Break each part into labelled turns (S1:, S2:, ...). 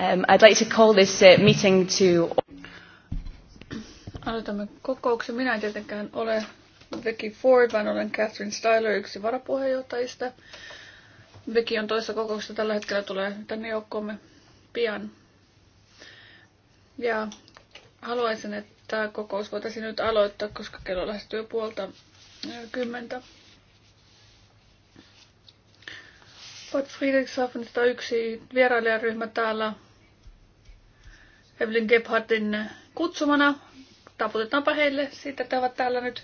S1: Um, I'd like to call this uh, meeting to...
S2: Aloitamme kokouksen. Minä en tietenkään ole Vicky Ford, vaan olen Catherine Styler, yksi varapuheenjohtajista. Vicky on toisessa kokouksessa tällä hetkellä, tulee tänne joukkoomme pian. Ja haluaisin, että kokous voitaisiin nyt aloittaa, koska kello lähestyy puolta äh, kymmentä. Bad Friedrichshafen, yksi vierailijaryhmä täällä Evelyn Gebhardin kutsumana. Taputetaanpa heille siitä, että ovat täällä nyt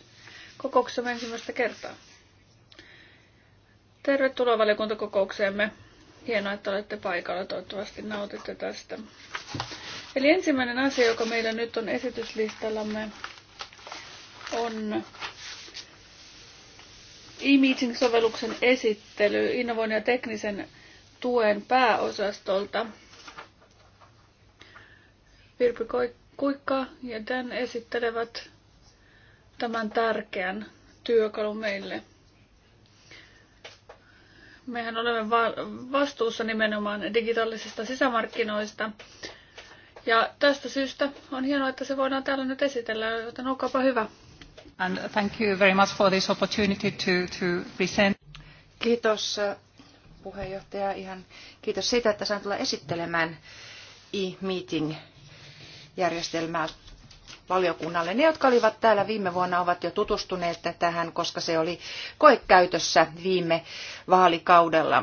S2: kokouksessa ensimmäistä kertaa. Tervetuloa valiokuntakokoukseemme. Hienoa, että olette paikalla. Toivottavasti nautitte tästä. Eli ensimmäinen asia, joka meillä nyt on esityslistallamme, on e-meeting-sovelluksen esittely innovoinnin ja teknisen tuen pääosastolta. Virpi Kuikka ja Dan esittelevät tämän tärkeän työkalun meille. Mehän olemme vastuussa nimenomaan digitaalisista sisämarkkinoista. Ja tästä syystä on hienoa, että se voidaan täällä nyt esitellä, joten olkaapa hyvä. And thank you very much for this opportunity to, to present.
S3: Kiitos puheenjohtaja. Ihan kiitos siitä, että sain tulla esittelemään e-meeting järjestelmää valiokunnalle. Ne, jotka olivat täällä viime vuonna, ovat jo tutustuneet tähän, koska se oli koekäytössä viime vaalikaudella.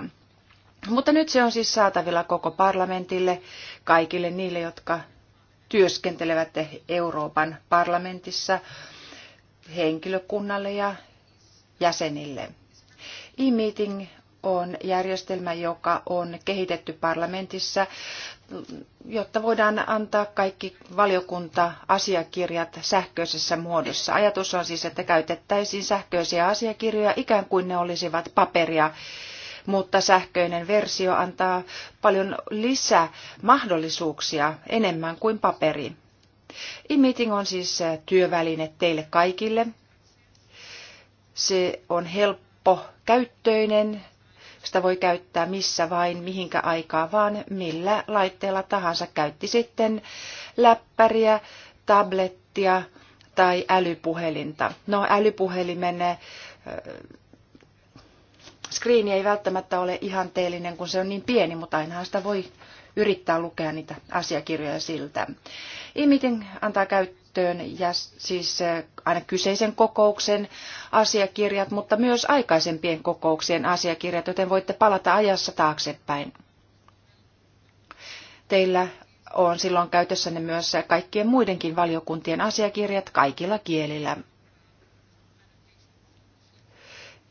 S3: Mutta nyt se on siis saatavilla koko parlamentille, kaikille niille, jotka työskentelevät Euroopan parlamentissa, henkilökunnalle ja jäsenille. E-meeting on järjestelmä, joka on kehitetty parlamentissa jotta voidaan antaa kaikki valiokunta-asiakirjat sähköisessä muodossa. Ajatus on siis, että käytettäisiin sähköisiä asiakirjoja ikään kuin ne olisivat paperia, mutta sähköinen versio antaa paljon lisää mahdollisuuksia enemmän kuin paperi. E-meeting on siis työväline teille kaikille. Se on helppo käyttöinen sitä voi käyttää missä vain, mihinkä aikaa vaan, millä laitteella tahansa. Käytti sitten läppäriä, tablettia tai älypuhelinta. No älypuhelimen screeni ei välttämättä ole ihanteellinen, kun se on niin pieni, mutta ainahan sitä voi yrittää lukea niitä asiakirjoja siltä. e antaa käyttöön ja siis eh, aina kyseisen kokouksen asiakirjat, mutta myös aikaisempien kokouksien asiakirjat, joten voitte palata ajassa taaksepäin. Teillä on silloin käytössänne myös kaikkien muidenkin valiokuntien asiakirjat kaikilla kielillä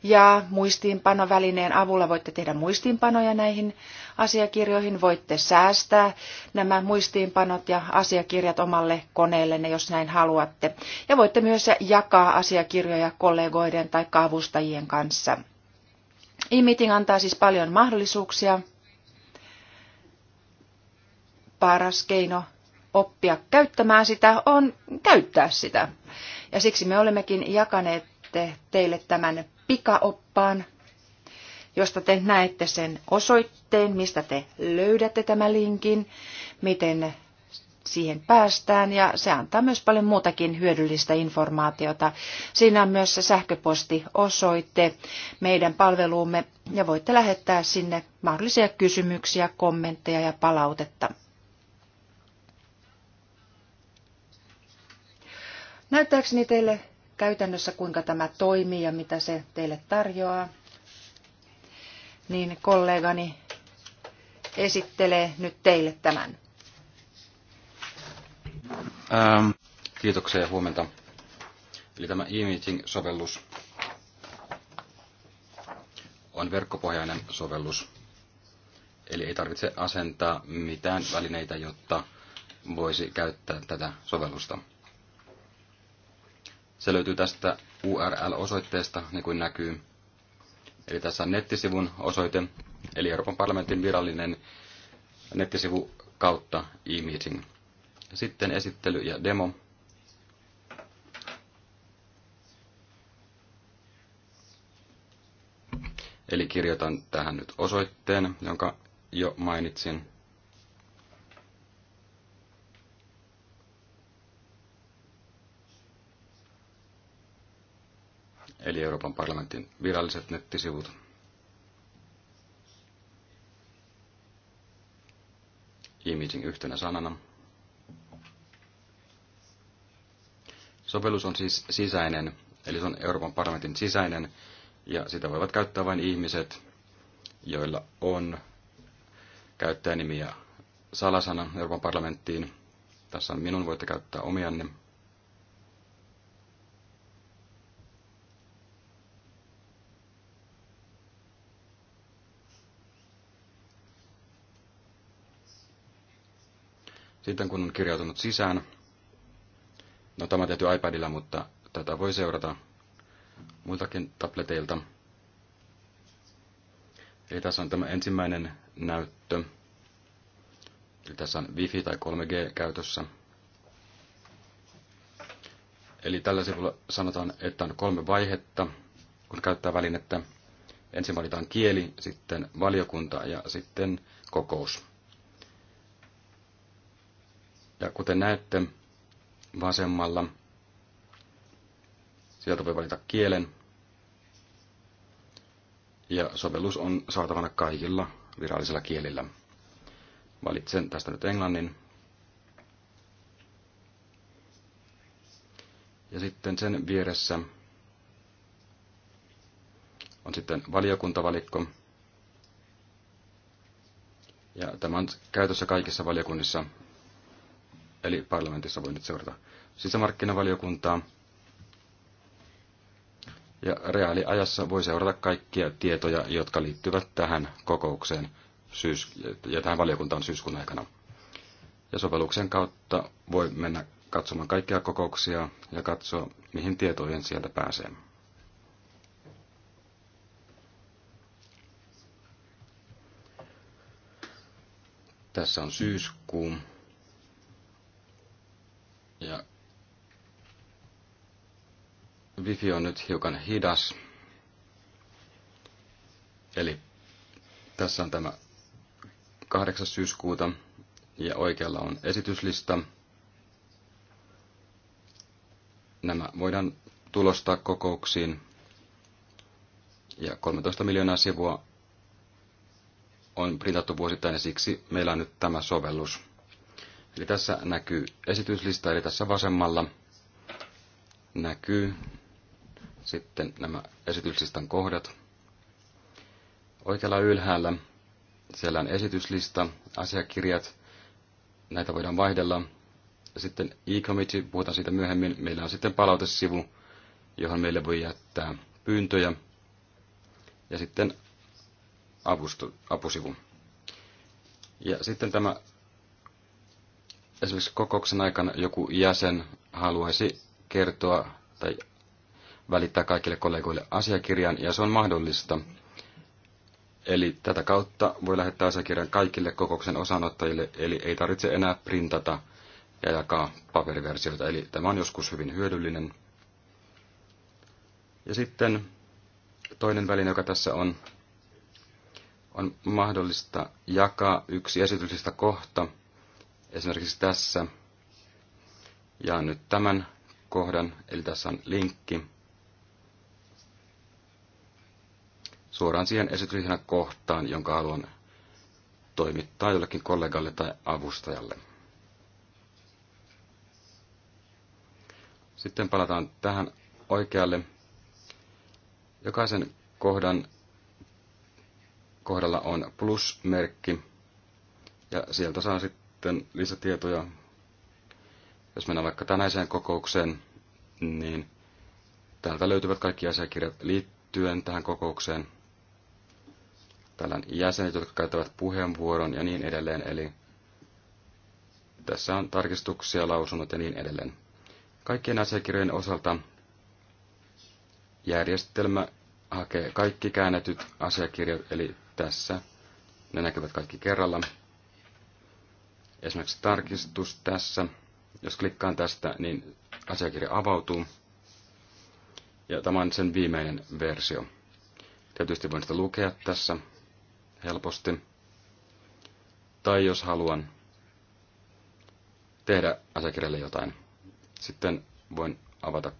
S3: ja muistiinpanovälineen avulla voitte tehdä muistiinpanoja näihin asiakirjoihin. Voitte säästää nämä muistiinpanot ja asiakirjat omalle koneellenne, jos näin haluatte. Ja voitte myös jakaa asiakirjoja kollegoiden tai avustajien kanssa. E-meeting antaa siis paljon mahdollisuuksia. Paras keino oppia käyttämään sitä on käyttää sitä. Ja siksi me olemmekin jakaneet teille tämän pikaoppaan, josta te näette sen osoitteen, mistä te löydätte tämän linkin, miten siihen päästään ja se antaa myös paljon muutakin hyödyllistä informaatiota. Siinä on myös se sähköpostiosoite meidän palveluumme ja voitte lähettää sinne mahdollisia kysymyksiä, kommentteja ja palautetta. Näyttääkseni teille käytännössä, kuinka tämä toimii ja mitä se teille tarjoaa, niin kollegani esittelee nyt teille tämän.
S4: Ähm, kiitoksia ja huomenta. Eli tämä e-meeting-sovellus on verkkopohjainen sovellus. Eli ei tarvitse asentaa mitään välineitä, jotta voisi käyttää tätä sovellusta. Se löytyy tästä URL-osoitteesta, niin kuin näkyy. Eli tässä on nettisivun osoite, eli Euroopan parlamentin virallinen nettisivu kautta e-meeting. Sitten esittely ja demo. Eli kirjoitan tähän nyt osoitteen, jonka jo mainitsin. eli Euroopan parlamentin viralliset nettisivut. Imaging yhtenä sanana. Sovellus on siis sisäinen, eli se on Euroopan parlamentin sisäinen, ja sitä voivat käyttää vain ihmiset, joilla on käyttäjänimi ja salasana Euroopan parlamenttiin. Tässä on minun, voitte käyttää omianne. Sitten kun on kirjautunut sisään, no tämä tehty iPadilla, mutta tätä voi seurata muiltakin tableteilta. Eli tässä on tämä ensimmäinen näyttö. Eli tässä on Wi-Fi tai 3G käytössä. Eli tällä sivulla sanotaan, että on kolme vaihetta, kun käyttää välinettä. Ensin valitaan kieli, sitten valiokunta ja sitten kokous. Ja kuten näette vasemmalla, sieltä voi valita kielen. Ja sovellus on saatavana kaikilla virallisilla kielillä. Valitsen tästä nyt englannin. Ja sitten sen vieressä on sitten valiokuntavalikko. Ja tämä on käytössä kaikissa valiokunnissa, Eli parlamentissa voi nyt seurata sisämarkkinavaliokuntaa. Ja reaaliajassa voi seurata kaikkia tietoja, jotka liittyvät tähän kokoukseen syys- ja tähän valiokuntaan syyskuun aikana. Ja sovelluksen kautta voi mennä katsomaan kaikkia kokouksia ja katsoa, mihin tietoihin sieltä pääsee. Tässä on syyskuu. Ja Wifi on nyt hiukan hidas. Eli tässä on tämä 8. syyskuuta ja oikealla on esityslista. Nämä voidaan tulostaa kokouksiin. Ja 13 miljoonaa sivua on printattu vuosittain ja siksi meillä on nyt tämä sovellus. Eli tässä näkyy esityslista, eli tässä vasemmalla näkyy sitten nämä esityslistan kohdat. Oikealla ylhäällä siellä on esityslista, asiakirjat, näitä voidaan vaihdella. Sitten e-committee, puhutaan siitä myöhemmin. Meillä on sitten palautesivu, johon meille voi jättää pyyntöjä. Ja sitten apustu, apusivu. Ja sitten tämä esimerkiksi kokouksen aikana joku jäsen haluaisi kertoa tai välittää kaikille kollegoille asiakirjan, ja se on mahdollista. Eli tätä kautta voi lähettää asiakirjan kaikille kokouksen osanottajille, eli ei tarvitse enää printata ja jakaa paperiversioita, eli tämä on joskus hyvin hyödyllinen. Ja sitten toinen väline, joka tässä on, on mahdollista jakaa yksi esityksistä kohta – esimerkiksi tässä. Ja nyt tämän kohdan, eli tässä on linkki suoraan siihen esitysryhmän kohtaan, jonka haluan toimittaa jollekin kollegalle tai avustajalle. Sitten palataan tähän oikealle. Jokaisen kohdan kohdalla on plusmerkki ja sieltä saa sitten sitten lisätietoja. Jos mennään vaikka tänäiseen kokoukseen, niin täältä löytyvät kaikki asiakirjat liittyen tähän kokoukseen. Täällä on jäsenet, jotka käyttävät puheenvuoron ja niin edelleen. Eli tässä on tarkistuksia, lausunnot ja niin edelleen. Kaikkien asiakirjojen osalta järjestelmä hakee kaikki käännetyt asiakirjat, eli tässä ne näkyvät kaikki kerralla. Esimerkiksi tarkistus tässä, jos klikkaan tästä, niin asiakirja avautuu. Ja tämä on sen viimeinen versio. Tietysti voin sitä lukea tässä helposti. Tai jos haluan tehdä asiakirjalle jotain. Sitten voin avata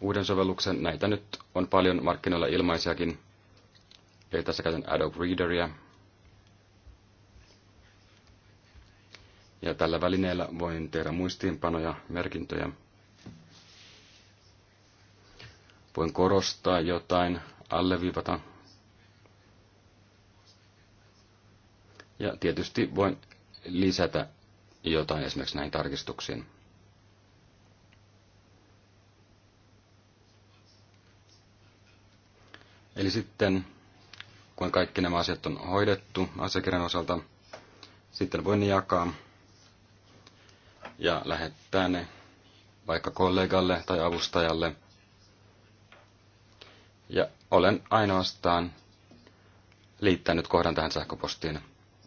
S4: uuden sovelluksen. Näitä nyt on paljon markkinoilla ilmaisiakin. Eli tässä käytän Adobe Readeria, Ja tällä välineellä voin tehdä muistiinpanoja, merkintöjä. Voin korostaa jotain, alleviivata. Ja tietysti voin lisätä jotain esimerkiksi näihin tarkistuksiin. Eli sitten, kun kaikki nämä asiat on hoidettu asiakirjan osalta, sitten voin jakaa ja lähettää ne vaikka kollegalle tai avustajalle. Ja olen ainoastaan liittänyt kohdan tähän sähköpostiin.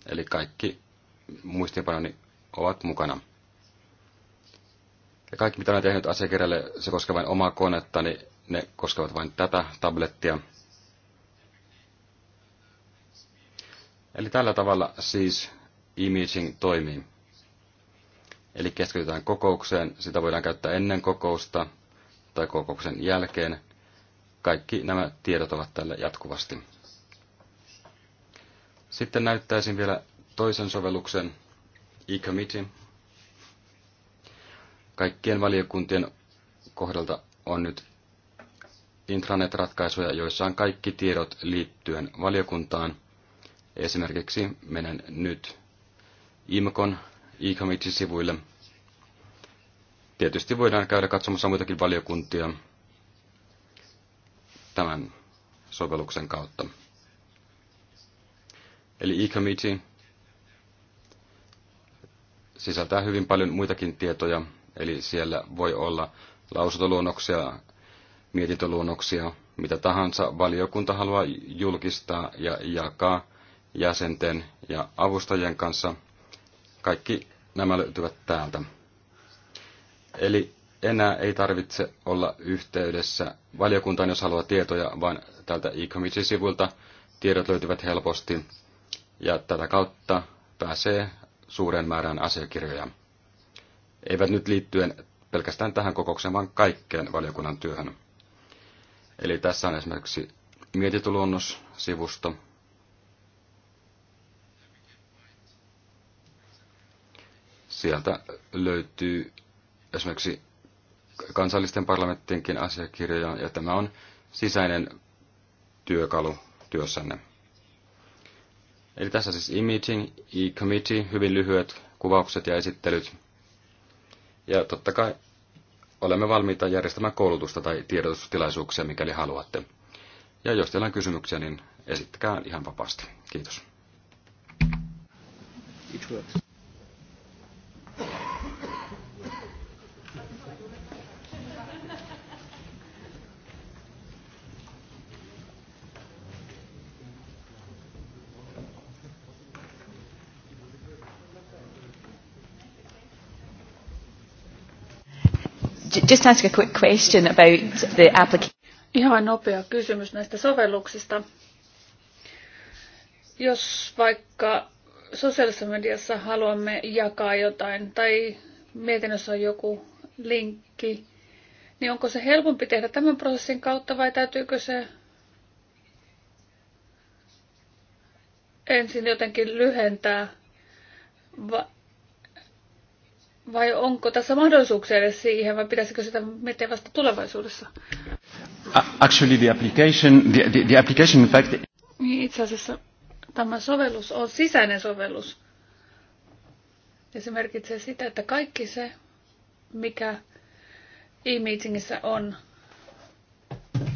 S4: Eli kaikki muistiinpanoni ovat mukana. Ja kaikki, mitä olen tehnyt asiakirjalle, se koskee vain omaa konetta, niin ne koskevat vain tätä tablettia. Eli tällä tavalla siis imaging toimii. Eli keskitytään kokoukseen, sitä voidaan käyttää ennen kokousta tai kokouksen jälkeen. Kaikki nämä tiedot ovat tällä jatkuvasti. Sitten näyttäisin vielä toisen sovelluksen, e-committee. Kaikkien valiokuntien kohdalta on nyt intranet-ratkaisuja, joissa on kaikki tiedot liittyen valiokuntaan. Esimerkiksi menen nyt IMKON Icomitsin sivuille. Tietysti voidaan käydä katsomassa muitakin valiokuntia tämän sovelluksen kautta. Eli e sisältää hyvin paljon muitakin tietoja, eli siellä voi olla lausuntoluonnoksia, mietintöluonnoksia, mitä tahansa valiokunta haluaa julkistaa ja jakaa jäsenten ja avustajien kanssa – kaikki nämä löytyvät täältä. Eli enää ei tarvitse olla yhteydessä valiokuntaan, jos haluaa tietoja, vaan tältä e-committee-sivulta tiedot löytyvät helposti ja tätä kautta pääsee suuren määrän asiakirjoja. Eivät nyt liittyen pelkästään tähän kokoukseen, vaan kaikkeen valiokunnan työhön. Eli tässä on esimerkiksi mietityluonnos sivusto, Sieltä löytyy esimerkiksi kansallisten parlamenttienkin asiakirjoja, ja tämä on sisäinen työkalu työssänne. Eli tässä siis imaging, e-committee, hyvin lyhyet kuvaukset ja esittelyt. Ja totta kai olemme valmiita järjestämään koulutusta tai tiedotustilaisuuksia, mikäli haluatte. Ja jos teillä on kysymyksiä, niin esittäkää ihan vapaasti. Kiitos. It works.
S2: just ask a quick question about the application. Ihan nopea kysymys näistä sovelluksista. Jos vaikka sosiaalisessa mediassa haluamme jakaa jotain tai mietinnössä on joku linkki, niin onko se helpompi tehdä tämän prosessin kautta vai täytyykö se ensin jotenkin lyhentää? Va- vai onko tässä mahdollisuuksia edes siihen vai pitäisikö sitä miettiä vasta tulevaisuudessa?
S4: Actually the application, the, the, the application in fact...
S2: Niin, itse asiassa tämä sovellus on sisäinen sovellus. Ja se merkitsee sitä, että kaikki se, mikä e-meetingissä on,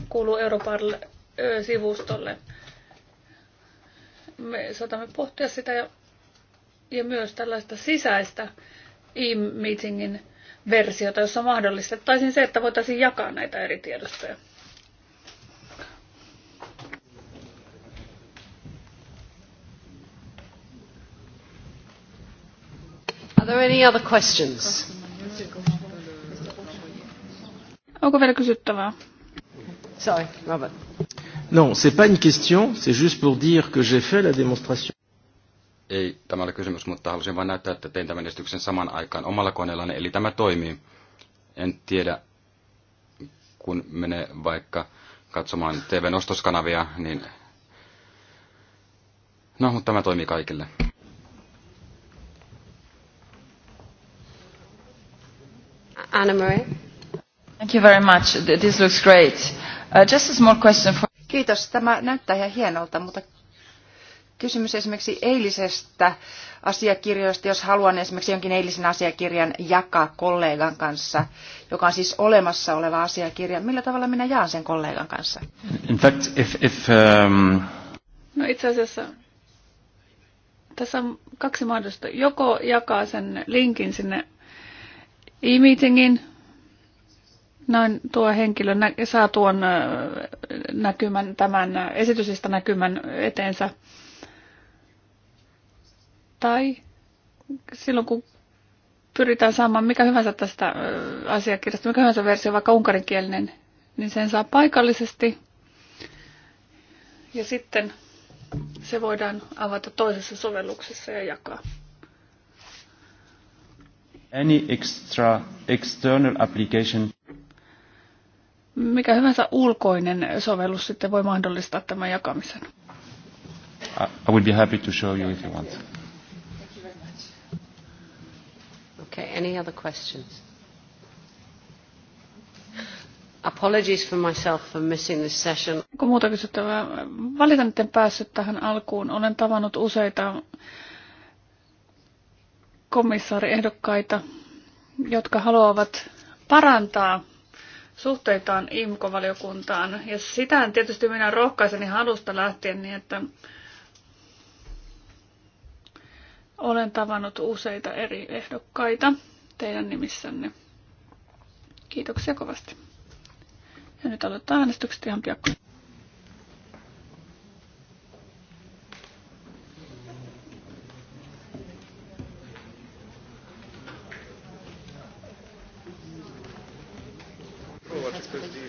S2: kuuluu europarl sivustolle. Me saatamme pohtia sitä ja, ja myös tällaista sisäistä e-meetingin versiota, jossa mahdollistettaisiin se, että voitaisiin jakaa näitä eri tiedostoja.
S5: Are there any other questions?
S2: Onko vielä kysyttävää? Sorry, Robert.
S1: Non, c'est pas une question, c'est juste pour dire que j'ai fait la démonstration
S4: ei tämä ole kysymys, mutta halusin vain näyttää, että tein tämän esityksen saman aikaan omalla koneellani, eli tämä toimii. En tiedä, kun menee vaikka katsomaan TV-nostoskanavia, niin... No, mutta tämä toimii kaikille.
S5: Anna Marie. Thank you very
S3: much. This looks great. Uh, just a small question for... Kiitos. Tämä näyttää ihan hienolta, mutta kysymys esimerkiksi eilisestä asiakirjoista, jos haluan esimerkiksi jonkin eilisen asiakirjan jakaa kollegan kanssa, joka on siis olemassa oleva
S2: asiakirja. Millä tavalla minä jaan sen kollegan kanssa?
S4: In fact, if, if, um...
S2: No itse asiassa tässä on kaksi mahdollista. Joko jakaa sen linkin sinne e-meetingin, näin tuo henkilö nä- saa tuon näkymän, tämän esitysistä näkymän eteensä tai silloin kun pyritään saamaan mikä hyvänsä tästä asiakirjasta, mikä hyvänsä versio, vaikka unkarinkielinen, niin sen saa paikallisesti. Ja sitten se voidaan avata toisessa sovelluksessa ja jakaa.
S4: Any extra external application.
S2: Mikä hyvänsä ulkoinen sovellus sitten voi mahdollistaa tämän jakamisen?
S4: I would be happy to show you if you want.
S5: Okay, any other questions? Apologies for myself for missing this session.
S2: Onko muuta kysyttävää? Valitan, että en päässyt tähän alkuun. Olen tavannut useita komissaariehdokkaita, jotka haluavat parantaa suhteitaan IMKO-valiokuntaan. Ja sitä tietysti minä rohkaisen ihan alusta lähtien niin, että olen tavannut useita eri ehdokkaita teidän nimissänne. Kiitoksia kovasti. Ja nyt aloittaa äänestykset ihan piakkoin.
S1: That's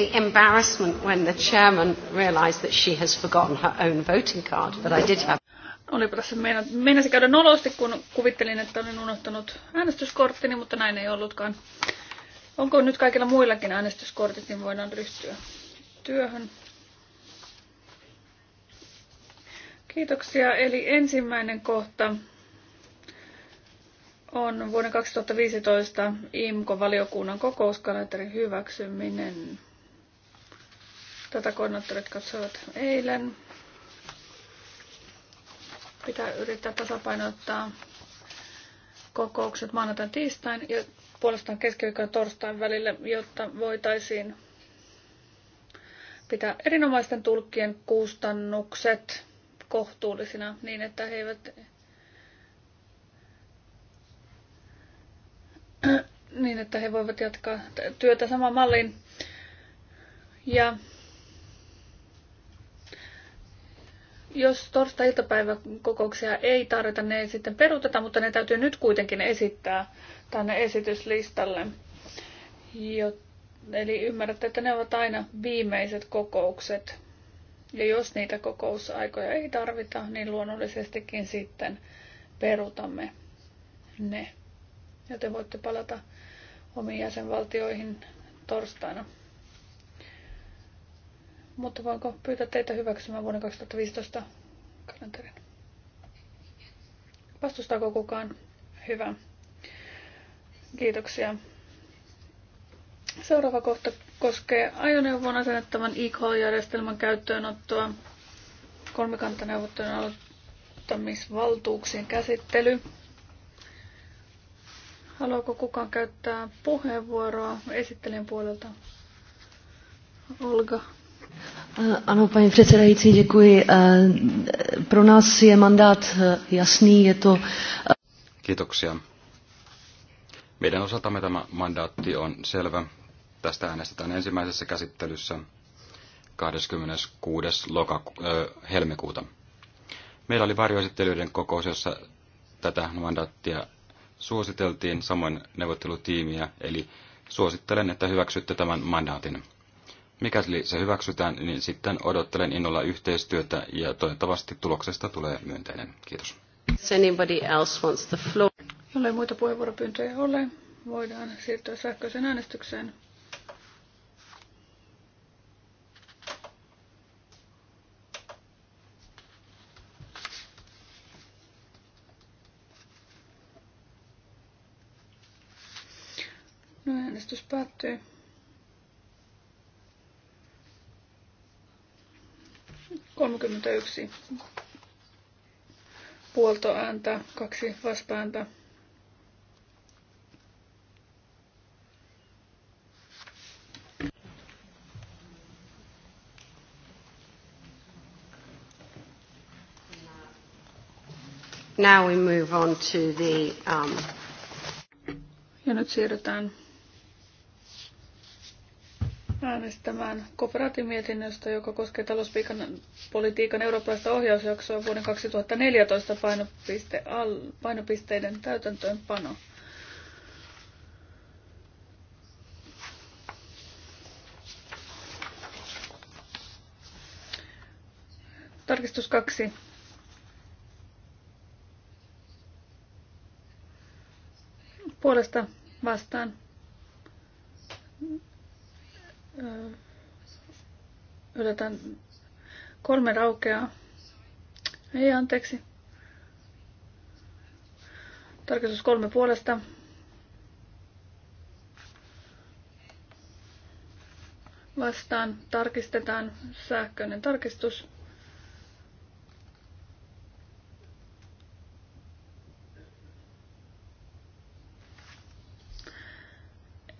S5: the embarrassment when the chairman realized that she has forgotten her own voting card, but I did have...
S2: Olipa tässä meina, meinasi käydä nolosti, kun kuvittelin, että olin unohtanut äänestyskorttini, mutta näin ei ollutkaan. Onko nyt kaikilla muillakin äänestyskortit, niin voidaan ryhtyä työhön. Kiitoksia. Eli ensimmäinen kohta on vuoden 2015 IMKO-valiokunnan kokouskalenterin hyväksyminen. Tätä koordinaattorit katsoivat eilen. Pitää yrittää tasapainottaa kokoukset maanantain tiistain ja puolestaan keskiviikon torstain välille, jotta voitaisiin pitää erinomaisten tulkkien kustannukset kohtuullisina niin, että he eivät niin, että he voivat jatkaa työtä samaan malliin. Ja Jos torstai-iltapäivän kokouksia ei tarvita, ne ei sitten peruuteta, mutta ne täytyy nyt kuitenkin esittää tänne esityslistalle. Jo, eli ymmärrätte, että ne ovat aina viimeiset kokoukset. Ja jos niitä kokousaikoja ei tarvita, niin luonnollisestikin sitten perutamme ne. Joten voitte palata omiin jäsenvaltioihin torstaina. Mutta voinko pyytää teitä hyväksymään vuoden 2015 kalenterin? Vastustaako kukaan? Hyvä. Kiitoksia. Seuraava kohta koskee ajoneuvon asennettavan e-call-järjestelmän käyttöönottoa, Kolmikantaneuvottelun aloittamisvaltuuksien käsittely. Haluaako kukaan käyttää puheenvuoroa esittelijän puolelta? Olga.
S5: Eh, ano, paní předsedající, děkuji. Eh, pro nás je mandát eh, jasný, je to...
S4: Kiitoksia. Meidän osaltamme tämä mandaatti on selvä. Tästä äänestetään ensimmäisessä käsittelyssä 26. Loka, äh, helmikuuta. Meillä oli varjoesittelyiden kokous, jossa tätä mandaattia suositeltiin, samoin neuvottelutiimiä, eli suosittelen, että hyväksytte tämän mandaatin. Mikäli se hyväksytään, niin sitten odottelen innolla yhteistyötä ja toivottavasti tuloksesta tulee myönteinen. Kiitos.
S5: Jollei
S2: muita puheenvuoropyyntöjä ole, voidaan siirtyä sähköiseen äänestykseen. No, äänestys päättyy. 31 puoltoääntä, kaksi vastaääntä.
S5: Now we move on to the, um...
S2: Ja nyt siirrytään äänestämään kooperaatimietinöstä, joka koskee talouspolitiikan eurooppalaista ohjausjaksoa vuoden 2014 painopiste, al, painopisteiden täytäntöönpano. Tarkistus kaksi. Puolesta vastaan Yritän kolme raukeaa. Ei, anteeksi. Tarkistus kolme puolesta. Vastaan tarkistetaan sähköinen tarkistus.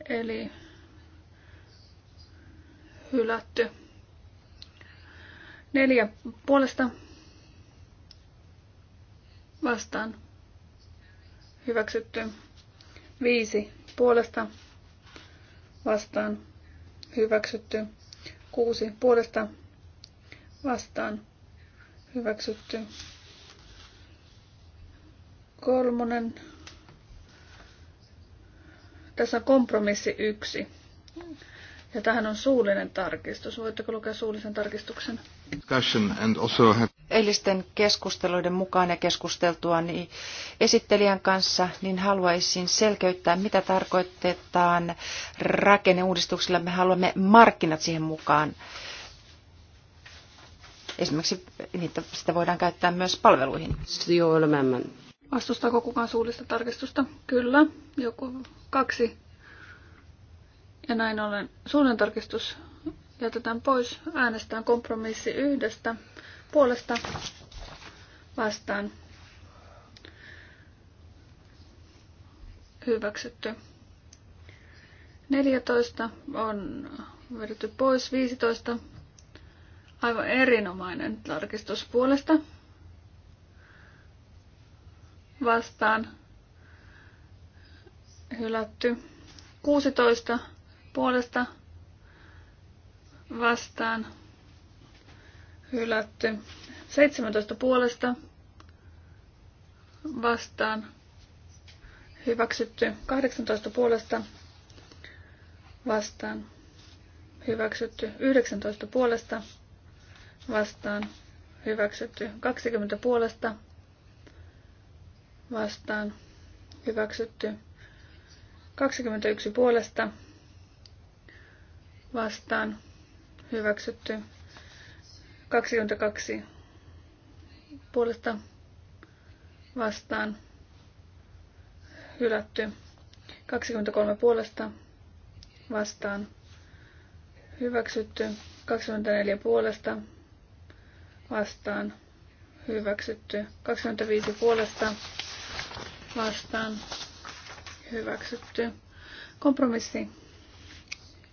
S2: Eli hylätty. Neljä puolesta vastaan hyväksytty. Viisi puolesta vastaan hyväksytty. Kuusi puolesta vastaan hyväksytty. Kolmonen. Tässä on kompromissi yksi ja tähän on suullinen tarkistus. Voitteko lukea suullisen tarkistuksen?
S3: Eilisten keskusteluiden mukaan ja keskusteltua niin esittelijän kanssa, niin haluaisin selkeyttää, mitä tarkoitetaan rakenneuudistuksilla. Me haluamme markkinat siihen mukaan. Esimerkiksi niitä, sitä voidaan käyttää myös palveluihin.
S2: Vastustaako kukaan suullista tarkistusta? Kyllä. Joku kaksi ja näin ollen suunnantarkistus jätetään pois. Äänestetään kompromissi yhdestä puolesta vastaan. Hyväksytty. 14 on vedetty pois. 15 aivan erinomainen tarkistus puolesta vastaan hylätty. 16 puolesta vastaan hylätty. 17 puolesta vastaan hyväksytty. 18 puolesta vastaan hyväksytty. 19 puolesta vastaan hyväksytty. 20 puolesta vastaan hyväksytty. 21 puolesta vastaan vastaan hyväksytty 22 puolesta vastaan hylätty 23 puolesta vastaan hyväksytty 24 puolesta vastaan hyväksytty 25 puolesta vastaan hyväksytty kompromissi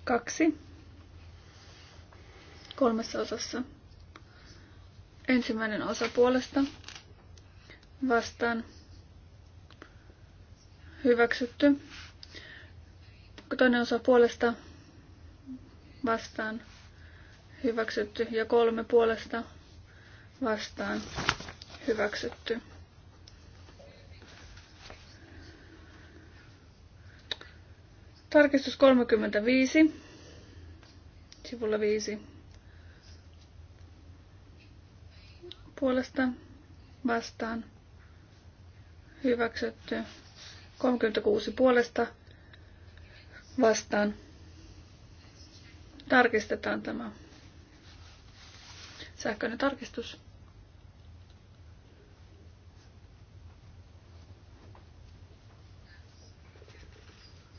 S2: 2 kolmessa osassa. Ensimmäinen osa puolesta vastaan hyväksytty. Toinen osa puolesta vastaan hyväksytty ja kolme puolesta vastaan hyväksytty. Tarkistus 35, sivulla 5. puolesta vastaan hyväksytty. 36 puolesta vastaan. Tarkistetaan tämä sähköinen tarkistus.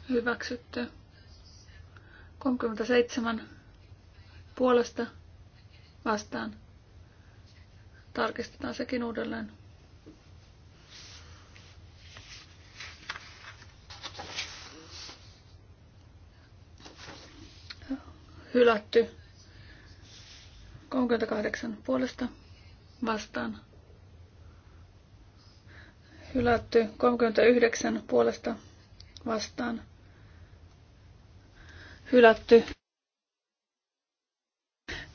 S2: Hyväksytty. 37 puolesta vastaan Tarkistetaan sekin uudelleen. Hylätty. 38 puolesta vastaan. Hylätty 39 puolesta vastaan. Hylätty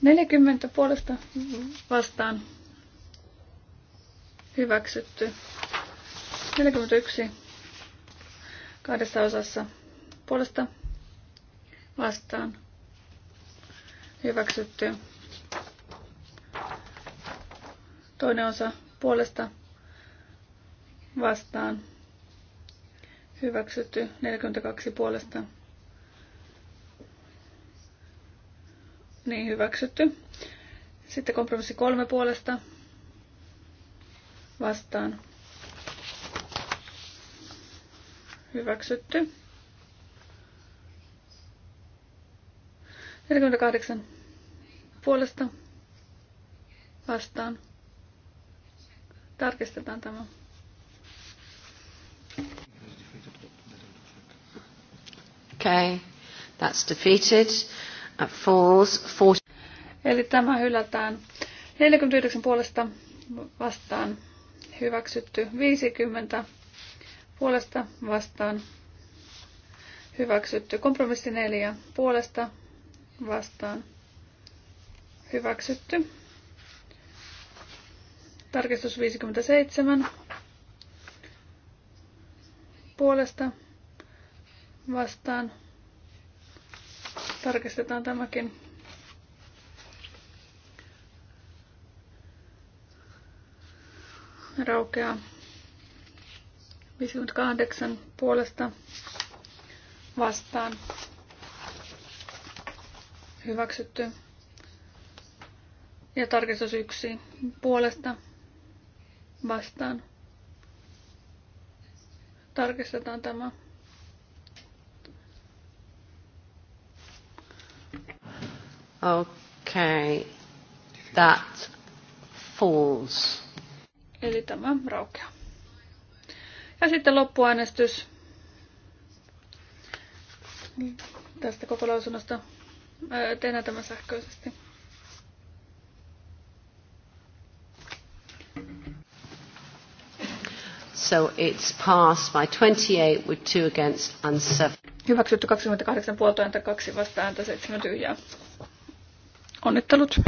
S2: 40 puolesta vastaan. Hyväksytty. 41 kahdessa osassa puolesta vastaan. Hyväksytty. Toinen osa puolesta vastaan. Hyväksytty 42 puolesta. Niin, hyväksytty. Sitten kompromissi kolme puolesta vastaan hyväksytty. 48 puolesta vastaan. Tarkistetaan tämä.
S5: Okay, that's defeated. That falls 40.
S2: Eli tämä hylätään. 49 puolesta vastaan hyväksytty 50 puolesta vastaan hyväksytty kompromissi 4 puolesta vastaan hyväksytty tarkistus 57 puolesta vastaan tarkistetaan tämäkin raukeaa 58 puolesta vastaan hyväksytty ja tarkistus 1 puolesta vastaan. Tarkistetaan tämä.
S5: Okay, that falls.
S2: Eli tämä raukeaa. Ja sitten loppuäänestys tästä koko lausunnosta. Tehdään tämä sähköisesti.
S5: So it's passed by 28 with two against and seven.
S2: Hyväksytty 28 puolta ääntä, kaksi vasta ääntä, seitsemän tyhjää. Onnittelut.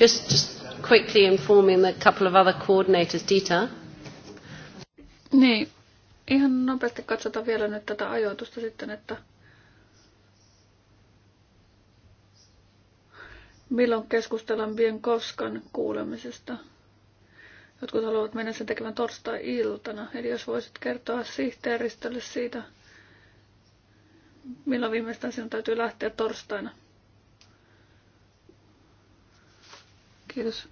S5: Just, just quickly informing a couple of other coordinators, Dita.
S2: Niin, ihan nopeasti katsotaan vielä nyt tätä ajoitusta sitten, että milloin keskustellaan Bienkoskan kuulemisesta. Jotkut haluavat mennä sen tekemään torstai-iltana, eli jos voisit kertoa sihteeristölle siitä, milloin viimeistään sinun täytyy lähteä torstaina. Kiitos.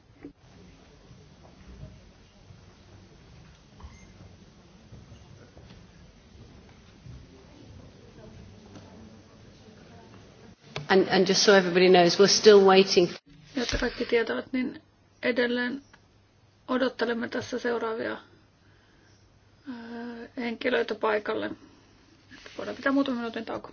S5: And, and just so everybody knows, we're still waiting.
S2: Jotta kaikki tietävät, niin edelleen odottelemme tässä seuraavia henkilöitä paikalle. Voidaan pitää muutaman minuutin tauko.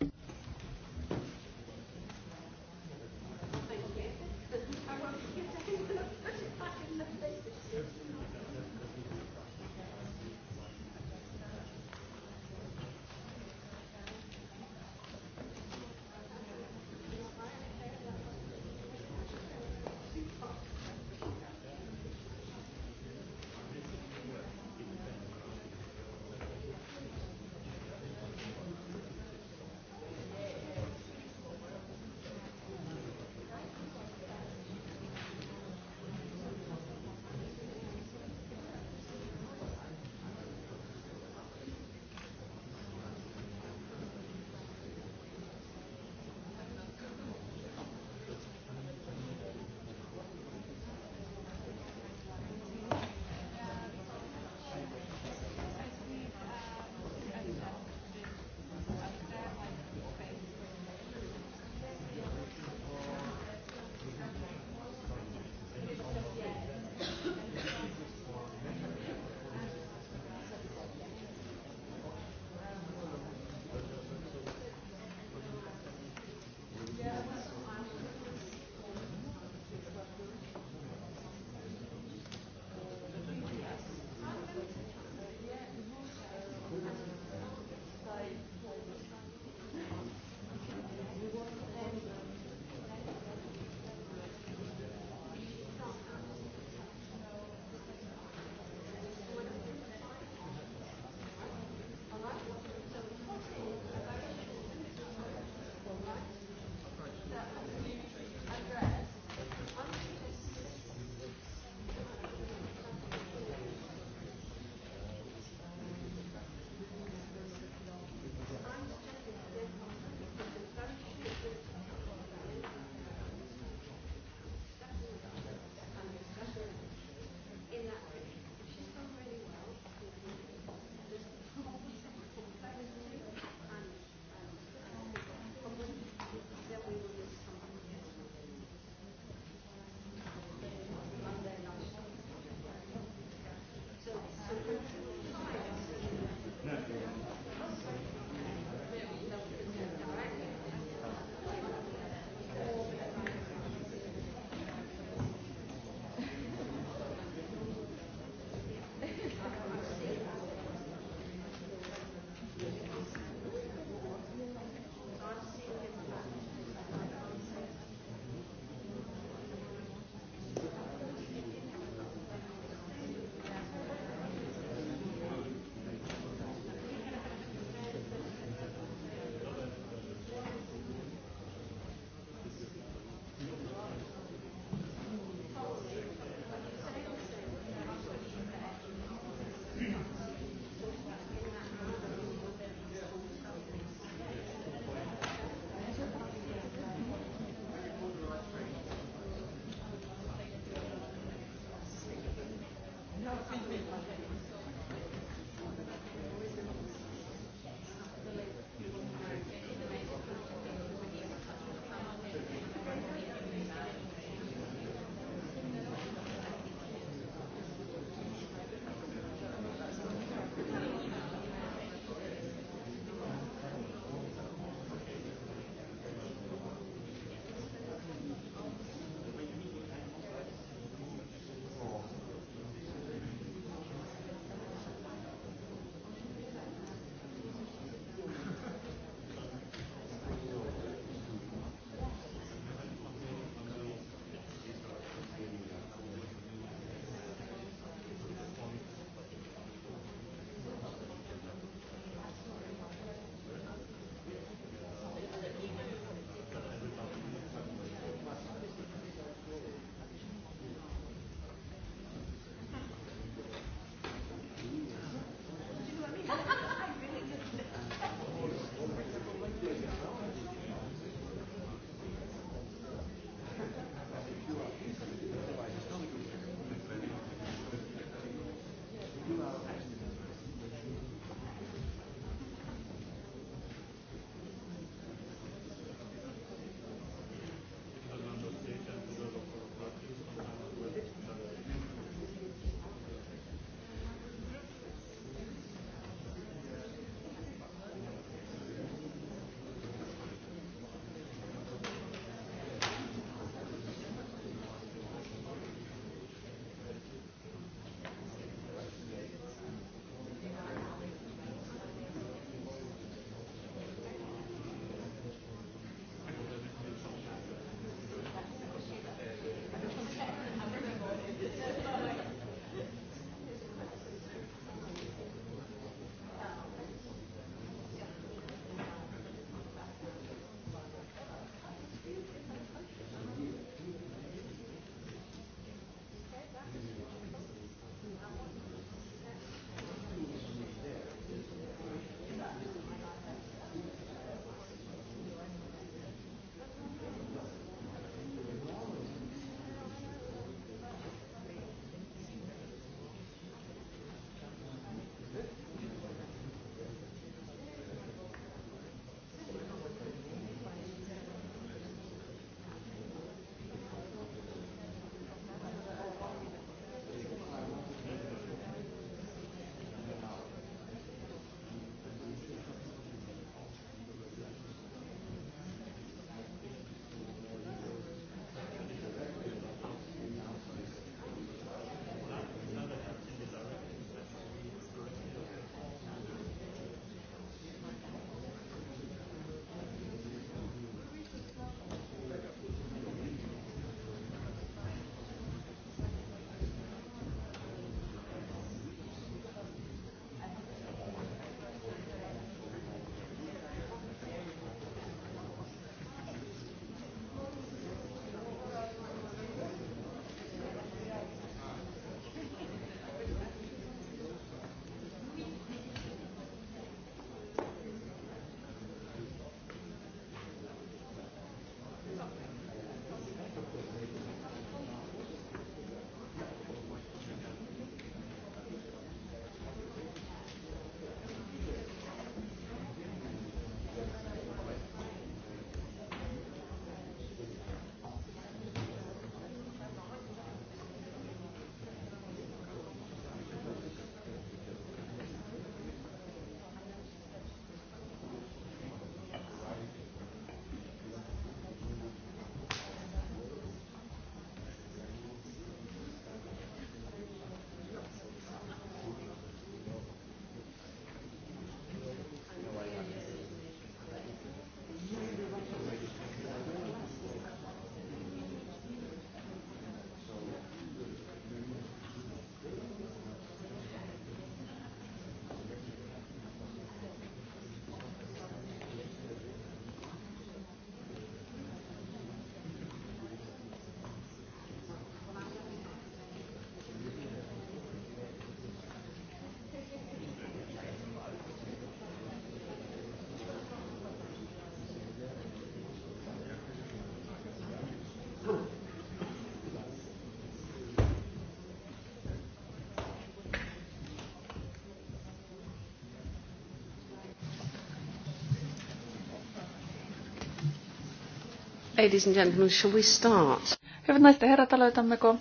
S5: Ladies and gentlemen, shall we start?
S2: Hyvät naiset ja herrat, aloitammeko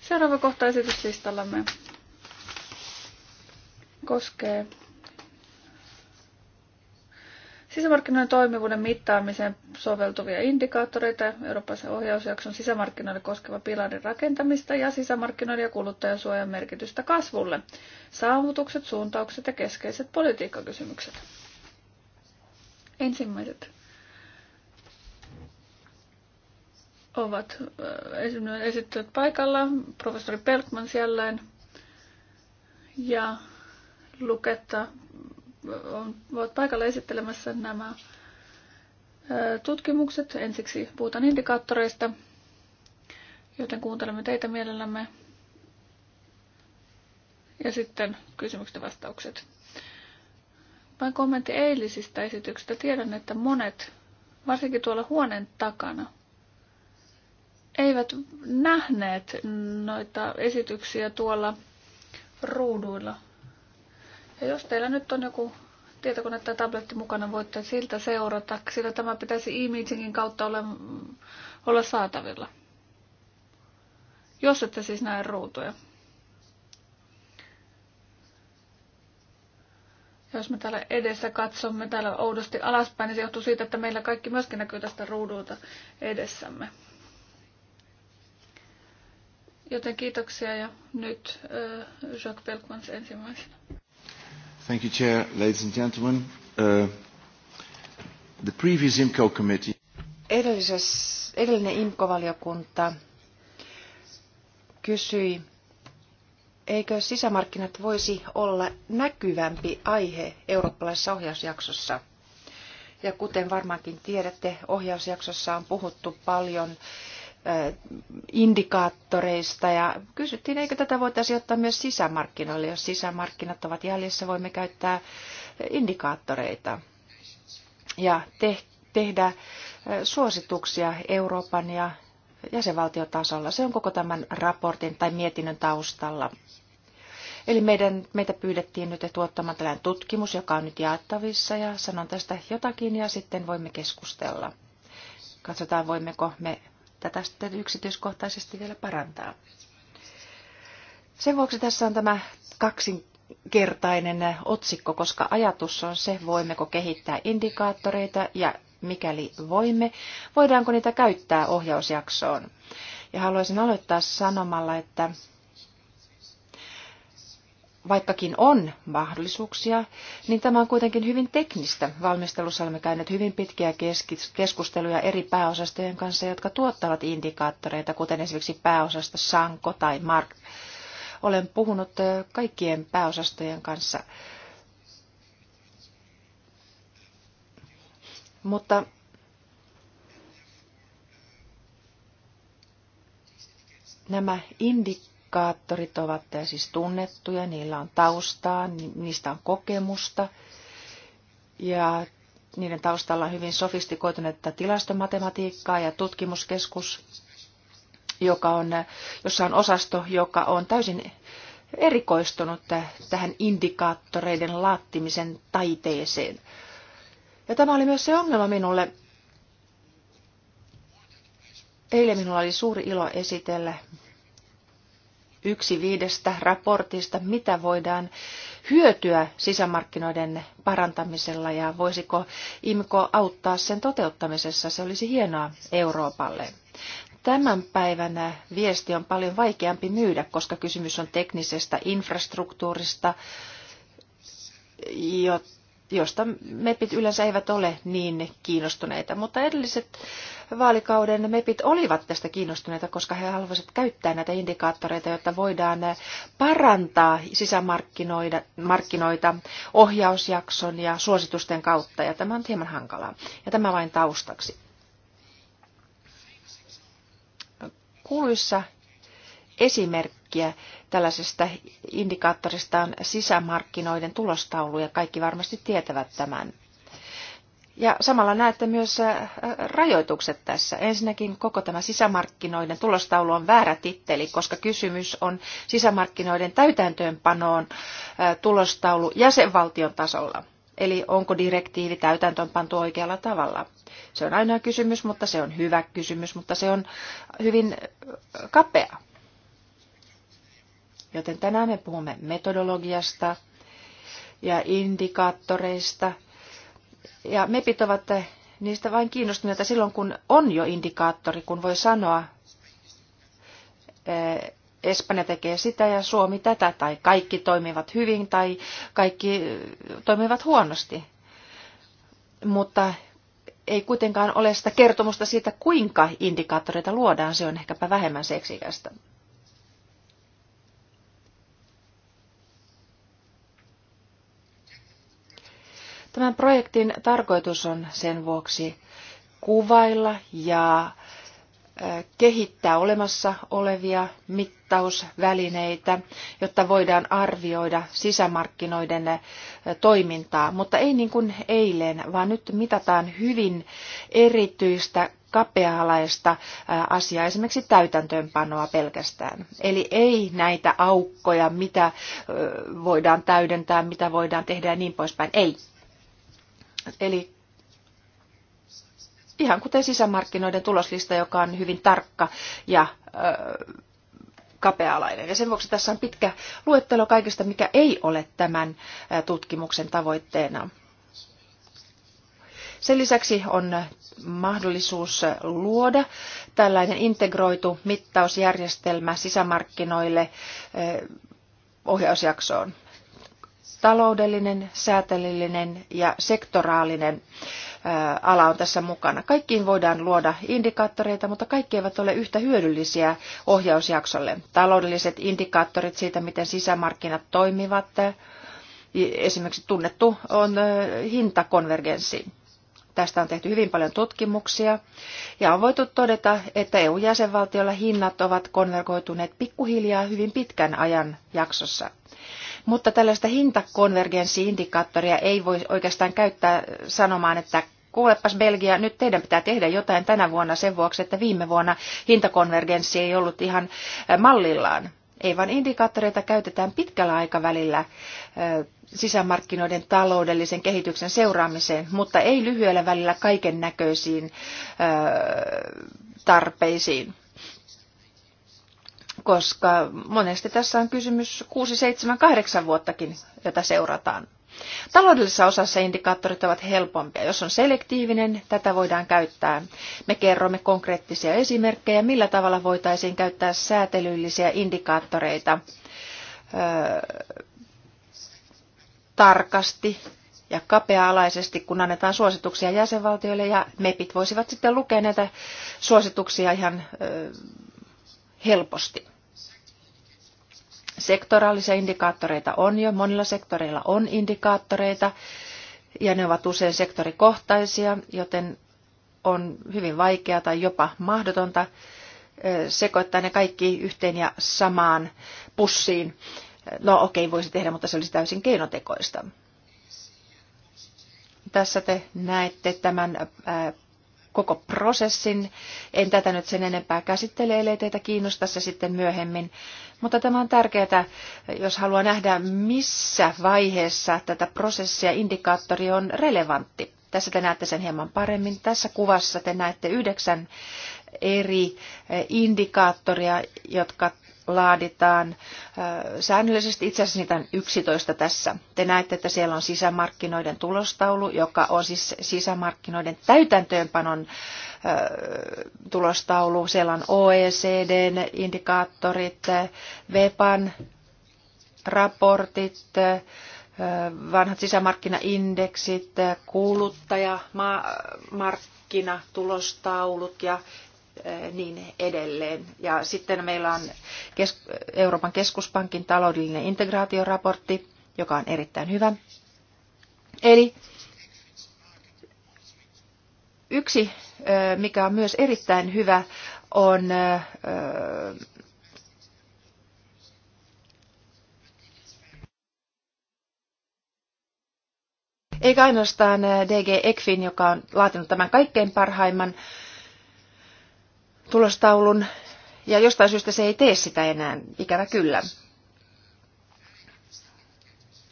S2: seuraava kohta esityslistallamme koskee sisämarkkinoiden toimivuuden mittaamiseen soveltuvia indikaattoreita, Euroopan ohjausjakson sisämarkkinoiden koskeva pilarin rakentamista ja sisämarkkinoiden ja kuluttajansuojan merkitystä kasvulle, saavutukset, suuntaukset ja keskeiset politiikkakysymykset. Ensimmäiset ovat äh, esittäjät paikalla, professori Pelkman jälleen ja Luketta on, ovat paikalla esittelemässä nämä äh, tutkimukset. Ensiksi puhutaan indikaattoreista, joten kuuntelemme teitä mielellämme. Ja sitten kysymykset ja vastaukset. Vain kommentti eilisistä esityksistä. Tiedän, että monet, varsinkin tuolla huoneen takana, eivät nähneet noita esityksiä tuolla ruuduilla. Ja jos teillä nyt on joku tietokone tai tabletti mukana, voitte siltä seurata, sillä tämä pitäisi e-meetingin kautta olla, olla saatavilla. Jos ette siis näe ruutuja. Jos me täällä edessä katsomme täällä oudosti alaspäin, niin se johtuu siitä, että meillä kaikki myöskin näkyy tästä ruudulta edessämme. Joten kiitoksia ja nyt uh, Jacques Pelkmans ensimmäisenä.
S1: Thank you, Chair, ladies and gentlemen. Uh, the previous IMCO committee...
S2: Edellisessä, edellinen
S3: IMCO-valiokunta kysyi, eikö sisämarkkinat voisi olla näkyvämpi aihe eurooppalaisessa ohjausjaksossa. Ja kuten varmaankin tiedätte, ohjausjaksossa on puhuttu paljon indikaattoreista ja kysyttiin, eikö tätä voitaisiin ottaa myös sisämarkkinoille. Jos sisämarkkinat ovat jäljessä, voimme käyttää indikaattoreita ja te- tehdä suosituksia Euroopan ja jäsenvaltiotasolla. Se on koko tämän raportin tai mietinnön taustalla. Eli meidän, meitä pyydettiin nyt tuottamaan tällainen tutkimus, joka on nyt jaettavissa ja sanon tästä jotakin ja sitten voimme keskustella. Katsotaan, voimmeko me tätä sitten yksityiskohtaisesti vielä parantaa. Sen vuoksi tässä on tämä kaksinkertainen otsikko, koska ajatus on se, voimmeko kehittää indikaattoreita ja mikäli voimme, voidaanko niitä käyttää ohjausjaksoon. Ja haluaisin aloittaa sanomalla, että vaikkakin on mahdollisuuksia, niin tämä on kuitenkin hyvin teknistä. Valmistelussa olemme käyneet hyvin pitkiä keskusteluja eri pääosastojen kanssa, jotka tuottavat indikaattoreita, kuten esimerkiksi pääosasto Sanko tai Mark. Olen puhunut kaikkien pääosastojen kanssa. Mutta nämä indikaattorit indikaattorit ovat äh, siis tunnettuja, niillä on taustaa, niistä on kokemusta ja niiden taustalla on hyvin sofistikoitunutta tilastomatematiikkaa ja tutkimuskeskus, joka on, äh, jossa on osasto, joka on täysin erikoistunut äh, tähän indikaattoreiden laattimisen taiteeseen. Ja tämä oli myös se ongelma minulle. Eilen minulla oli suuri ilo esitellä yksi viidestä raportista, mitä voidaan hyötyä sisämarkkinoiden parantamisella ja voisiko IMKO auttaa sen toteuttamisessa. Se olisi hienoa Euroopalle. Tämän päivänä viesti on paljon vaikeampi myydä, koska kysymys on teknisestä infrastruktuurista, jota josta MEPit yleensä eivät ole niin kiinnostuneita, mutta edelliset vaalikauden MEPit olivat tästä kiinnostuneita, koska he haluaisivat käyttää näitä indikaattoreita, jotta voidaan parantaa sisämarkkinoita ohjausjakson ja suositusten kautta, ja tämä on hieman hankalaa. Ja tämä vain taustaksi. Kuluissa esimerkki esimerkkiä tällaisesta indikaattorista on sisämarkkinoiden tulostaulu ja kaikki varmasti tietävät tämän. Ja samalla näette myös äh, rajoitukset tässä. Ensinnäkin koko tämä sisämarkkinoiden tulostaulu on väärä titteli, koska kysymys on sisämarkkinoiden täytäntöönpanoon äh, tulostaulu jäsenvaltion tasolla. Eli onko direktiivi täytäntöönpantu oikealla tavalla? Se on ainoa kysymys, mutta se on hyvä kysymys, mutta se on hyvin kapea. Joten tänään me puhumme metodologiasta ja indikaattoreista. Ja mepit ovat niistä vain kiinnostuneita silloin, kun on jo indikaattori, kun voi sanoa, eh, Espanja tekee sitä ja Suomi tätä, tai kaikki toimivat hyvin tai kaikki eh, toimivat huonosti. Mutta ei kuitenkaan ole sitä kertomusta siitä, kuinka indikaattoreita luodaan, se on ehkäpä vähemmän seksikästä. Tämän projektin tarkoitus on sen vuoksi kuvailla ja kehittää olemassa olevia mittausvälineitä, jotta voidaan arvioida sisämarkkinoiden toimintaa, mutta ei niin kuin eilen, vaan nyt mitataan hyvin erityistä kapealaista asiaa, esimerkiksi täytäntöönpanoa pelkästään. Eli ei näitä aukkoja, mitä voidaan täydentää, mitä voidaan tehdä ja niin poispäin. Ei, Eli ihan kuten sisämarkkinoiden tuloslista, joka on hyvin tarkka ja ö, kapealainen. Ja sen vuoksi tässä on pitkä luettelo kaikesta, mikä ei ole tämän tutkimuksen tavoitteena. Sen lisäksi on mahdollisuus luoda tällainen integroitu mittausjärjestelmä sisämarkkinoille ohjausjaksoon taloudellinen, säätelillinen ja sektoraalinen ala on tässä mukana. Kaikkiin voidaan luoda indikaattoreita, mutta kaikki eivät ole yhtä hyödyllisiä ohjausjaksolle. Taloudelliset indikaattorit siitä, miten sisämarkkinat toimivat, esimerkiksi tunnettu on hintakonvergenssi. Tästä on tehty hyvin paljon tutkimuksia ja on voitu todeta, että EU-jäsenvaltiolla hinnat ovat konvergoituneet pikkuhiljaa hyvin pitkän ajan jaksossa. Mutta tällaista hintakonvergenssiindikaattoria ei voi oikeastaan käyttää sanomaan, että kuulepas Belgia, nyt teidän pitää tehdä jotain tänä vuonna sen vuoksi, että viime vuonna hintakonvergenssi ei ollut ihan mallillaan. Ei vaan indikaattoreita käytetään pitkällä aikavälillä sisämarkkinoiden taloudellisen kehityksen seuraamiseen, mutta ei lyhyellä välillä kaiken näköisiin tarpeisiin koska monesti tässä on kysymys 6, 7, 8 vuottakin, jota seurataan. Taloudellisessa osassa indikaattorit ovat helpompia. Jos on selektiivinen, tätä voidaan käyttää. Me kerromme konkreettisia esimerkkejä, millä tavalla voitaisiin käyttää säätelyllisiä indikaattoreita öö, tarkasti ja kapea-alaisesti, kun annetaan suosituksia jäsenvaltioille ja MEPit voisivat sitten lukea näitä suosituksia ihan öö, helposti. Sektoraalisia indikaattoreita on jo, monilla sektoreilla on indikaattoreita ja ne ovat usein sektorikohtaisia, joten on hyvin vaikeaa tai jopa mahdotonta sekoittaa ne kaikki yhteen ja samaan pussiin. No okei, voisi tehdä, mutta se olisi täysin keinotekoista. Tässä te näette tämän koko prosessin. En tätä nyt sen enempää käsittele, ellei teitä kiinnosta se sitten myöhemmin. Mutta tämä on tärkeää, jos haluaa nähdä, missä vaiheessa tätä prosessia indikaattori on relevantti. Tässä te näette sen hieman paremmin. Tässä kuvassa te näette yhdeksän eri eh, indikaattoria, jotka laaditaan säännöllisesti. Itse asiassa niitä on 11 tässä. Te näette, että siellä on sisämarkkinoiden tulostaulu, joka on siis sisämarkkinoiden täytäntöönpanon tulostaulu. Siellä on OECDn indikaattorit, VEPAN raportit, vanhat sisämarkkinaindeksit, kuluttajamarkkinatulostaulut ja Eh, niin edelleen. Ja sitten meillä on Euroopan keskuspankin taloudellinen integraatioraportti, joka on erittäin hyvä. Eli yksi, eh, mikä on myös erittäin hyvä, on eh, eikä ainoastaan DG Ekfin, joka on laatinut tämän kaikkein parhaimman tulostaulun ja jostain syystä se ei tee sitä enää, ikävä kyllä.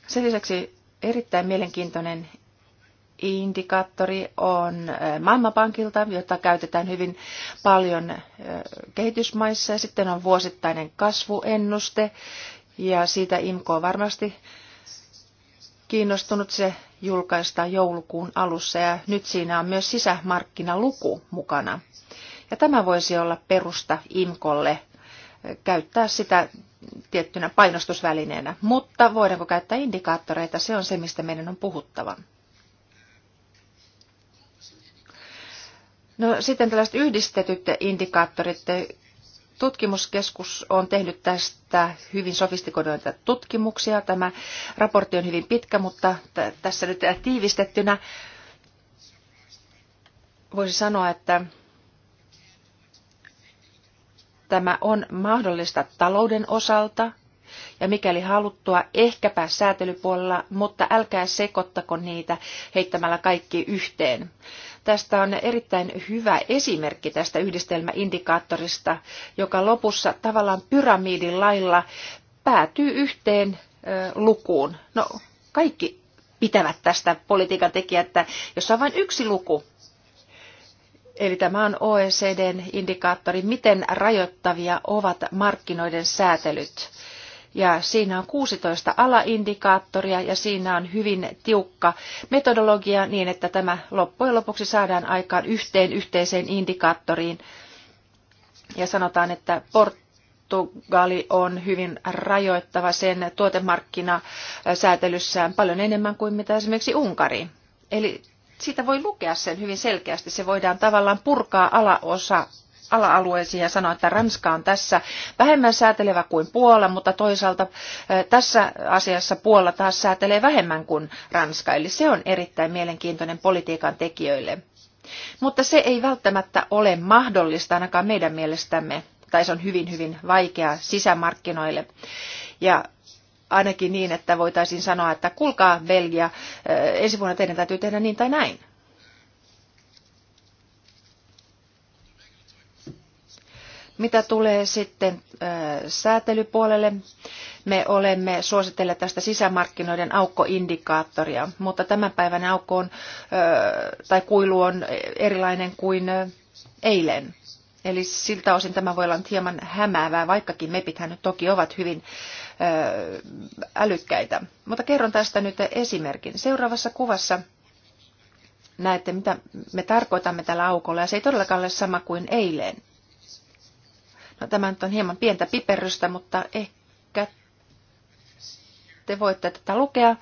S3: Sen lisäksi erittäin mielenkiintoinen indikaattori on Maailmanpankilta, jota käytetään hyvin paljon kehitysmaissa. Ja sitten on vuosittainen kasvuennuste ja siitä IMK on varmasti kiinnostunut. Se julkaista joulukuun alussa ja nyt siinä on myös sisämarkkinaluku mukana. Ja tämä voisi olla perusta IMKOlle käyttää sitä tiettynä painostusvälineenä. Mutta voidaanko käyttää indikaattoreita, se on se, mistä meidän on puhuttava. No, sitten tällaiset yhdistetyt indikaattorit. Tutkimuskeskus on tehnyt tästä hyvin sofistikoituneita tutkimuksia. Tämä raportti on hyvin pitkä, mutta tässä nyt tiivistettynä voisi sanoa, että tämä on mahdollista talouden osalta ja mikäli haluttua, ehkäpä säätelypuolella, mutta älkää sekoittako niitä heittämällä kaikki yhteen. Tästä on erittäin hyvä esimerkki tästä yhdistelmäindikaattorista, joka lopussa tavallaan pyramidin lailla päätyy yhteen ö, lukuun. No, kaikki pitävät tästä politiikan tekijättä, jossa on vain yksi luku, Eli tämä on OECDn indikaattori, miten rajoittavia ovat markkinoiden säätelyt. Ja siinä on 16 alaindikaattoria ja siinä on hyvin tiukka metodologia niin, että tämä loppujen lopuksi saadaan aikaan yhteen yhteiseen indikaattoriin. Ja sanotaan, että Portugali on hyvin rajoittava sen tuotemarkkinasäätelyssään paljon enemmän kuin mitä esimerkiksi Unkari. Eli siitä voi lukea sen hyvin selkeästi. Se voidaan tavallaan purkaa alaosa ala-alueisiin ja sanoa, että Ranska on tässä vähemmän säätelevä kuin Puola, mutta toisaalta tässä asiassa Puola taas säätelee vähemmän kuin Ranska. Eli se on erittäin mielenkiintoinen politiikan tekijöille. Mutta se ei välttämättä ole mahdollista ainakaan meidän mielestämme, tai se on hyvin hyvin vaikeaa sisämarkkinoille. Ja ainakin niin, että voitaisiin sanoa, että kulkaa Belgia, ensi vuonna teidän täytyy tehdä niin tai näin. Mitä tulee sitten säätelypuolelle, me olemme suositelleet tästä sisämarkkinoiden aukkoindikaattoria, mutta tämän päivän aukko on, tai kuilu on erilainen kuin eilen. Eli siltä osin tämä voi olla nyt hieman hämäävää, vaikkakin mepithän nyt toki ovat hyvin ö, älykkäitä. Mutta kerron tästä nyt esimerkin. Seuraavassa kuvassa näette, mitä me tarkoitamme tällä aukolla, ja se ei todellakaan ole sama kuin eilen. No, tämä nyt on hieman pientä piperrystä, mutta ehkä te voitte tätä lukea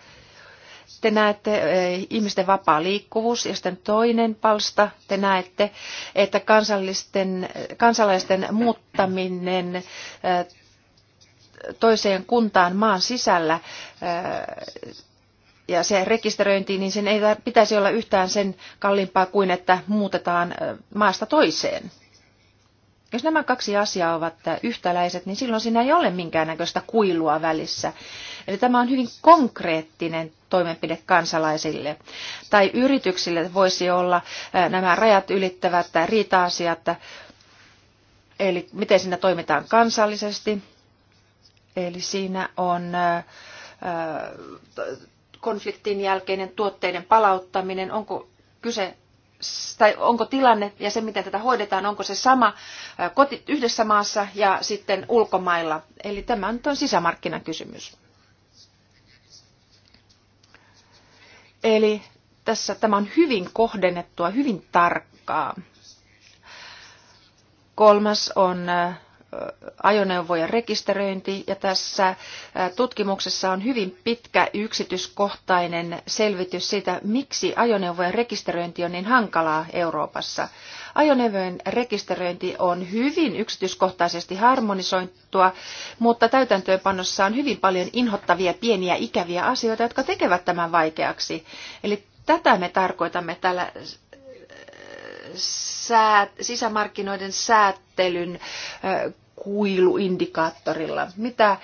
S3: te näette eh, ihmisten vapaa liikkuvuus ja sitten toinen palsta te näette, että kansallisten, kansalaisten muuttaminen eh, toiseen kuntaan maan sisällä eh, ja se rekisteröinti, niin sen ei pitäisi olla yhtään sen kalliimpaa kuin, että muutetaan maasta toiseen. Jos nämä kaksi asiaa ovat yhtäläiset, niin silloin siinä ei ole minkäännäköistä kuilua välissä. Eli tämä on hyvin konkreettinen toimenpide kansalaisille. Tai yrityksille voisi olla nämä rajat ylittävät tai riita-asiat, eli miten siinä toimitaan kansallisesti. Eli siinä on konfliktin jälkeinen tuotteiden palauttaminen, onko kyse tai onko tilanne ja se, miten tätä hoidetaan, onko se sama koti, yhdessä maassa ja sitten ulkomailla. Eli tämä nyt on sisämarkkinakysymys. Eli tässä tämä on hyvin kohdennettua, hyvin tarkkaa. Kolmas on ajoneuvojen rekisteröinti ja tässä tutkimuksessa on hyvin pitkä yksityiskohtainen selvitys siitä, miksi ajoneuvojen rekisteröinti on niin hankalaa Euroopassa. Ajoneuvojen rekisteröinti on hyvin yksityiskohtaisesti harmonisointua, mutta täytäntöönpanossa on hyvin paljon inhottavia pieniä ikäviä asioita, jotka tekevät tämän vaikeaksi. Eli tätä me tarkoitamme tällä sisämarkkinoiden säätelyn kuiluindikaattorilla. Mitä äh,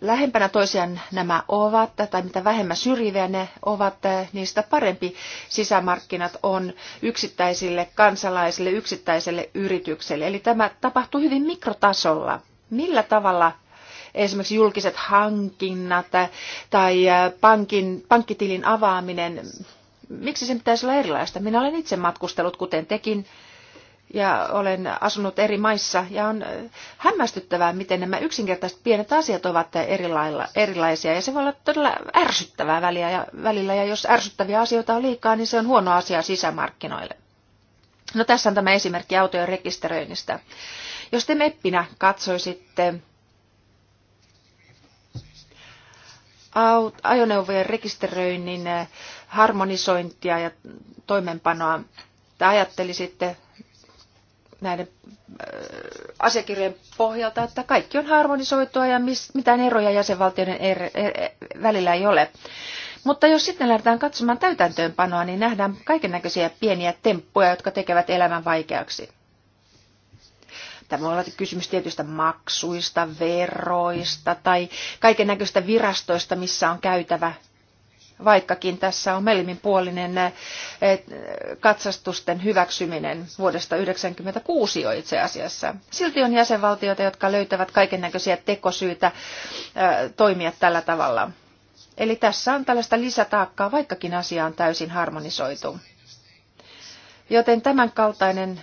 S3: lähempänä toisiaan nämä ovat tai mitä vähemmän syrjiviä ne ovat, äh, niistä parempi sisämarkkinat on yksittäisille kansalaisille, yksittäiselle yritykselle. Eli tämä tapahtuu hyvin mikrotasolla. Millä tavalla esimerkiksi julkiset hankinnat äh, tai pankin, pankkitilin avaaminen, miksi se pitäisi olla erilaista? Minä olen itse matkustellut, kuten tekin, ja olen asunut eri maissa ja on äh, hämmästyttävää, miten nämä yksinkertaiset pienet asiat ovat erilaisia ja se voi olla todella ärsyttävää väliä ja, välillä ja jos ärsyttäviä asioita on liikaa, niin se on huono asia sisämarkkinoille. No tässä on tämä esimerkki autojen rekisteröinnistä. Jos te meppinä katsoisitte ajoneuvojen rekisteröinnin äh, harmonisointia ja toimenpanoa, te ajattelisitte näiden äh, asiakirjojen pohjalta, että kaikki on harmonisoitua ja mitään eroja jäsenvaltioiden er, er, er, välillä ei ole. Mutta jos sitten lähdetään katsomaan täytäntöönpanoa, niin nähdään kaiken näköisiä pieniä temppuja, jotka tekevät elämän vaikeaksi. Tämä voi olla kysymys tietyistä maksuista, veroista tai kaiken näköistä virastoista, missä on käytävä vaikkakin tässä on puolinen eh, katsastusten hyväksyminen vuodesta 1996 jo itse asiassa. Silti on jäsenvaltioita, jotka löytävät kaiken tekosyitä eh, toimia tällä tavalla. Eli tässä on tällaista lisätaakkaa, vaikkakin asia on täysin harmonisoitu. Joten tämän kaltainen,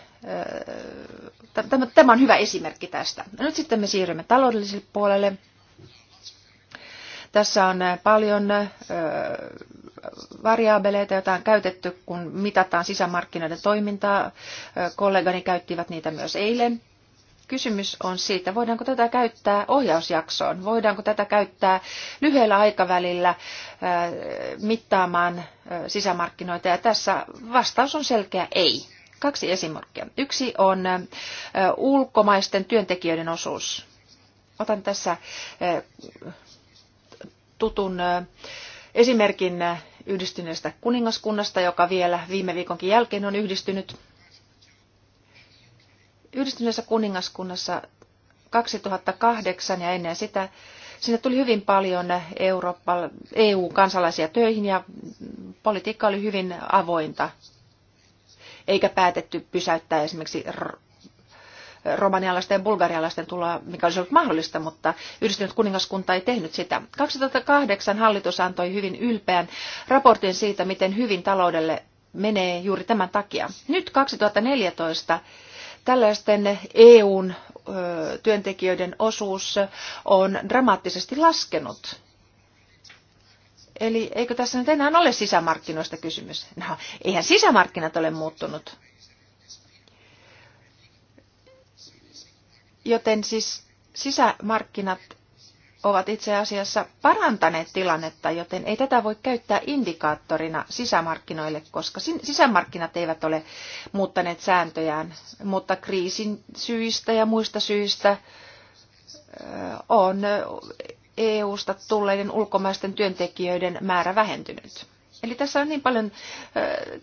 S3: eh, tämä on hyvä esimerkki tästä. No nyt sitten me siirrymme taloudelliselle puolelle. Tässä on äh, paljon äh, variaabeleita, joita on käytetty, kun mitataan sisämarkkinoiden toimintaa. Äh, kollegani käyttivät niitä myös eilen. Kysymys on siitä, voidaanko tätä käyttää ohjausjaksoon, voidaanko tätä käyttää lyhyellä aikavälillä mittaamaan sisämarkkinoita. Ja tässä vastaus on selkeä ei. Kaksi esimerkkiä. Yksi on ulkomaisten työntekijöiden osuus. Otan tässä tutun esimerkin yhdistyneestä kuningaskunnasta, joka vielä viime viikonkin jälkeen on yhdistynyt. Yhdistyneessä kuningaskunnassa 2008 ja ennen sitä sinne tuli hyvin paljon Eurooppa, EU-kansalaisia töihin ja politiikka oli hyvin avointa, eikä päätetty pysäyttää esimerkiksi romanialaisten ja bulgarialaisten tuloa, mikä olisi ollut mahdollista, mutta yhdistynyt kuningaskunta ei tehnyt sitä. 2008 hallitus antoi hyvin ylpeän raportin siitä, miten hyvin taloudelle menee juuri tämän takia. Nyt 2014 tällaisten EUn työntekijöiden osuus on dramaattisesti laskenut. Eli eikö tässä nyt enää ole sisämarkkinoista kysymys? No, eihän sisämarkkinat ole muuttunut. Joten siis sisämarkkinat ovat itse asiassa parantaneet tilannetta, joten ei tätä voi käyttää indikaattorina sisämarkkinoille, koska sisämarkkinat eivät ole muuttaneet sääntöjään, mutta kriisin syistä ja muista syistä on EU-sta tulleiden ulkomaisten työntekijöiden määrä vähentynyt. Eli tässä on niin paljon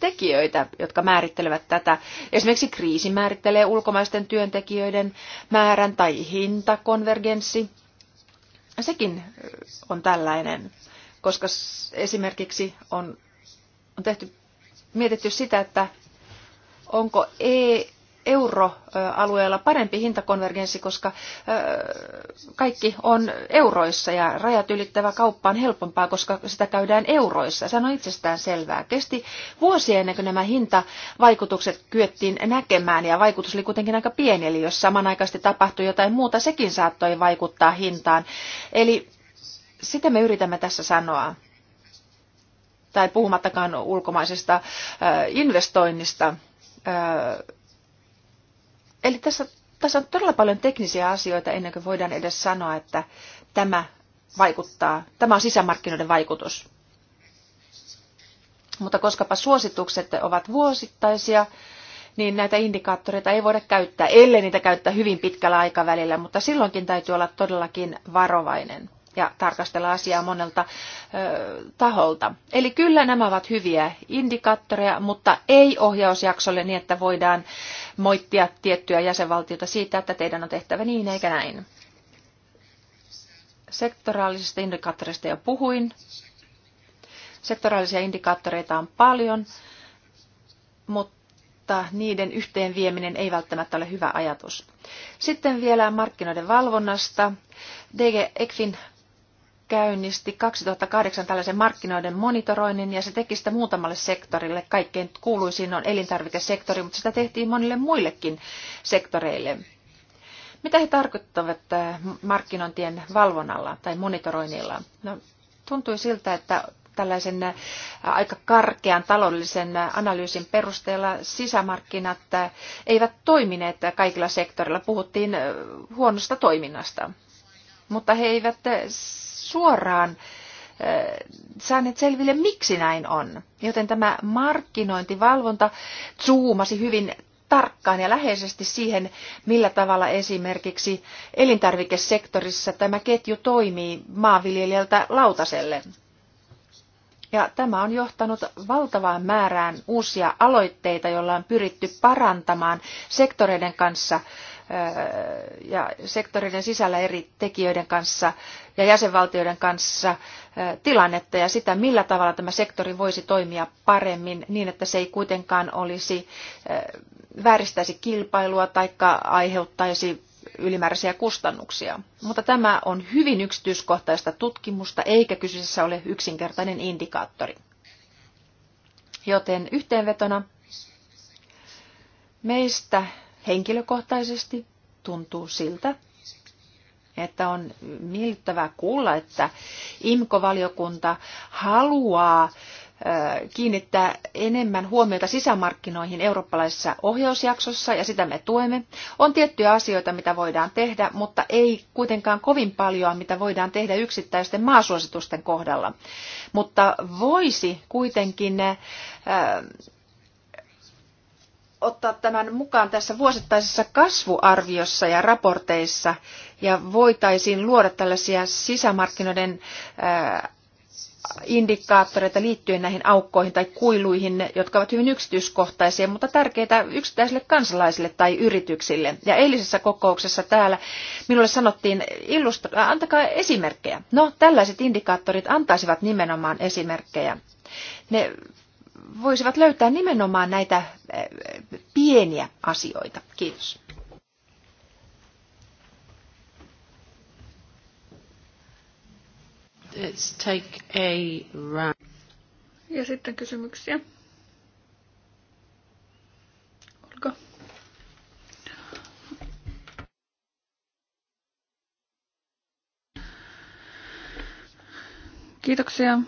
S3: tekijöitä, jotka määrittelevät tätä. Esimerkiksi kriisi määrittelee ulkomaisten työntekijöiden määrän tai hintakonvergenssi. Sekin on tällainen, koska esimerkiksi on, on tehty, mietitty sitä, että onko e euroalueella parempi hintakonvergenssi, koska kaikki on euroissa ja rajat ylittävä kauppa on helpompaa, koska sitä käydään euroissa. Sehän on itsestään selvää. Kesti vuosia ennen kuin nämä hintavaikutukset kyettiin näkemään ja vaikutus oli kuitenkin aika pieni, eli jos samanaikaisesti tapahtui jotain muuta, sekin saattoi vaikuttaa hintaan. Eli sitä me yritämme tässä sanoa tai puhumattakaan ulkomaisesta investoinnista Eli tässä, tässä on todella paljon teknisiä asioita ennen kuin voidaan edes sanoa, että tämä vaikuttaa, tämä on sisämarkkinoiden vaikutus. Mutta koskapa suositukset ovat vuosittaisia, niin näitä indikaattoreita ei voida käyttää, ellei niitä käyttää hyvin pitkällä aikavälillä, mutta silloinkin täytyy olla todellakin varovainen ja tarkastella asiaa monelta ö, taholta. Eli kyllä nämä ovat hyviä indikaattoreja, mutta ei ohjausjaksolle niin, että voidaan moittia tiettyä jäsenvaltiota siitä, että teidän on tehtävä niin eikä näin. Sektoraalisista indikaattoreista jo puhuin. Sektoraalisia indikaattoreita on paljon, mutta niiden yhteenvieminen ei välttämättä ole hyvä ajatus. Sitten vielä markkinoiden valvonnasta. DG ECFin käynnisti 2008 tällaisen markkinoiden monitoroinnin ja se teki sitä muutamalle sektorille. Kaikkein kuuluisin on elintarvikesektori, mutta sitä tehtiin monille muillekin sektoreille. Mitä he tarkoittavat äh, markkinointien valvonnalla tai monitoroinnilla? No, tuntui siltä, että tällaisen äh, aika karkean taloudellisen äh, analyysin perusteella sisämarkkinat eivät toimineet kaikilla sektorilla. Puhuttiin huonosta toiminnasta, mutta he eivät suoraan äh, saaneet selville, miksi näin on. Joten tämä markkinointivalvonta zoomasi hyvin tarkkaan ja läheisesti siihen, millä tavalla esimerkiksi elintarvikesektorissa tämä ketju toimii maanviljelijältä lautaselle. Ja tämä on johtanut valtavaan määrään uusia aloitteita, joilla on pyritty parantamaan sektoreiden kanssa äh, ja sektorien sisällä eri tekijöiden kanssa ja jäsenvaltioiden kanssa tilannetta ja sitä, millä tavalla tämä sektori voisi toimia paremmin niin, että se ei kuitenkaan olisi, vääristäisi kilpailua tai aiheuttaisi ylimääräisiä kustannuksia. Mutta tämä on hyvin yksityiskohtaista tutkimusta, eikä kyseessä ole yksinkertainen indikaattori. Joten yhteenvetona meistä Henkilökohtaisesti tuntuu siltä, että on miellyttävää kuulla, että IMKO-valiokunta haluaa kiinnittää enemmän huomiota sisämarkkinoihin eurooppalaisessa ohjausjaksossa ja sitä me tuemme. On tiettyjä asioita, mitä voidaan tehdä, mutta ei kuitenkaan kovin paljon, mitä voidaan tehdä yksittäisten maasuositusten kohdalla. Mutta voisi kuitenkin ottaa tämän mukaan tässä vuosittaisessa kasvuarviossa ja raporteissa ja voitaisiin luoda tällaisia sisämarkkinoiden äh, indikaattoreita liittyen näihin aukkoihin tai kuiluihin, jotka ovat hyvin yksityiskohtaisia, mutta tärkeitä yksittäisille kansalaisille tai yrityksille. Ja eilisessä kokouksessa täällä minulle sanottiin, illustra- äh, antakaa esimerkkejä. No, tällaiset indikaattorit antaisivat nimenomaan esimerkkejä. Ne voisivat löytää nimenomaan näitä eh, pieniä asioita. Kiitos.
S5: Let's take a round.
S2: Ja sitten kysymyksiä. Olko?
S5: Kiitoksia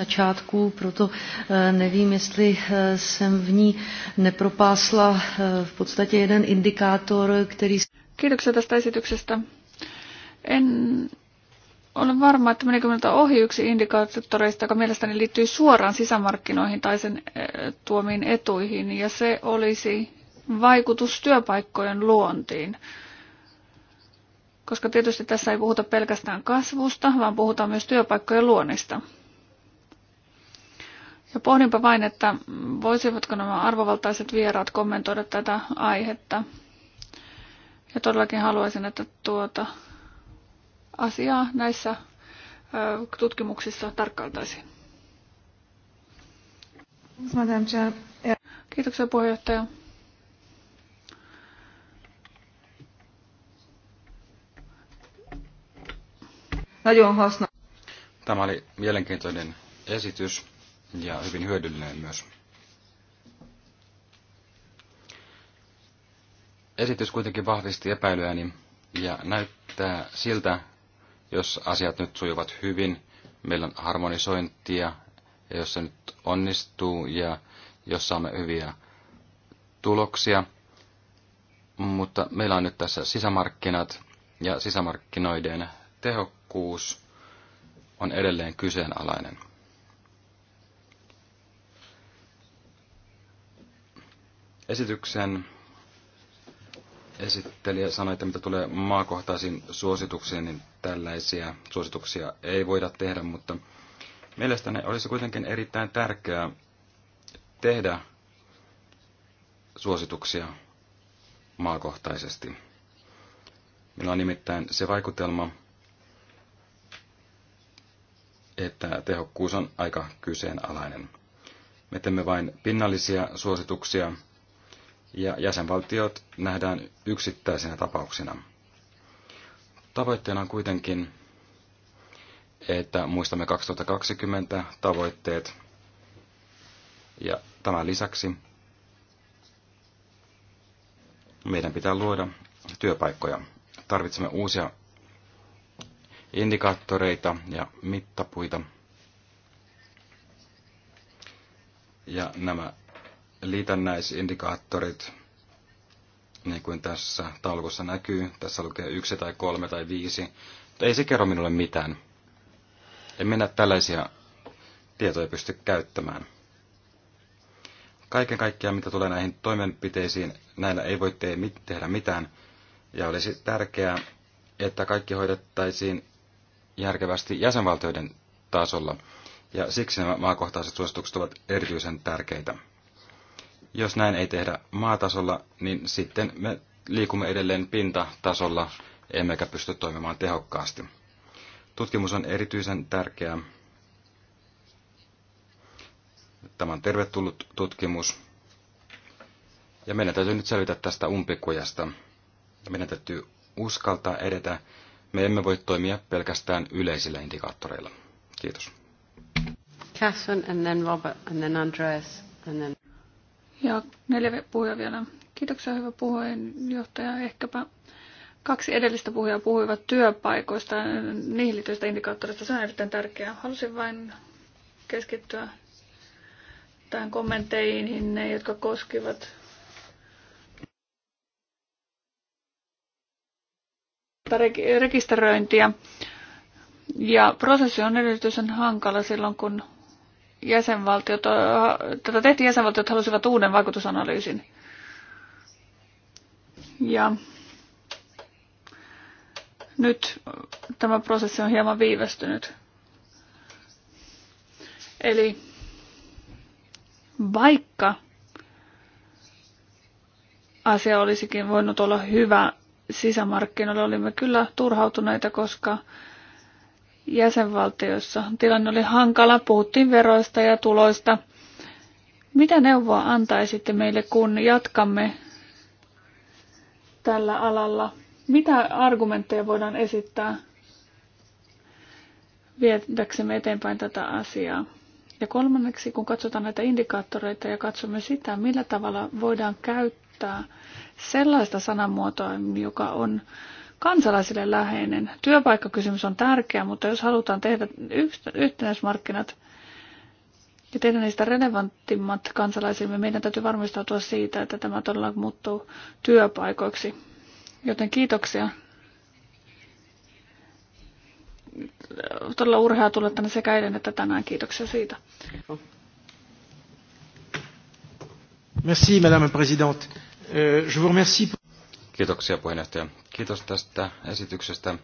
S5: začátku, proto eh, nevím,
S2: jestli eh, jsem v ní nepropásla eh, v podstatě jeden indikátor, který... Kiitoksia tästä esityksestä. En ole varma, että menikö minulta ohi yksi indikaattoreista, joka mielestäni liittyy suoraan sisämarkkinoihin tai sen tuomiin etuihin, ja se olisi vaikutus työpaikkojen luontiin. Koska tietysti tässä ei puhuta pelkästään kasvusta, vaan puhutaan myös työpaikkojen luonnista. Ja pohdinpa vain, että voisivatko nämä arvovaltaiset vieraat kommentoida tätä aihetta. Ja todellakin haluaisin, että tuota asiaa näissä tutkimuksissa tarkkailtaisiin. Kiitoksia puheenjohtaja.
S4: Tämä oli mielenkiintoinen esitys ja hyvin hyödyllinen myös. Esitys kuitenkin vahvisti epäilyäni ja näyttää siltä, jos asiat nyt sujuvat hyvin, meillä on harmonisointia, ja jos se nyt onnistuu ja jos saamme hyviä tuloksia. Mutta meillä on nyt tässä sisämarkkinat ja sisämarkkinoiden tehokkuus on edelleen kyseenalainen. Esityksen esittelijä sanoi, että mitä tulee maakohtaisiin suosituksiin, niin tällaisia suosituksia ei voida tehdä, mutta mielestäni olisi kuitenkin erittäin tärkeää tehdä suosituksia maakohtaisesti. Meillä on nimittäin se vaikutelma, että tehokkuus on aika kyseenalainen. Me teemme vain pinnallisia suosituksia, ja jäsenvaltiot nähdään yksittäisinä tapauksina. Tavoitteena on kuitenkin, että muistamme 2020 tavoitteet ja tämän lisäksi meidän pitää luoda työpaikkoja. Tarvitsemme uusia indikaattoreita ja mittapuita. Ja nämä liitännäisindikaattorit, niin kuin tässä taulukossa näkyy, tässä lukee yksi tai kolme tai viisi, mutta ei se kerro minulle mitään. En minä tällaisia tietoja pysty käyttämään. Kaiken kaikkiaan, mitä tulee näihin toimenpiteisiin, näillä ei voi tehdä mitään, ja olisi tärkeää, että kaikki hoidettaisiin järkevästi jäsenvaltioiden tasolla, ja siksi nämä maakohtaiset suositukset ovat erityisen tärkeitä. Jos näin ei tehdä maatasolla, niin sitten me liikumme edelleen pintatasolla, emmekä pysty toimimaan tehokkaasti. Tutkimus on erityisen tärkeää. Tämä on tervetullut tutkimus. Ja meidän täytyy nyt selvitä tästä umpikujasta. Meidän täytyy uskaltaa edetä. Me emme voi toimia pelkästään yleisillä indikaattoreilla. Kiitos.
S5: Catherine and then Robert and then Andreas and then...
S2: Ja neljä puhuja vielä. Kiitoksia hyvä puheenjohtaja. Ehkäpä kaksi edellistä puhujaa puhuivat työpaikoista, niihin liittyvistä indikaattoreista. Se on erittäin tärkeää. Halusin vain keskittyä tähän kommentteihin, ne, jotka koskivat rekisteröintiä. Ja prosessi on erityisen hankala silloin, kun jäsenvaltiot, tätä tehtiin jäsenvaltiot halusivat uuden vaikutusanalyysin. Ja nyt tämä prosessi on hieman viivästynyt. Eli vaikka asia olisikin voinut olla hyvä sisämarkkinoille, olimme kyllä turhautuneita, koska jäsenvaltioissa. Tilanne oli hankala, puhuttiin veroista ja tuloista. Mitä neuvoa antaisitte meille, kun jatkamme tällä alalla? Mitä argumentteja voidaan esittää viedäksemme eteenpäin tätä asiaa? Ja kolmanneksi, kun katsotaan näitä indikaattoreita ja katsomme sitä, millä tavalla voidaan käyttää sellaista sanamuotoa, joka on kansalaisille läheinen. Työpaikkakysymys on tärkeä, mutta jos halutaan tehdä yhtenäismarkkinat ja tehdä niistä relevanttimmat kansalaisille, meidän täytyy varmistautua siitä, että tämä todella muuttuu työpaikoiksi. Joten kiitoksia. Todella urhea tulla tänne sekä eilen että tänään. Kiitoksia siitä.
S1: Merci, Madame la Présidente. Euh, je vous remercie.
S4: Kiitoksia puheenjohtaja. Kiitos tästä esityksestä.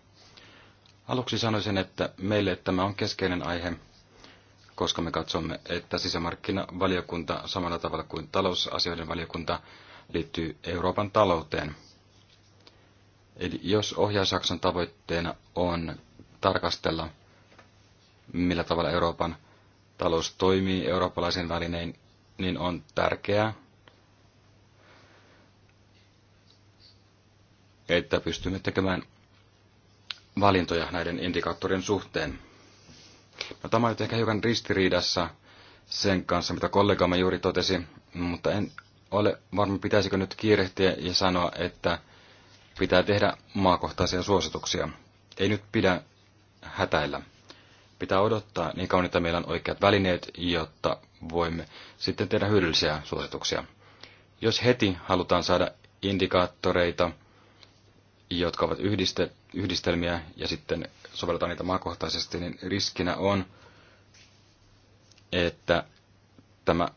S4: Aluksi sanoisin, että meille tämä on keskeinen aihe, koska me katsomme, että sisämarkkinavaliokunta samalla tavalla kuin talousasioiden valiokunta liittyy Euroopan talouteen. Eli jos ohjausjakson tavoitteena on tarkastella, millä tavalla Euroopan talous toimii eurooppalaisen välinein, niin on tärkeää, että pystymme tekemään valintoja näiden indikaattorien suhteen. No, tämä on nyt ehkä hiukan ristiriidassa sen kanssa, mitä kollegamme juuri totesi, mutta en ole varma, pitäisikö nyt kiirehtiä ja sanoa, että pitää tehdä maakohtaisia suosituksia. Ei nyt pidä hätäillä. Pitää odottaa niin kauan, että meillä on oikeat välineet, jotta voimme sitten tehdä hyödyllisiä suosituksia. Jos heti halutaan saada indikaattoreita, jotka ovat yhdiste, yhdistelmiä ja sitten sovelletaan niitä maakohtaisesti, niin riskinä on, että tämä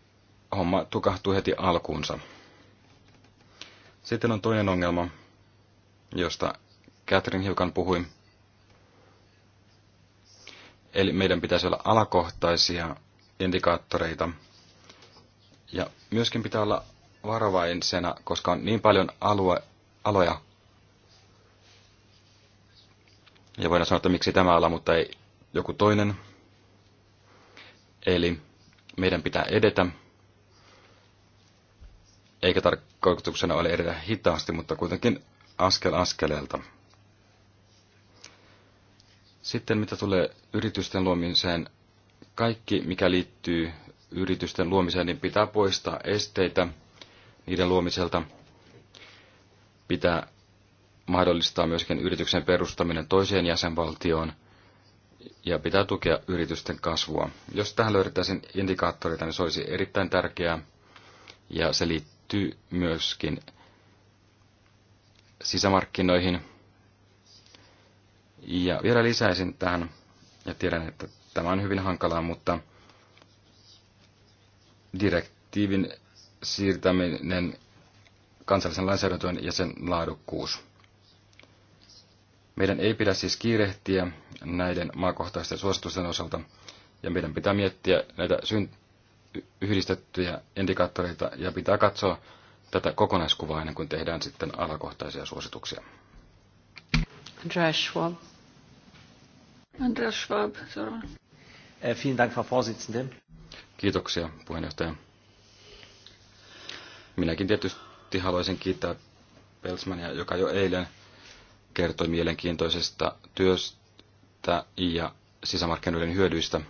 S4: homma tukahtuu heti alkuunsa. Sitten on toinen ongelma, josta Catherine hiukan puhui. Eli meidän pitäisi olla alakohtaisia indikaattoreita. Ja myöskin pitää olla varovaisena, koska on niin paljon alue, aloja, Ja voidaan sanoa, että miksi tämä ala, mutta ei joku toinen. Eli meidän pitää edetä. Eikä tarkoituksena ole edetä hitaasti, mutta kuitenkin askel askeleelta. Sitten mitä tulee yritysten luomiseen, kaikki mikä liittyy yritysten luomiseen, niin pitää poistaa esteitä niiden luomiselta. Pitää mahdollistaa myöskin yrityksen perustaminen toiseen jäsenvaltioon ja pitää tukea yritysten kasvua. Jos tähän löydettäisiin indikaattoreita, niin se olisi erittäin tärkeää ja se liittyy myöskin sisämarkkinoihin. Ja vielä lisäisin tähän, ja tiedän, että tämä on hyvin hankalaa, mutta direktiivin siirtäminen kansallisen lainsäädäntöön ja sen laadukkuus. Meidän ei pidä siis kiirehtiä näiden maakohtaisten suositusten osalta, ja meidän pitää miettiä näitä syn- yhdistettyjä indikaattoreita ja pitää katsoa tätä kokonaiskuvaa ennen kuin tehdään sitten alakohtaisia suosituksia.
S5: Andreas
S2: Schwab.
S1: Eh, vielen Dank, Frau Vorsitzende.
S4: Kiitoksia, puheenjohtaja. Minäkin tietysti haluaisin kiittää Pelsmania, joka jo eilen – kertoi mielenkiintoisesta työstä ja sisämarkkinoiden hyödyistä.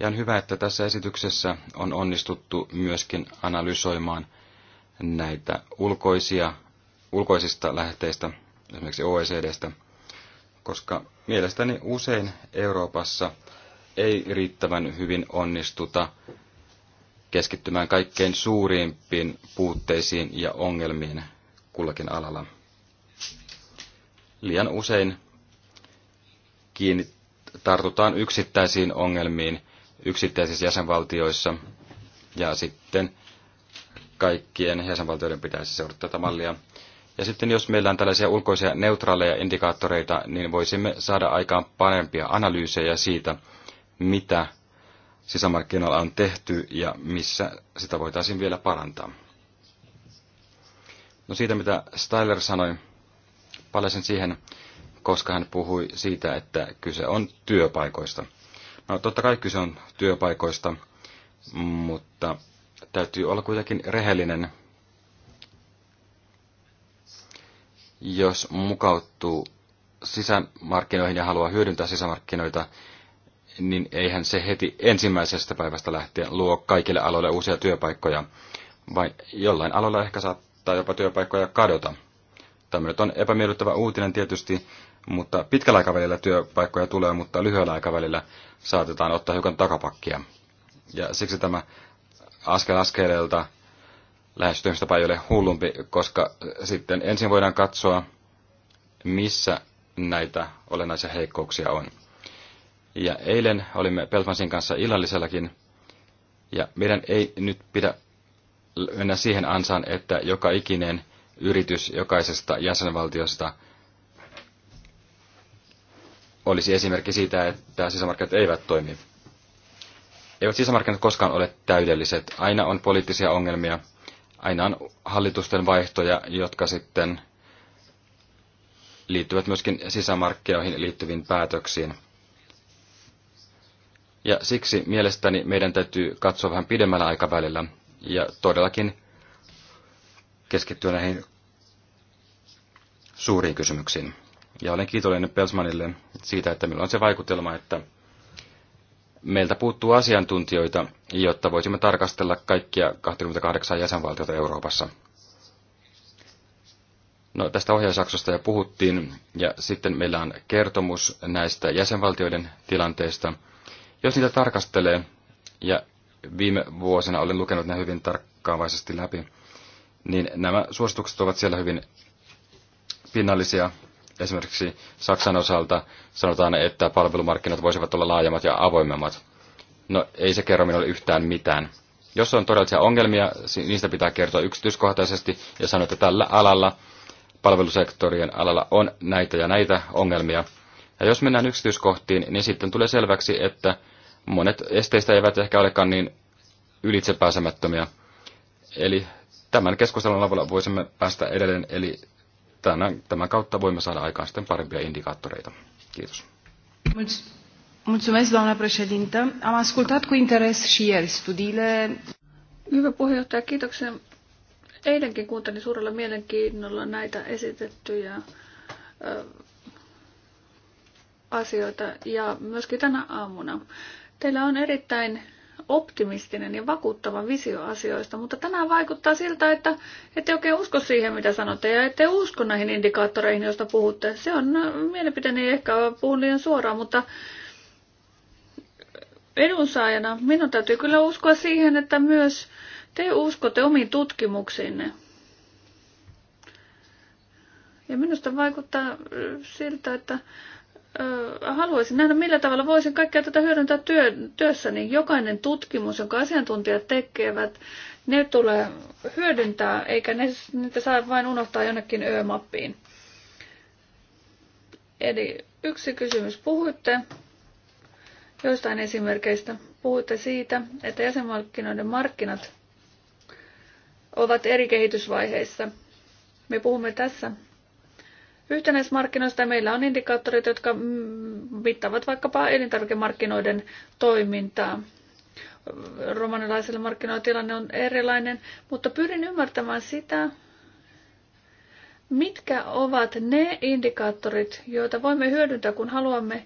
S4: Ja on hyvä, että tässä esityksessä on onnistuttu myöskin analysoimaan näitä ulkoisia, ulkoisista lähteistä, esimerkiksi OECDstä, koska mielestäni usein Euroopassa ei riittävän hyvin onnistuta keskittymään kaikkein suurimpiin puutteisiin ja ongelmiin kullakin alalla liian usein kiinni, tartutaan yksittäisiin ongelmiin yksittäisissä jäsenvaltioissa ja sitten kaikkien jäsenvaltioiden pitäisi seurata tätä mallia. Ja sitten jos meillä on tällaisia ulkoisia neutraaleja indikaattoreita, niin voisimme saada aikaan parempia analyysejä siitä, mitä sisämarkkinoilla on tehty ja missä sitä voitaisiin vielä parantaa. No siitä, mitä Styler sanoi, palasin siihen, koska hän puhui siitä, että kyse on työpaikoista. No totta kai kyse on työpaikoista, mutta täytyy olla kuitenkin rehellinen, jos mukautuu sisämarkkinoihin ja haluaa hyödyntää sisämarkkinoita, niin eihän se heti ensimmäisestä päivästä lähtien luo kaikille aloille uusia työpaikkoja, vai jollain aloilla ehkä saattaa jopa työpaikkoja kadota – Tämä nyt on epämiellyttävä uutinen tietysti, mutta pitkällä aikavälillä työpaikkoja tulee, mutta lyhyellä aikavälillä saatetaan ottaa hiukan takapakkia. Ja siksi tämä askel askeleelta lähestymistapa ei ole hullumpi, koska sitten ensin voidaan katsoa, missä näitä olennaisia heikkouksia on. Ja eilen olimme Peltmansin kanssa illallisellakin, ja meidän ei nyt pidä mennä siihen ansaan, että joka ikinen yritys jokaisesta jäsenvaltiosta olisi esimerkki siitä, että sisämarkkinat eivät toimi. Eivät sisämarkkinat koskaan ole täydelliset. Aina on poliittisia ongelmia, aina on hallitusten vaihtoja, jotka sitten liittyvät myöskin sisämarkkinoihin liittyviin päätöksiin. Ja siksi mielestäni meidän täytyy katsoa vähän pidemmällä aikavälillä ja todellakin keskittyä näihin suuriin kysymyksiin. Ja olen kiitollinen Pelsmanille siitä, että meillä on se vaikutelma, että meiltä puuttuu asiantuntijoita, jotta voisimme tarkastella kaikkia 28 jäsenvaltiota Euroopassa. No, tästä ohjausjaksosta jo puhuttiin, ja sitten meillä on kertomus näistä jäsenvaltioiden tilanteista. Jos niitä tarkastelee, ja viime vuosina olen lukenut ne hyvin tarkkaavaisesti läpi, niin nämä suositukset ovat siellä hyvin pinnallisia. Esimerkiksi Saksan osalta sanotaan, että palvelumarkkinat voisivat olla laajemmat ja avoimemmat. No ei se kerro minulle yhtään mitään. Jos on todellisia ongelmia, niistä pitää kertoa yksityiskohtaisesti ja sanoa, että tällä alalla, palvelusektorien alalla on näitä ja näitä ongelmia. Ja jos mennään yksityiskohtiin, niin sitten tulee selväksi, että monet esteistä eivät ehkä olekaan niin ylitsepääsemättömiä. Eli tämän keskustelun avulla voisimme päästä edelleen, eli tämän, tämän kautta voimme saada aikaan sitten parempia indikaattoreita. Kiitos.
S2: Mulțumesc, doamna președintă. Am ascultat cu interes și ieri studiile. Hyvä puheenjohtaja, kiitoksia. Eilenkin kuuntelin suurella mielenkiinnolla näitä esitettyjä asioita ja myöskin tänä aamuna. Teillä on erittäin optimistinen ja vakuuttava visio asioista, mutta tänään vaikuttaa siltä, että ette oikein usko siihen, mitä sanotte, ja ette usko näihin indikaattoreihin, joista puhutte. Se on mielipiteeni ehkä puhun liian suoraan, mutta edunsaajana minun täytyy kyllä uskoa siihen, että myös te uskotte omiin tutkimuksiinne. Ja minusta vaikuttaa siltä, että haluaisin nähdä, millä tavalla voisin kaikkea tätä hyödyntää työ, työssäni. Jokainen tutkimus, jonka asiantuntijat tekevät, ne tulee hyödyntää, eikä ne, niitä saa vain unohtaa jonnekin öömappiin. Eli yksi kysymys. Puhuitte joistain esimerkkeistä. Puhuitte siitä, että jäsenmarkkinoiden markkinat ovat eri kehitysvaiheissa. Me puhumme tässä yhtenäismarkkinoista. Meillä on indikaattorit, jotka mm, mittaavat vaikkapa elintarvikemarkkinoiden toimintaa. Romanilaisilla markkinoilla tilanne on erilainen, mutta pyrin ymmärtämään sitä, mitkä ovat ne indikaattorit, joita voimme hyödyntää, kun haluamme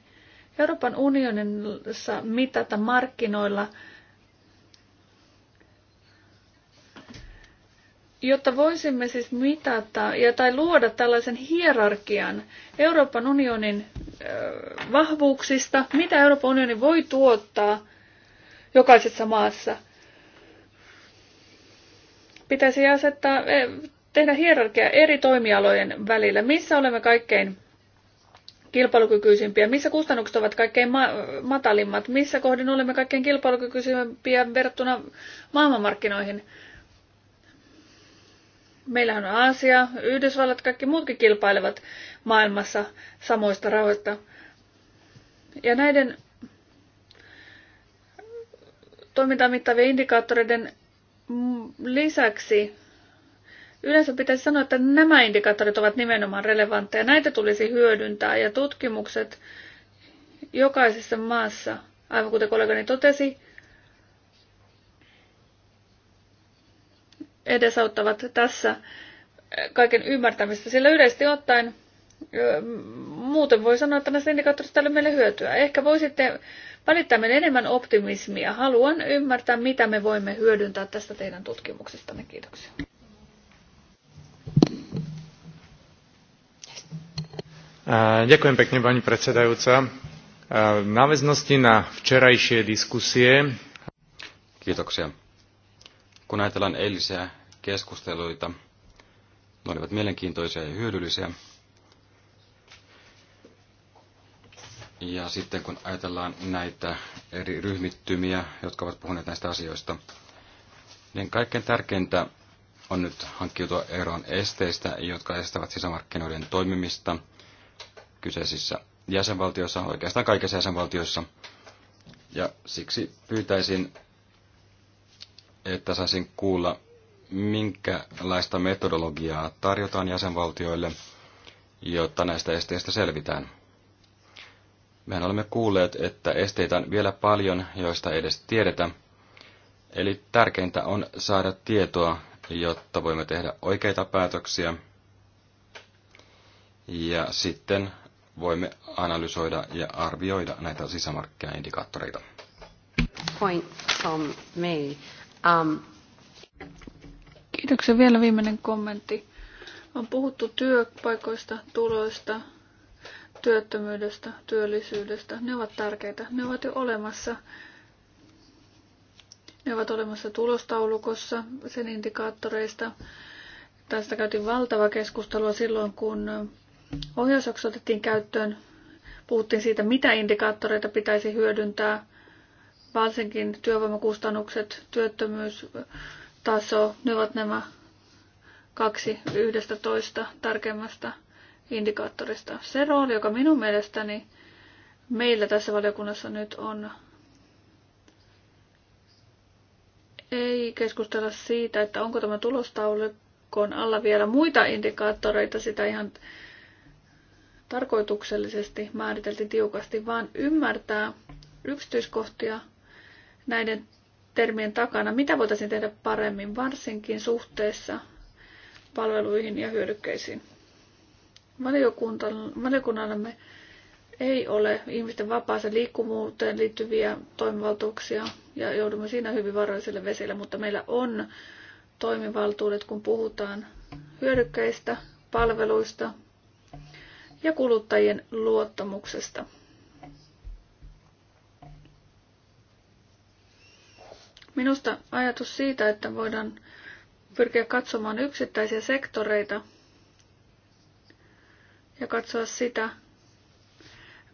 S2: Euroopan unionissa mitata markkinoilla – jotta voisimme siis mitata ja, tai luoda tällaisen hierarkian Euroopan unionin vahvuuksista, mitä Euroopan unioni voi tuottaa jokaisessa maassa. Pitäisi asettaa, e, tehdä hierarkia eri toimialojen välillä, missä olemme kaikkein kilpailukykyisimpiä, missä kustannukset ovat kaikkein ma- matalimmat, missä kohdin olemme kaikkein kilpailukykyisimpiä verrattuna maailmanmarkkinoihin. Meillä on Aasia, Yhdysvallat, kaikki muutkin kilpailevat maailmassa samoista rahoista. Ja näiden toimintamittavien mittaavien indikaattoreiden mm, lisäksi yleensä pitäisi sanoa, että nämä indikaattorit ovat nimenomaan relevantteja. Näitä tulisi hyödyntää ja tutkimukset jokaisessa maassa, aivan kuten kollegani totesi, edesauttavat tässä kaiken ymmärtämistä, sillä yleisesti ottaen muuten voi sanoa, että näistä indikaattorista ei ole meille hyötyä. Ehkä voisitte välittää meille enemmän optimismia. Haluan ymmärtää, mitä me voimme hyödyntää tästä teidän tutkimuksestanne. Kiitoksia.
S4: Ďakujem pekne, pani predsedajúca. V náväznosti na včerajšie diskusie... Kiitoksia. Kun ajatellaan eilisiä keskusteluita, ne olivat mielenkiintoisia ja hyödyllisiä. Ja sitten kun ajatellaan näitä eri ryhmittymiä, jotka ovat puhuneet näistä asioista, niin kaikkein tärkeintä on nyt hankkiutua eroon esteistä, jotka estävät sisämarkkinoiden toimimista kyseisissä jäsenvaltioissa, oikeastaan kaikissa jäsenvaltioissa. Ja siksi pyytäisin, että saisin kuulla, minkälaista metodologiaa tarjotaan jäsenvaltioille, jotta näistä esteistä selvitään. Mehän olemme kuulleet, että esteitä on vielä paljon, joista ei edes tiedetä. Eli tärkeintä on saada tietoa, jotta voimme tehdä oikeita päätöksiä. Ja sitten voimme analysoida ja arvioida näitä sisämarkkinaindikaattoreita. Point from me. Um.
S2: Kiitoksia. Vielä viimeinen kommentti. On puhuttu työpaikoista, tuloista, työttömyydestä, työllisyydestä. Ne ovat tärkeitä. Ne ovat jo olemassa. Ne ovat olemassa tulostaulukossa, sen indikaattoreista. Tästä käytiin valtava keskustelua silloin, kun ohjausjakso otettiin käyttöön. Puhuttiin siitä, mitä indikaattoreita pitäisi hyödyntää varsinkin työvoimakustannukset, työttömyystaso, ne ovat nämä kaksi yhdestä toista tärkeimmästä indikaattorista. Se rooli, joka minun mielestäni meillä tässä valiokunnassa nyt on, ei keskustella siitä, että onko tämä tulostaulukon alla vielä muita indikaattoreita, sitä ihan tarkoituksellisesti määriteltiin tiukasti, vaan ymmärtää yksityiskohtia – näiden termien takana, mitä voitaisiin tehdä paremmin, varsinkin suhteessa palveluihin ja hyödykkeisiin. Valiokunnallamme ei ole ihmisten vapaaseen liikkuvuuteen liittyviä toimivaltuuksia ja joudumme siinä hyvin varoisille vesille, mutta meillä on toimivaltuudet, kun puhutaan hyödykkeistä, palveluista ja kuluttajien luottamuksesta. Minusta ajatus siitä, että voidaan pyrkiä katsomaan yksittäisiä sektoreita ja katsoa sitä,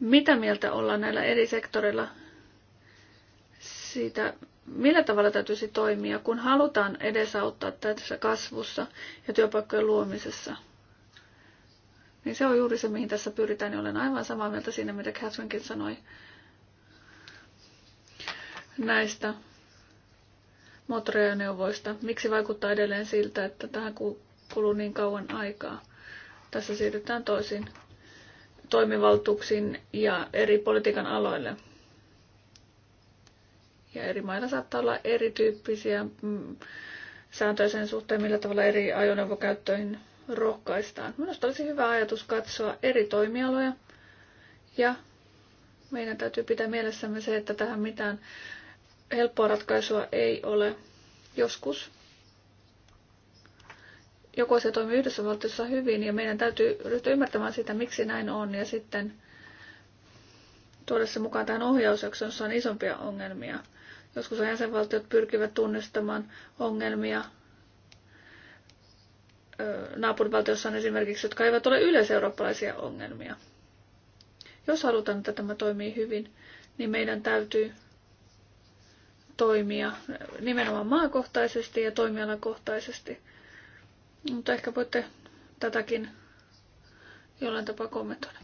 S2: mitä mieltä ollaan näillä eri sektoreilla siitä, millä tavalla täytyisi toimia, kun halutaan edesauttaa tässä kasvussa ja työpaikkojen luomisessa. Niin se on juuri se, mihin tässä pyritään, niin olen aivan samaa mieltä siinä, mitä Catherinekin sanoi näistä moottoriajoneuvoista. Miksi vaikuttaa edelleen siltä, että tähän kuluu niin kauan aikaa? Tässä siirrytään toisiin toimivaltuuksiin ja eri politiikan aloille. Ja eri mailla saattaa olla erityyppisiä mm, sääntöjä sen suhteen, millä tavalla eri ajoneuvokäyttöihin rohkaistaan. Minusta olisi hyvä ajatus katsoa eri toimialoja ja meidän täytyy pitää mielessämme se, että tähän mitään helppoa ratkaisua ei ole. Joskus joku asia toimii yhdessä valtiossa hyvin ja meidän täytyy ryhtyä ymmärtämään sitä, miksi näin on ja sitten tuoda se mukaan tähän ohjausjaksoon, jossa on isompia ongelmia. Joskus jäsenvaltiot pyrkivät tunnistamaan ongelmia naapurivaltiossa on esimerkiksi, jotka eivät ole yleiseurooppalaisia ongelmia. Jos halutaan, että tämä toimii hyvin, niin meidän täytyy toimia nimenomaan maakohtaisesti ja toimialakohtaisesti. Mutta ehkä voitte tätäkin jollain tapaa kommentoida.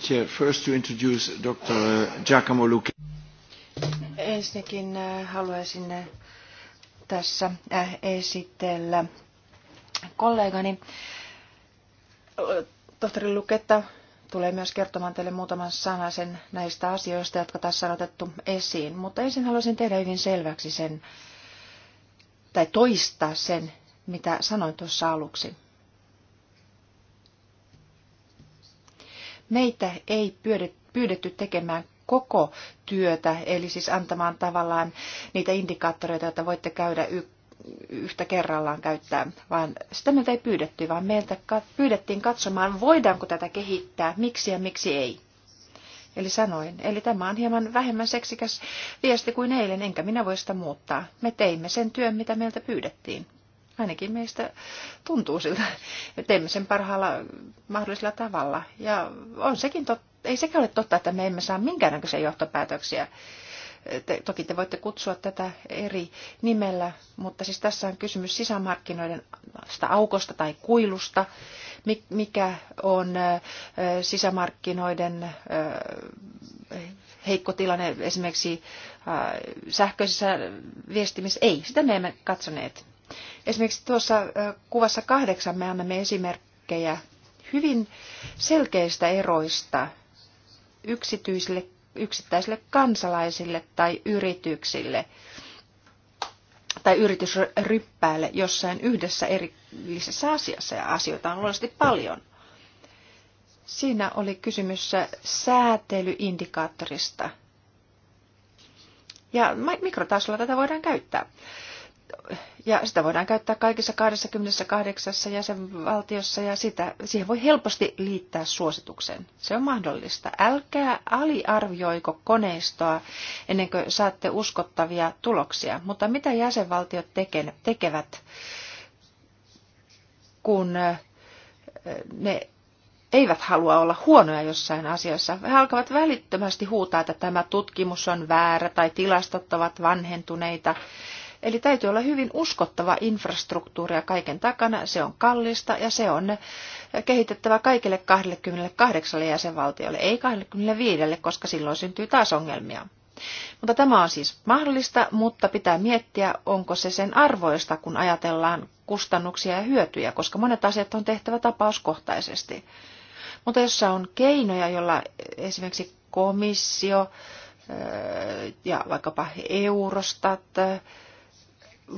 S1: Chair, first to introduce Dr. Giacomo Luque.
S3: Ensinnäkin äh, haluaisin äh, tässä äh, esitellä kollegani tohtori Luketta tulee myös kertomaan teille muutaman sanasen näistä asioista, jotka tässä on otettu esiin. Mutta ensin haluaisin tehdä hyvin selväksi sen, tai toistaa sen, mitä sanoin tuossa aluksi. Meitä ei pyydetty tekemään koko työtä, eli siis antamaan tavallaan niitä indikaattoreita, joita voitte käydä yhtä kerrallaan käyttää, vaan sitä meiltä ei pyydetty, vaan meiltä pyydettiin katsomaan, voidaanko tätä kehittää, miksi ja miksi ei. Eli sanoin, eli tämä on hieman vähemmän seksikäs viesti kuin eilen, enkä minä voi sitä muuttaa. Me teimme sen työn, mitä meiltä pyydettiin. Ainakin meistä tuntuu siltä. että teimme sen parhaalla mahdollisella tavalla. Ja on sekin tot, ei sekä ole totta, että me emme saa minkäännäköisiä johtopäätöksiä te, toki te voitte kutsua tätä eri nimellä, mutta siis tässä on kysymys sisämarkkinoiden aukosta tai kuilusta, mikä on sisämarkkinoiden heikko tilanne esimerkiksi sähköisessä viestimissä. Ei, sitä me emme katsoneet. Esimerkiksi tuossa kuvassa kahdeksan me annamme esimerkkejä hyvin selkeistä eroista yksityisille yksittäisille kansalaisille tai yrityksille tai yritysryppäälle jossain yhdessä erillisessä asiassa, ja asioita on luonnollisesti paljon. Siinä oli kysymys säätelyindikaattorista. Ja mikrotasolla tätä voidaan käyttää. Ja sitä voidaan käyttää kaikissa 28 jäsenvaltiossa ja sitä, siihen voi helposti liittää suosituksen. Se on mahdollista. Älkää aliarvioiko koneistoa ennen kuin saatte uskottavia tuloksia. Mutta mitä jäsenvaltiot tekevät, kun ne eivät halua olla huonoja jossain asiassa. He alkavat välittömästi huutaa, että tämä tutkimus on väärä tai tilastot ovat vanhentuneita Eli täytyy olla hyvin uskottava infrastruktuuri ja kaiken takana. Se on kallista ja se on kehitettävä kaikille 28 jäsenvaltiolle, ei 25, koska silloin syntyy taas ongelmia. Mutta tämä on siis mahdollista, mutta pitää miettiä, onko se sen arvoista, kun ajatellaan kustannuksia ja hyötyjä, koska monet asiat on tehtävä tapauskohtaisesti. Mutta jos on keinoja, joilla esimerkiksi komissio ja vaikkapa Eurostat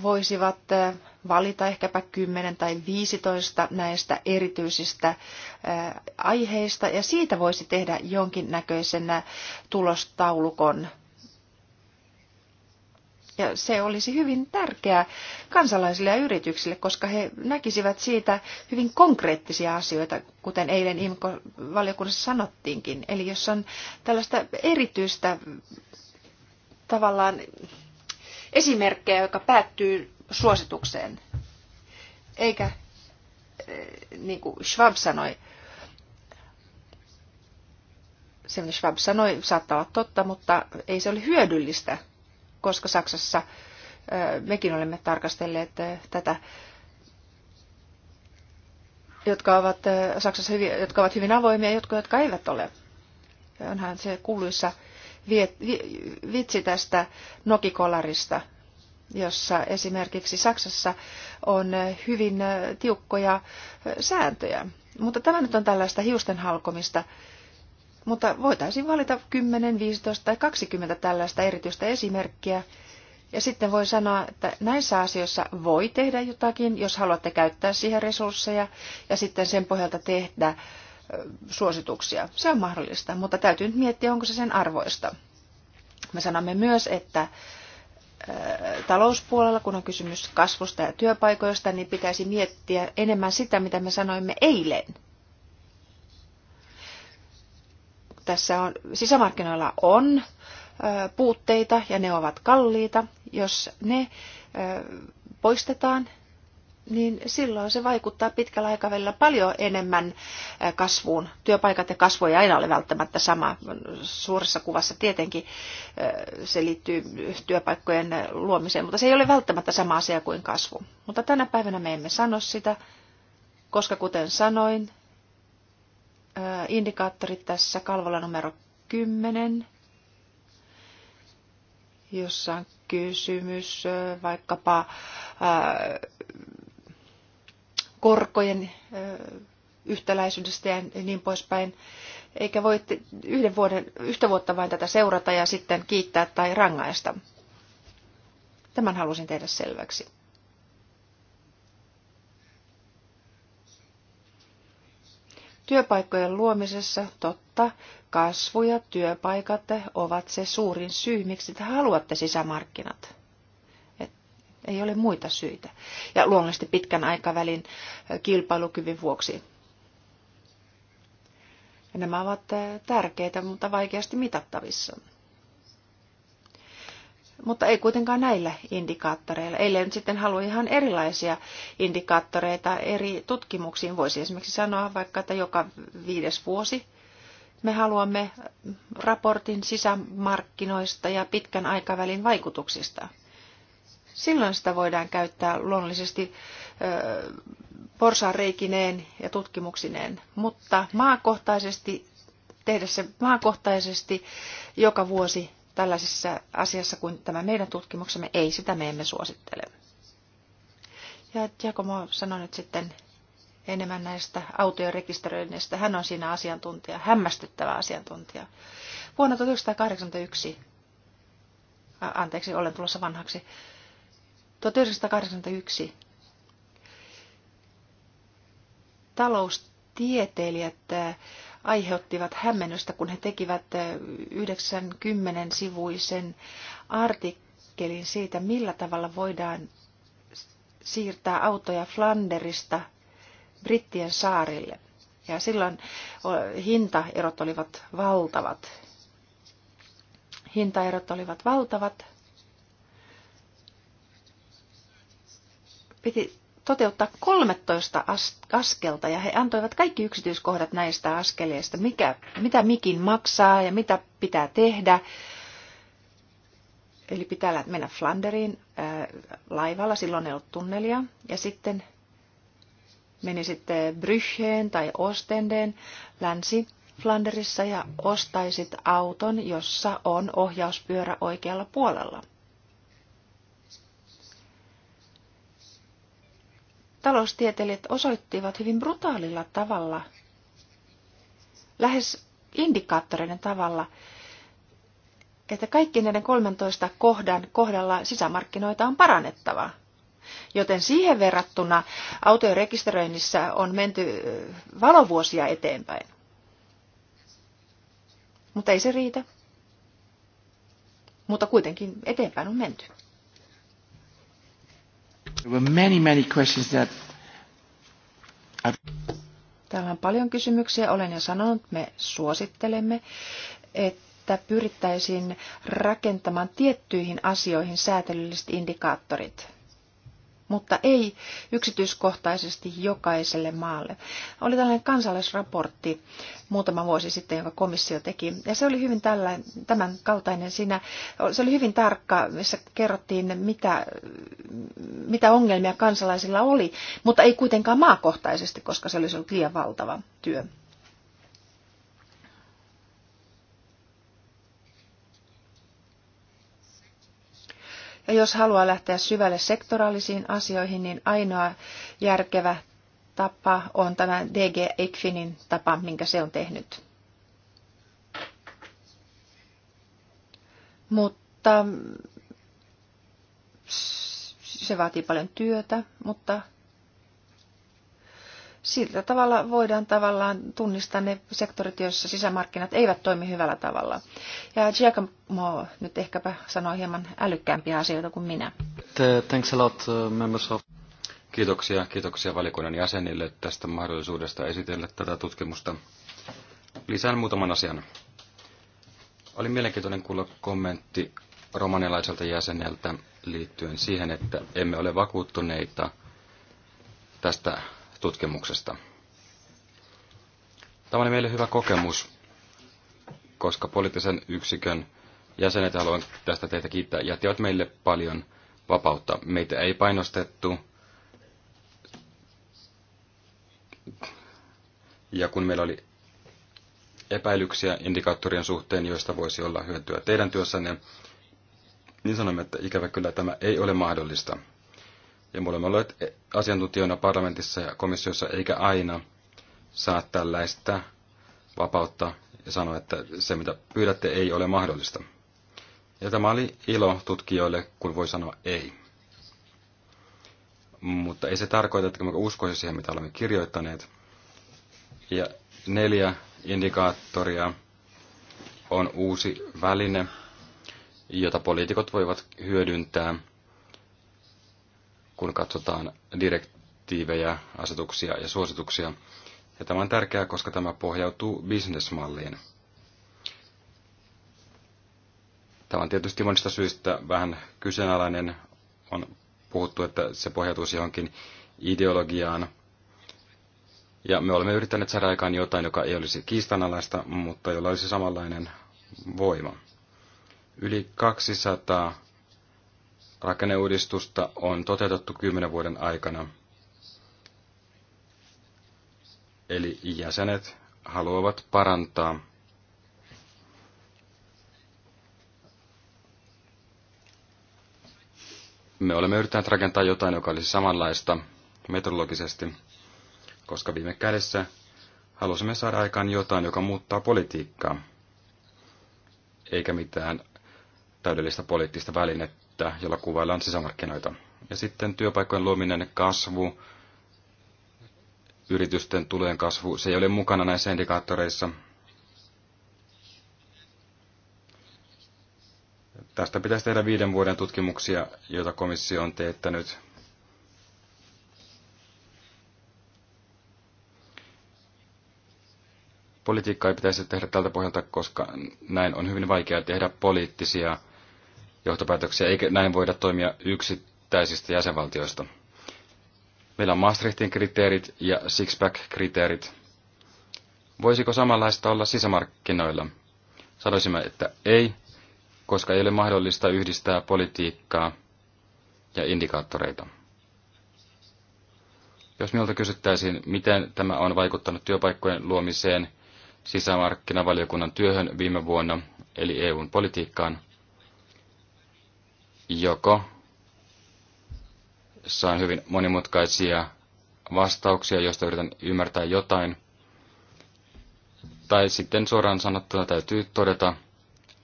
S3: voisivat eh, valita ehkäpä 10 tai 15 näistä erityisistä eh, aiheista ja siitä voisi tehdä jonkinnäköisenä eh, tulostaulukon. Ja se olisi hyvin tärkeää kansalaisille ja yrityksille, koska he näkisivät siitä hyvin konkreettisia asioita, kuten eilen IMKO-valiokunnassa sanottiinkin. Eli jos on tällaista erityistä tavallaan esimerkkejä, joka päättyy suositukseen. Eikä, eh, niin kuin Schwab sanoi, se mitä Schwab sanoi, saattaa olla totta, mutta ei se ole hyödyllistä, koska Saksassa eh, mekin olemme tarkastelleet eh, tätä jotka ovat Saksassa hyvin, jotka ovat hyvin avoimia, jotka, jotka eivät ole. Onhan se kuuluissa vitsi tästä nokikolarista, jossa esimerkiksi Saksassa on hyvin tiukkoja sääntöjä. Mutta tämä nyt on tällaista hiusten halkomista. Mutta voitaisiin valita 10, 15 tai 20 tällaista erityistä esimerkkiä. Ja sitten voi sanoa, että näissä asioissa voi tehdä jotakin, jos haluatte käyttää siihen resursseja, ja sitten sen pohjalta tehdä suosituksia. Se on mahdollista, mutta täytyy nyt miettiä, onko se sen arvoista. Me sanomme myös, että talouspuolella, kun on kysymys kasvusta ja työpaikoista, niin pitäisi miettiä enemmän sitä, mitä me sanoimme eilen. Tässä on, sisämarkkinoilla on puutteita ja ne ovat kalliita. Jos ne poistetaan, niin silloin se vaikuttaa pitkällä aikavälillä paljon enemmän eh, kasvuun. Työpaikat ja kasvu ei aina ole välttämättä sama. Suuressa kuvassa tietenkin eh, se liittyy työpaikkojen luomiseen, mutta se ei ole välttämättä sama asia kuin kasvu. Mutta tänä päivänä me emme sano sitä, koska kuten sanoin, eh, indikaattorit tässä kalvolla numero 10, jossa on kysymys vaikkapa korkojen yhtäläisyydestä ja niin poispäin. Eikä voi yhden vuoden, yhtä vuotta vain tätä seurata ja sitten kiittää tai rangaista. Tämän halusin tehdä selväksi. Työpaikkojen luomisessa, totta, kasvu ja työpaikat ovat se suurin syy, miksi te haluatte sisämarkkinat. Ei ole muita syitä. Ja luonnollisesti pitkän aikavälin kilpailukyvyn vuoksi. Ja nämä ovat tärkeitä, mutta vaikeasti mitattavissa. Mutta ei kuitenkaan näillä indikaattoreilla. Eilen nyt sitten halua ihan erilaisia indikaattoreita eri tutkimuksiin. Voisi esimerkiksi sanoa vaikka, että joka viides vuosi me haluamme raportin sisämarkkinoista ja pitkän aikavälin vaikutuksista – silloin sitä voidaan käyttää luonnollisesti porsareikineen ja tutkimuksineen, mutta maakohtaisesti tehdä se maakohtaisesti joka vuosi tällaisessa asiassa kuin tämä meidän tutkimuksemme, ei, sitä me emme suosittele. Ja Giacomo sanoi nyt sitten enemmän näistä autojen rekisteröinnistä. Hän on siinä asiantuntija, hämmästyttävä asiantuntija. Vuonna 1981, anteeksi, olen tulossa vanhaksi, 1981 taloustieteilijät äh, aiheuttivat hämmennystä, kun he tekivät 90 äh, sivuisen artikkelin siitä, millä tavalla voidaan siirtää autoja Flanderista Brittien saarille. Ja silloin hintaerot olivat valtavat. Hintaerot olivat valtavat piti toteuttaa 13 askelta ja he antoivat kaikki yksityiskohdat näistä askeleista, mikä, mitä mikin maksaa ja mitä pitää tehdä. Eli pitää mennä Flanderiin ää, äh, laivalla, silloin ei ollut tunnelia. Ja sitten meni sitten Brycheen tai Ostendeen länsi Flanderissa ja ostaisit auton, jossa on ohjauspyörä oikealla puolella. taloustieteilijät osoittivat hyvin brutaalilla tavalla, lähes indikaattoreiden tavalla, että kaikki näiden 13 kohdan kohdalla sisämarkkinoita on parannettava. Joten siihen verrattuna autojen rekisteröinnissä on menty valovuosia eteenpäin. Mutta ei se riitä. Mutta kuitenkin eteenpäin on menty. Täällä on paljon kysymyksiä. Olen jo sanonut, me suosittelemme, että pyrittäisiin rakentamaan tiettyihin asioihin säätelylliset indikaattorit mutta ei yksityiskohtaisesti jokaiselle maalle. Oli tällainen kansalaisraportti muutama vuosi sitten, jonka komissio teki, ja se oli hyvin tällä, tämän kaltainen siinä, se oli hyvin tarkka, missä kerrottiin, mitä, mitä ongelmia kansalaisilla oli, mutta ei kuitenkaan maakohtaisesti, koska se olisi ollut liian valtava työ. Ja jos haluaa lähteä syvälle sektoraalisiin asioihin, niin ainoa järkevä tapa on tämä DG Ekfinin tapa, minkä se on tehnyt. Mutta se vaatii paljon työtä, mutta sillä tavalla voidaan tavallaan tunnistaa ne sektorit, joissa sisämarkkinat eivät toimi hyvällä tavalla. Ja Giacomo nyt ehkäpä sanoi hieman älykkäämpiä asioita kuin minä.
S4: Thanks a lot, uh, members of... Kiitoksia, kiitoksia valikoinnin jäsenille tästä mahdollisuudesta esitellä tätä tutkimusta. Lisään muutaman asian. Oli mielenkiintoinen kuulla kommentti romanilaiselta jäseneltä liittyen siihen, että emme ole vakuuttuneita tästä tutkimuksesta. Tämä oli meille hyvä kokemus, koska poliittisen yksikön jäsenet, haluan tästä teitä kiittää, jättivät meille paljon vapautta. Meitä ei painostettu. Ja kun meillä oli epäilyksiä indikaattorien suhteen, joista voisi olla hyötyä teidän työssänne, niin sanomme, että ikävä kyllä tämä ei ole mahdollista. Ja me olemme olleet asiantuntijoina parlamentissa ja komissiossa, eikä aina saa tällaista vapautta ja sanoa, että se mitä pyydätte ei ole mahdollista. Ja tämä oli ilo tutkijoille, kun voi sanoa ei. Mutta ei se tarkoita, että me uskoisi siihen, mitä olemme kirjoittaneet. Ja neljä indikaattoria on uusi väline, jota poliitikot voivat hyödyntää kun katsotaan direktiivejä, asetuksia ja suosituksia. Ja tämä on tärkeää, koska tämä pohjautuu bisnesmalliin. Tämä on tietysti monista syistä vähän kyseenalainen. On puhuttu, että se pohjautuisi johonkin ideologiaan. Ja me olemme yrittäneet saada aikaan jotain, joka ei olisi kiistanalaista, mutta jolla olisi samanlainen voima. Yli 200 Rakenneuudistusta on toteutettu kymmenen vuoden aikana. Eli jäsenet haluavat parantaa Me olemme yrittäneet rakentaa jotain, joka olisi samanlaista metrologisesti, koska viime kädessä halusimme saada aikaan jotain, joka muuttaa politiikkaa, eikä mitään täydellistä poliittista välinettä käsitettä, jolla kuvaillaan sisämarkkinoita. Ja sitten työpaikkojen luominen, kasvu, yritysten tulojen kasvu, se ei ole mukana näissä indikaattoreissa. Tästä pitäisi tehdä viiden vuoden tutkimuksia, joita komissio on teettänyt. Politiikkaa ei pitäisi tehdä tältä pohjalta, koska näin on hyvin vaikea tehdä poliittisia johtopäätöksiä, eikä näin voida toimia yksittäisistä jäsenvaltioista. Meillä on Maastrichtin kriteerit ja Sixpack-kriteerit. Voisiko samanlaista olla sisämarkkinoilla? Sanoisimme, että ei, koska ei ole mahdollista yhdistää politiikkaa ja indikaattoreita. Jos minulta kysyttäisiin, miten tämä on vaikuttanut työpaikkojen luomiseen sisämarkkinavaliokunnan työhön viime vuonna, eli EUn politiikkaan, joko saan hyvin monimutkaisia vastauksia, joista yritän ymmärtää jotain, tai sitten suoraan sanottuna täytyy todeta,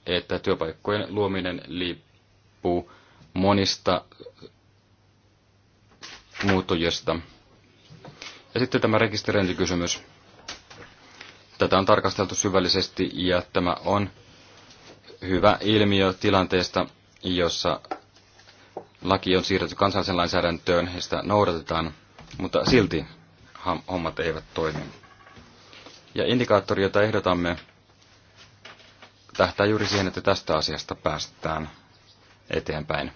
S4: että työpaikkojen luominen liippuu monista muuttujista. Ja sitten tämä rekisteröintikysymys. Tätä on tarkasteltu syvällisesti ja tämä on hyvä ilmiö tilanteesta, jossa laki on siirretty kansallisen lainsäädäntöön ja sitä noudatetaan, mutta silti hommat eivät toimi. Ja indikaattori, jota ehdotamme, tähtää juuri siihen, että tästä asiasta päästään eteenpäin.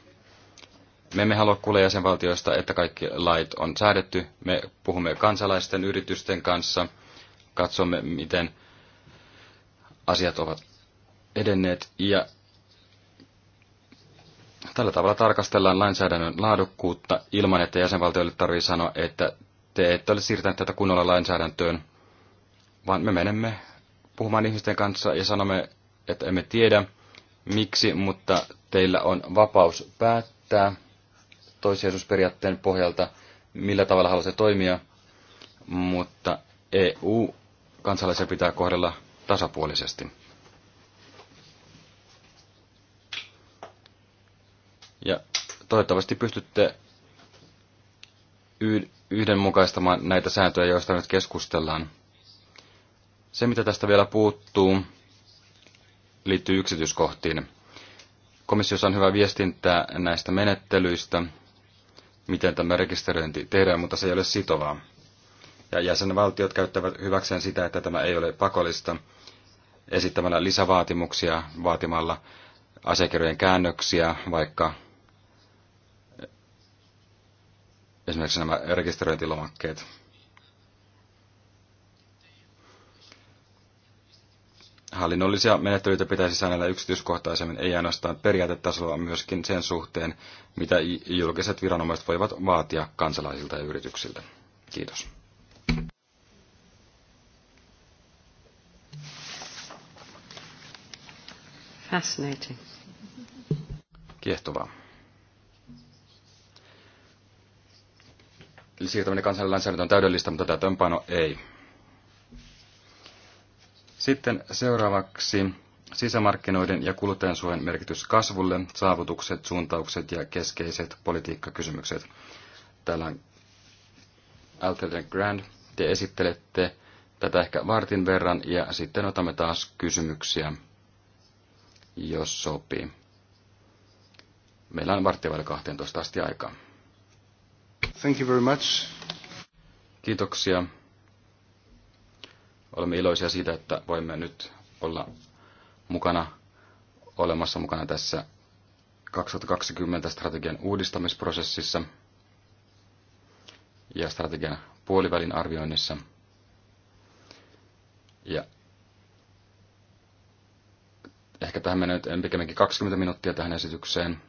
S4: Me emme halua kuulla jäsenvaltioista, että kaikki lait on säädetty. Me puhumme kansalaisten yritysten kanssa, katsomme, miten asiat ovat edenneet. Ja Tällä tavalla tarkastellaan lainsäädännön laadukkuutta ilman, että jäsenvaltioille tarvii sanoa, että te ette ole siirtäneet tätä kunnolla lainsäädäntöön, vaan me menemme puhumaan ihmisten kanssa ja sanomme, että emme tiedä miksi, mutta teillä on vapaus päättää toisiaisuusperiaatteen pohjalta, millä tavalla haluatte toimia, mutta EU-kansalaisia pitää kohdella tasapuolisesti. Ja toivottavasti pystytte yhdenmukaistamaan näitä sääntöjä, joista nyt keskustellaan. Se, mitä tästä vielä puuttuu, liittyy yksityiskohtiin. Komissiossa on hyvä viestintää näistä menettelyistä, miten tämä rekisteröinti tehdään, mutta se ei ole sitovaa. Ja jäsenvaltiot käyttävät hyväkseen sitä, että tämä ei ole pakollista esittämällä lisävaatimuksia, vaatimalla asiakirjojen käännöksiä, vaikka esimerkiksi nämä rekisteröintilomakkeet. Hallinnollisia menettelyitä pitäisi säännellä yksityiskohtaisemmin, ei ainoastaan periaatetasolla, myöskin sen suhteen, mitä julkiset viranomaiset voivat vaatia kansalaisilta ja yrityksiltä. Kiitos.
S5: Fascinating.
S4: Kiehtovaa. Eli siirtäminen kansallinen lainsäädäntö on täydellistä, mutta tömpano ei. Sitten seuraavaksi sisämarkkinoiden ja kuluttajansuojan merkitys kasvulle, saavutukset, suuntaukset ja keskeiset politiikkakysymykset. Täällä on Alfred Grand. Te esittelette tätä ehkä vartin verran ja sitten otamme taas kysymyksiä, jos sopii. Meillä on varttivaille 12 asti aikaa. Thank you very much. Kiitoksia. Olemme iloisia siitä, että voimme nyt olla mukana olemassa mukana tässä 2020 strategian uudistamisprosessissa ja strategian puolivälin arvioinnissa. Ja ehkä tähän menee nyt pikemminkin 20 minuuttia tähän esitykseen.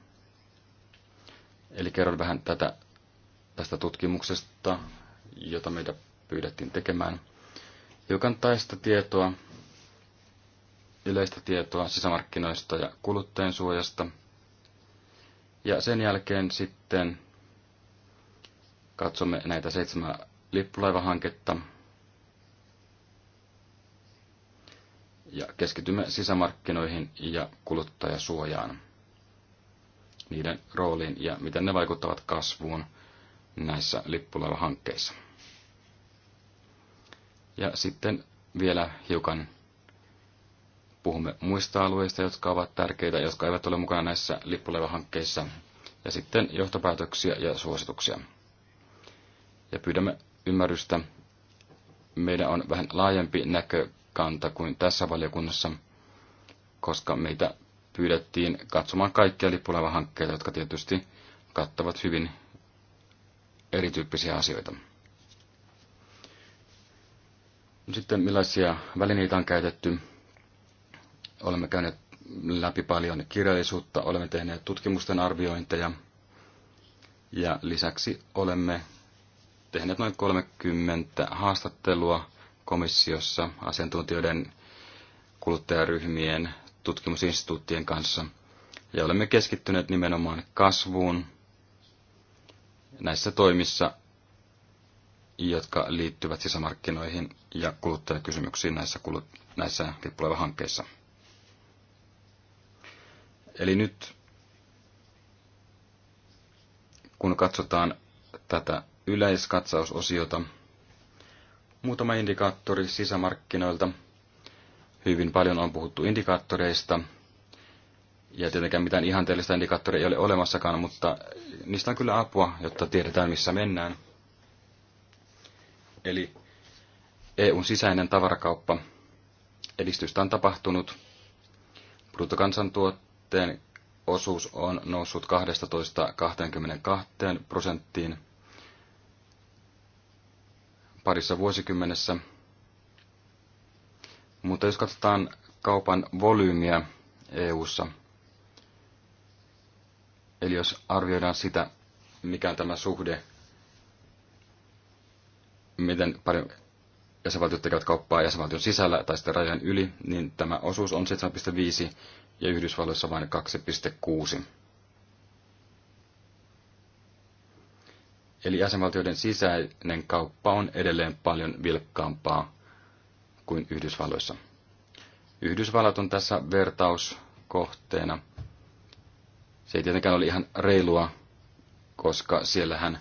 S4: Eli kerron vähän tätä tästä tutkimuksesta, jota meidän pyydettiin tekemään, hiukan taista tietoa, yleistä tietoa sisämarkkinoista ja kuluttajien suojasta. Ja sen jälkeen sitten katsomme näitä seitsemän lippulaivahanketta ja keskitymme sisämarkkinoihin ja kuluttajasuojaan, niiden rooliin ja miten ne vaikuttavat kasvuun – näissä lippulaivahankkeissa. Ja sitten vielä hiukan puhumme muista alueista, jotka ovat tärkeitä, jotka eivät ole mukana näissä lippulaivahankkeissa, ja sitten johtopäätöksiä ja suosituksia. Ja pyydämme ymmärrystä. Meidän on vähän laajempi näkökanta kuin tässä valiokunnassa, koska meitä pyydettiin katsomaan kaikkia lippulaivahankkeita, jotka tietysti kattavat hyvin erityyppisiä asioita. No sitten millaisia välineitä on käytetty? Olemme käyneet läpi paljon kirjallisuutta, olemme tehneet tutkimusten arviointeja ja lisäksi olemme tehneet noin 30 haastattelua komissiossa asiantuntijoiden kuluttajaryhmien tutkimusinstituuttien kanssa. Ja olemme keskittyneet nimenomaan kasvuun, näissä toimissa, jotka liittyvät sisämarkkinoihin ja kuluttajakysymyksiin näissä, kulut- näissä hankkeissa. Eli nyt kun katsotaan tätä yleiskatsausosiota, muutama indikaattori sisämarkkinoilta. Hyvin paljon on puhuttu indikaattoreista, ja tietenkään mitään ihanteellista indikaattoria ei ole olemassakaan, mutta niistä on kyllä apua, jotta tiedetään missä mennään. Eli EUn sisäinen tavarakauppa. Edistystä on tapahtunut. Bruttokansantuotteen osuus on noussut 12-22 prosenttiin parissa vuosikymmenessä. Mutta jos katsotaan kaupan volyymiä EU:ssa, Eli jos arvioidaan sitä, mikä on tämä suhde, miten paljon jäsenvaltiot tekevät kauppaa jäsenvaltion sisällä tai sitten rajan yli, niin tämä osuus on 7,5 ja Yhdysvalloissa vain 2,6. Eli jäsenvaltioiden sisäinen kauppa on edelleen paljon vilkkaampaa kuin Yhdysvalloissa. Yhdysvallat on tässä vertauskohteena – se ei tietenkään ole ihan reilua, koska siellähän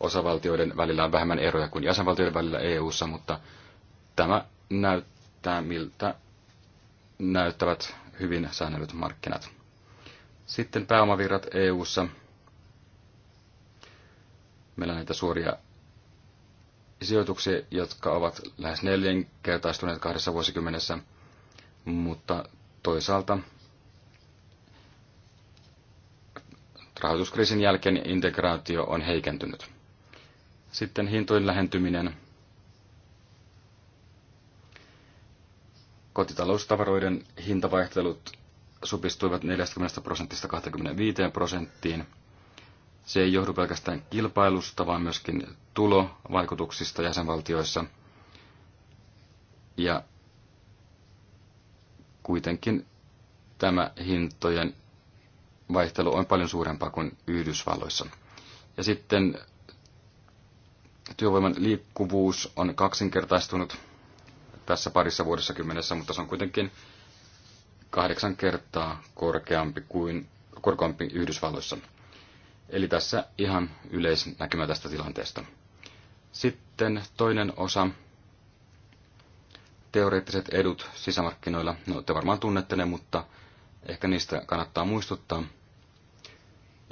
S4: osavaltioiden välillä on vähemmän eroja kuin jäsenvaltioiden välillä EU:ssa, mutta tämä näyttää miltä näyttävät hyvin säännellyt markkinat. Sitten pääomavirrat EU:ssa. Meillä on näitä suoria sijoituksia, jotka ovat lähes neljänkertaistuneet kahdessa vuosikymmenessä, mutta toisaalta Rahoituskriisin jälkeen integraatio on heikentynyt. Sitten hintojen lähentyminen. Kotitaloustavaroiden hintavaihtelut supistuivat 40 prosentista 25 prosenttiin. Se ei johdu pelkästään kilpailusta, vaan myöskin tulovaikutuksista jäsenvaltioissa. Ja kuitenkin tämä hintojen vaihtelu on paljon suurempaa kuin Yhdysvalloissa. Ja sitten työvoiman liikkuvuus on kaksinkertaistunut tässä parissa vuodessa kymmenessä, mutta se on kuitenkin kahdeksan kertaa korkeampi kuin korkeampi Yhdysvalloissa. Eli tässä ihan yleisnäkymä tästä tilanteesta. Sitten toinen osa, teoreettiset edut sisämarkkinoilla. No, te varmaan tunnette ne, mutta ehkä niistä kannattaa muistuttaa.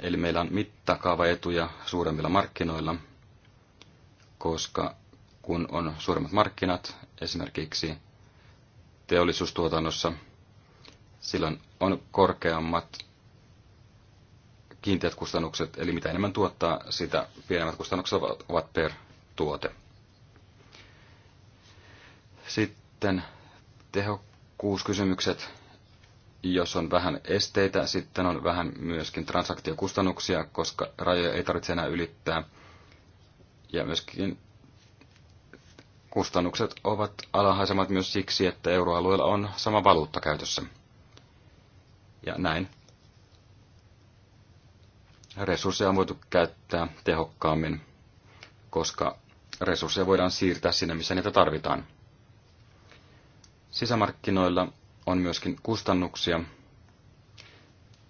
S4: Eli meillä on mittakaavaetuja suuremmilla markkinoilla, koska kun on suuremmat markkinat, esimerkiksi teollisuustuotannossa, silloin on korkeammat kiinteät kustannukset, eli mitä enemmän tuottaa, sitä pienemmät kustannukset ovat per tuote. Sitten tehokkuuskysymykset jos on vähän esteitä, sitten on vähän myöskin transaktiokustannuksia, koska rajoja ei tarvitse enää ylittää. Ja myöskin kustannukset ovat alhaisemmat myös siksi, että euroalueella on sama valuutta käytössä. Ja näin. Resursseja on voitu käyttää tehokkaammin, koska resursseja voidaan siirtää sinne, missä niitä tarvitaan. Sisämarkkinoilla on myöskin kustannuksia.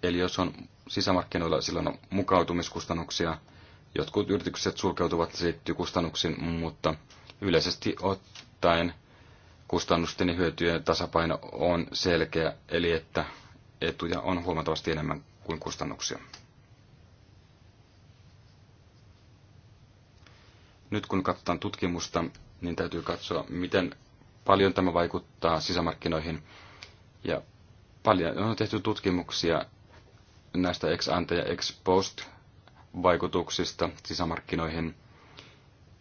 S4: Eli jos on sisämarkkinoilla, silloin on mukautumiskustannuksia. Jotkut yritykset sulkeutuvat liittyy kustannuksiin, mutta yleisesti ottaen kustannusten ja hyötyjen tasapaino on selkeä, eli että etuja on huomattavasti enemmän kuin kustannuksia. Nyt kun katsotaan tutkimusta, niin täytyy katsoa, miten paljon tämä vaikuttaa sisämarkkinoihin ja paljon on tehty tutkimuksia näistä ex ante ja ex post vaikutuksista sisämarkkinoihin.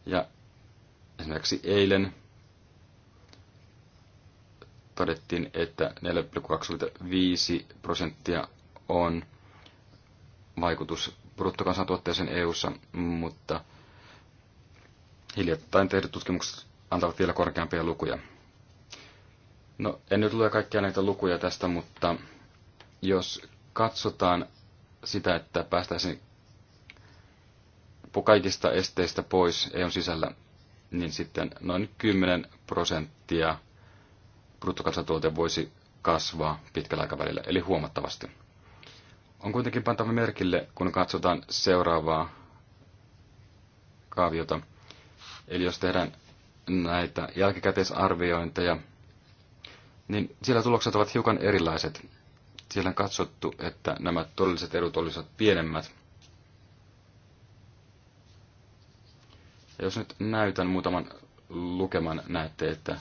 S4: Ja esimerkiksi eilen todettiin, että 4,25 prosenttia on vaikutus bruttokansantuotteeseen EU-ssa, mutta hiljattain tehdyt tutkimukset antavat vielä korkeampia lukuja. No, en nyt lue kaikkia näitä lukuja tästä, mutta jos katsotaan sitä, että päästäisiin kaikista esteistä pois EUn sisällä, niin sitten noin 10 prosenttia bruttokansantuote voisi kasvaa pitkällä aikavälillä, eli huomattavasti. On kuitenkin pantava merkille, kun katsotaan seuraavaa kaaviota. Eli jos tehdään näitä jälkikäteisarviointeja, niin siellä tulokset ovat hiukan erilaiset. Siellä on katsottu, että nämä todelliset edut olisivat pienemmät. Ja jos nyt näytän muutaman lukeman, näette, että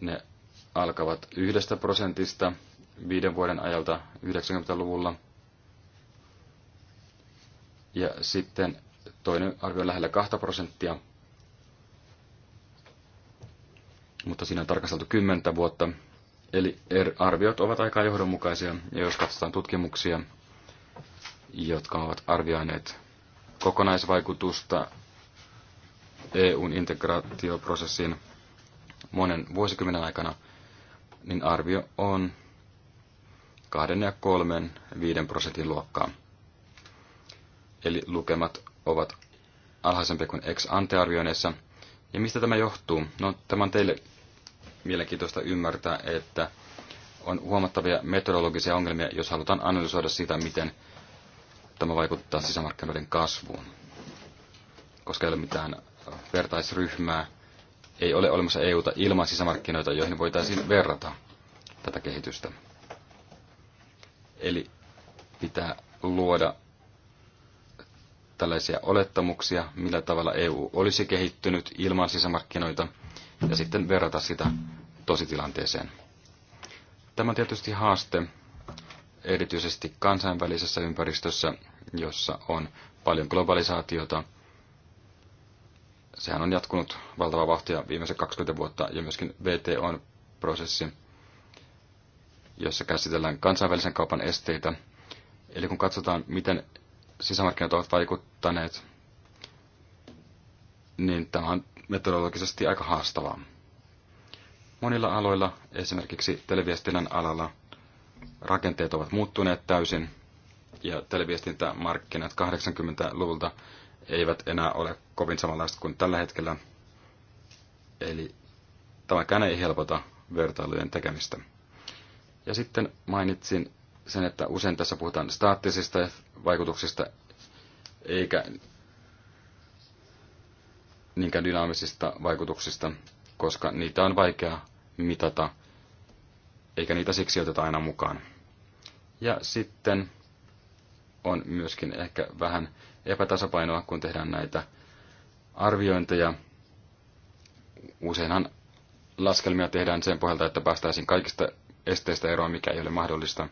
S4: ne alkavat yhdestä prosentista viiden vuoden ajalta 90-luvulla. Ja sitten toinen arvio on lähellä 2 prosenttia, mutta siinä on tarkasteltu 10 vuotta Eli er, arviot ovat aika johdonmukaisia, ja jos katsotaan tutkimuksia, jotka ovat arvioineet kokonaisvaikutusta EUn integraatioprosessin monen vuosikymmenen aikana, niin arvio on kahden ja kolmen viiden prosentin luokkaa. Eli lukemat ovat alhaisempia kuin ex antearvioineissa Ja mistä tämä johtuu? No, tämä on teille mielenkiintoista ymmärtää, että on huomattavia metodologisia ongelmia, jos halutaan analysoida sitä, miten tämä vaikuttaa sisämarkkinoiden kasvuun. Koska ei ole mitään vertaisryhmää, ei ole olemassa EUta ilman sisämarkkinoita, joihin voitaisiin verrata tätä kehitystä. Eli pitää luoda tällaisia olettamuksia, millä tavalla EU olisi kehittynyt ilman sisämarkkinoita, ja sitten verrata sitä tositilanteeseen. Tämä on tietysti haaste, erityisesti kansainvälisessä ympäristössä, jossa on paljon globalisaatiota. Sehän on jatkunut valtavaa vauhtia viimeiset 20 vuotta ja myöskin VTO-prosessi, jossa käsitellään kansainvälisen kaupan esteitä. Eli kun katsotaan, miten sisämarkkinat ovat vaikuttaneet, niin tämä on metodologisesti aika haastavaa. Monilla aloilla, esimerkiksi televiestinnän alalla, rakenteet ovat muuttuneet täysin ja televiestintämarkkinat 80-luvulta eivät enää ole kovin samanlaiset kuin tällä hetkellä. Eli tämäkään ei helpota vertailujen tekemistä. Ja sitten mainitsin sen, että usein tässä puhutaan staattisista vaikutuksista eikä niinkään dynaamisista vaikutuksista koska niitä on vaikea mitata, eikä niitä siksi oteta aina mukaan. Ja sitten on myöskin ehkä vähän epätasapainoa, kun tehdään näitä arviointeja. Useinhan laskelmia tehdään sen pohjalta, että päästäisiin kaikista esteistä eroon, mikä ei ole mahdollista.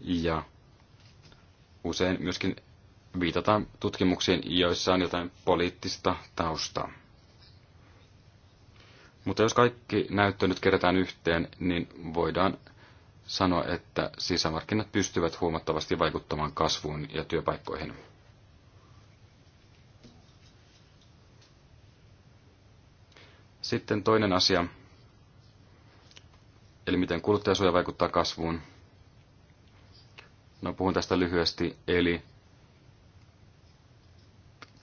S4: Ja usein myöskin viitataan tutkimuksiin, joissa on jotain poliittista taustaa. Mutta jos kaikki näyttö nyt kerätään yhteen, niin voidaan sanoa, että sisämarkkinat pystyvät huomattavasti vaikuttamaan kasvuun ja työpaikkoihin. Sitten toinen asia, eli miten kuluttajasuoja vaikuttaa kasvuun. No puhun tästä lyhyesti, eli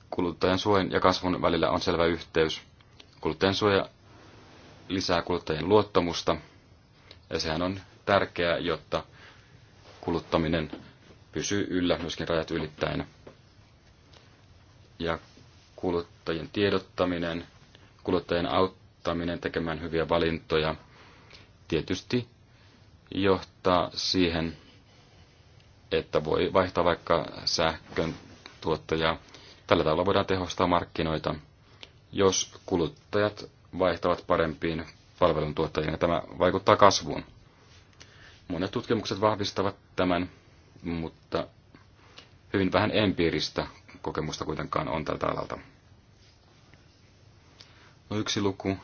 S4: kuluttajan suojan ja kasvun välillä on selvä yhteys. Kuluttajan suoja lisää kuluttajien luottamusta. Ja sehän on tärkeää, jotta kuluttaminen pysyy yllä myöskin rajat ylittäen. Ja kuluttajien tiedottaminen, kuluttajien auttaminen tekemään hyviä valintoja tietysti johtaa siihen, että voi vaihtaa vaikka sähkön tuottajaa. Tällä tavalla voidaan tehostaa markkinoita, jos kuluttajat vaihtavat parempiin palveluntuottajiin ja tämä vaikuttaa kasvuun. Monet tutkimukset vahvistavat tämän, mutta hyvin vähän empiiristä kokemusta kuitenkaan on tältä alalta. No yksi luku.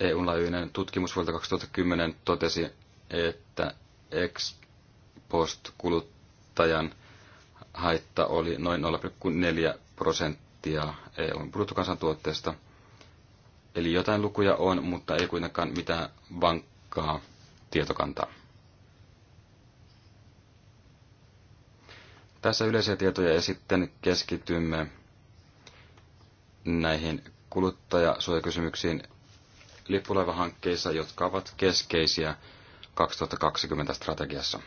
S4: EU-laajuinen tutkimus vuodelta 2010 totesi, että ex post kuluttajan haitta oli noin 0,4 prosenttia EUn bruttokansantuotteesta – Eli jotain lukuja on, mutta ei kuitenkaan mitään vankkaa tietokantaa. Tässä yleisiä tietoja ja sitten keskitymme näihin kuluttajasuojakysymyksiin lippulaivahankkeissa, jotka ovat keskeisiä 2020 strategiassa.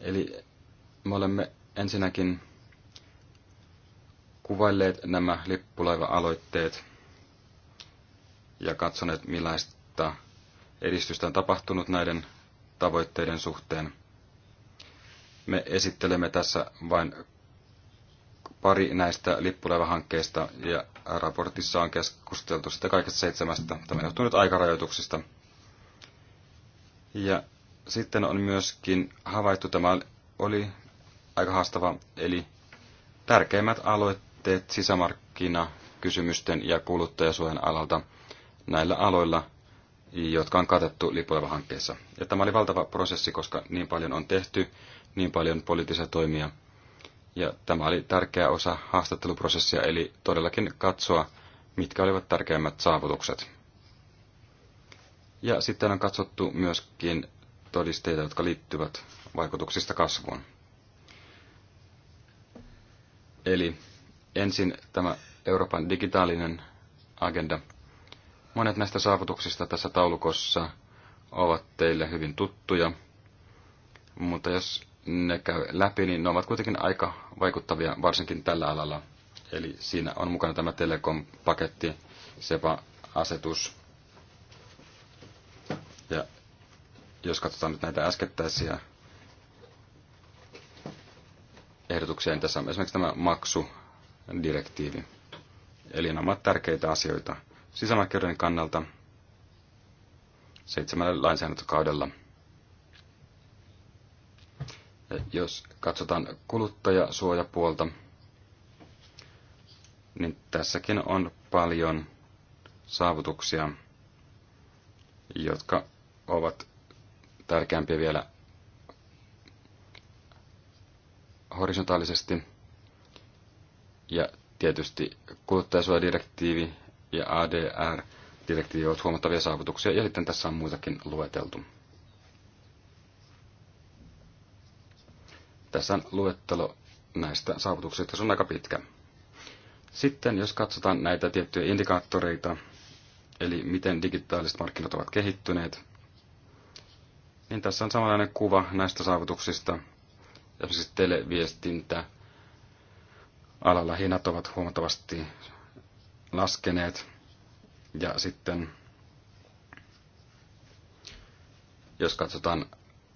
S4: Eli me olemme ensinnäkin kuvailleet nämä lippulaiva-aloitteet ja katsoneet, millaista edistystä on tapahtunut näiden tavoitteiden suhteen. Me esittelemme tässä vain pari näistä lippulaivahankkeista ja raportissa on keskusteltu sitä kaikesta seitsemästä. Tämä johtuu nyt aikarajoituksista. Ja sitten on myöskin havaittu, tämä oli aika haastava, eli tärkeimmät aloitteet teet sisämarkkinakysymysten ja kuluttajasuojan alalta näillä aloilla, jotka on katettu Lipoeva-hankkeessa. Ja tämä oli valtava prosessi, koska niin paljon on tehty, niin paljon poliittisia toimia. Ja tämä oli tärkeä osa haastatteluprosessia, eli todellakin katsoa, mitkä olivat tärkeimmät saavutukset. Ja sitten on katsottu myöskin todisteita, jotka liittyvät vaikutuksista kasvuun. Eli Ensin tämä Euroopan digitaalinen agenda. Monet näistä saavutuksista tässä taulukossa ovat teille hyvin tuttuja, mutta jos ne käy läpi, niin ne ovat kuitenkin aika vaikuttavia, varsinkin tällä alalla. Eli siinä on mukana tämä Telekom-paketti, SEPA-asetus. Ja jos katsotaan nyt näitä äskettäisiä ehdotuksia, niin tässä on esimerkiksi tämä maksu direktiivi. Eli nämä ovat tärkeitä asioita sisämarkkinoiden kannalta seitsemällä lainsäädäntökaudella. Jos katsotaan kuluttajasuojapuolta, niin tässäkin on paljon saavutuksia, jotka ovat tärkeämpiä vielä horisontaalisesti – ja tietysti kuluttajasuojadirektiivi ja ADR-direktiivi ovat huomattavia saavutuksia, ja sitten tässä on muitakin lueteltu. Tässä on luettelo näistä saavutuksista, se on aika pitkä. Sitten jos katsotaan näitä tiettyjä indikaattoreita, eli miten digitaaliset markkinat ovat kehittyneet, niin tässä on samanlainen kuva näistä saavutuksista. Esimerkiksi televiestintä, alalla hinnat ovat huomattavasti laskeneet. Ja sitten jos katsotaan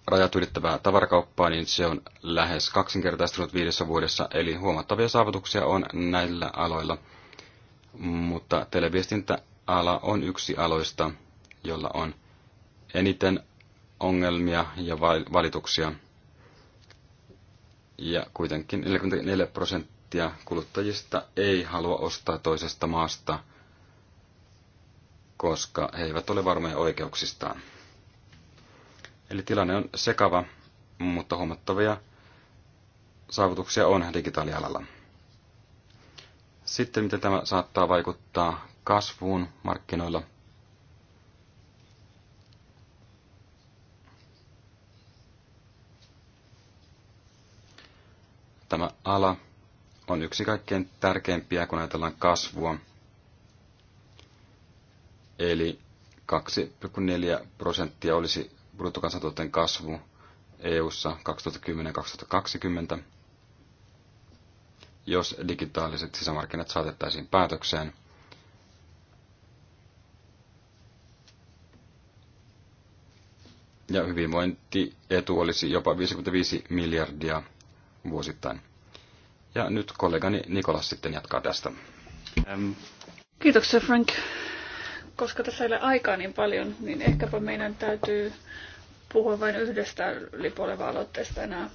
S4: rajat ylittävää tavarakauppaa, niin se on lähes kaksinkertaistunut viidessä vuodessa, eli huomattavia saavutuksia on näillä aloilla. Mutta televiestintäala on yksi aloista, jolla on eniten ongelmia ja valituksia. Ja kuitenkin 44 prosenttia prosenttia kuluttajista ei halua ostaa toisesta maasta, koska he eivät ole varmoja oikeuksistaan. Eli tilanne on sekava, mutta huomattavia saavutuksia on digitaalialalla. Sitten miten tämä saattaa vaikuttaa kasvuun markkinoilla. Tämä ala on yksi kaikkein tärkeimpiä, kun ajatellaan kasvua. Eli 2,4 prosenttia olisi bruttokansantuotteen kasvu EU-ssa 2010-2020, jos digitaaliset sisämarkkinat saatettaisiin päätökseen. Ja hyvinvointietu olisi jopa 55 miljardia vuosittain. Ja nyt kollegani Nikolas sitten jatkaa tästä.
S2: Kiitoksia Frank. Koska tässä ei ole aikaa niin paljon, niin ehkäpä meidän täytyy puhua vain yhdestä lipoleva aloitteesta enää.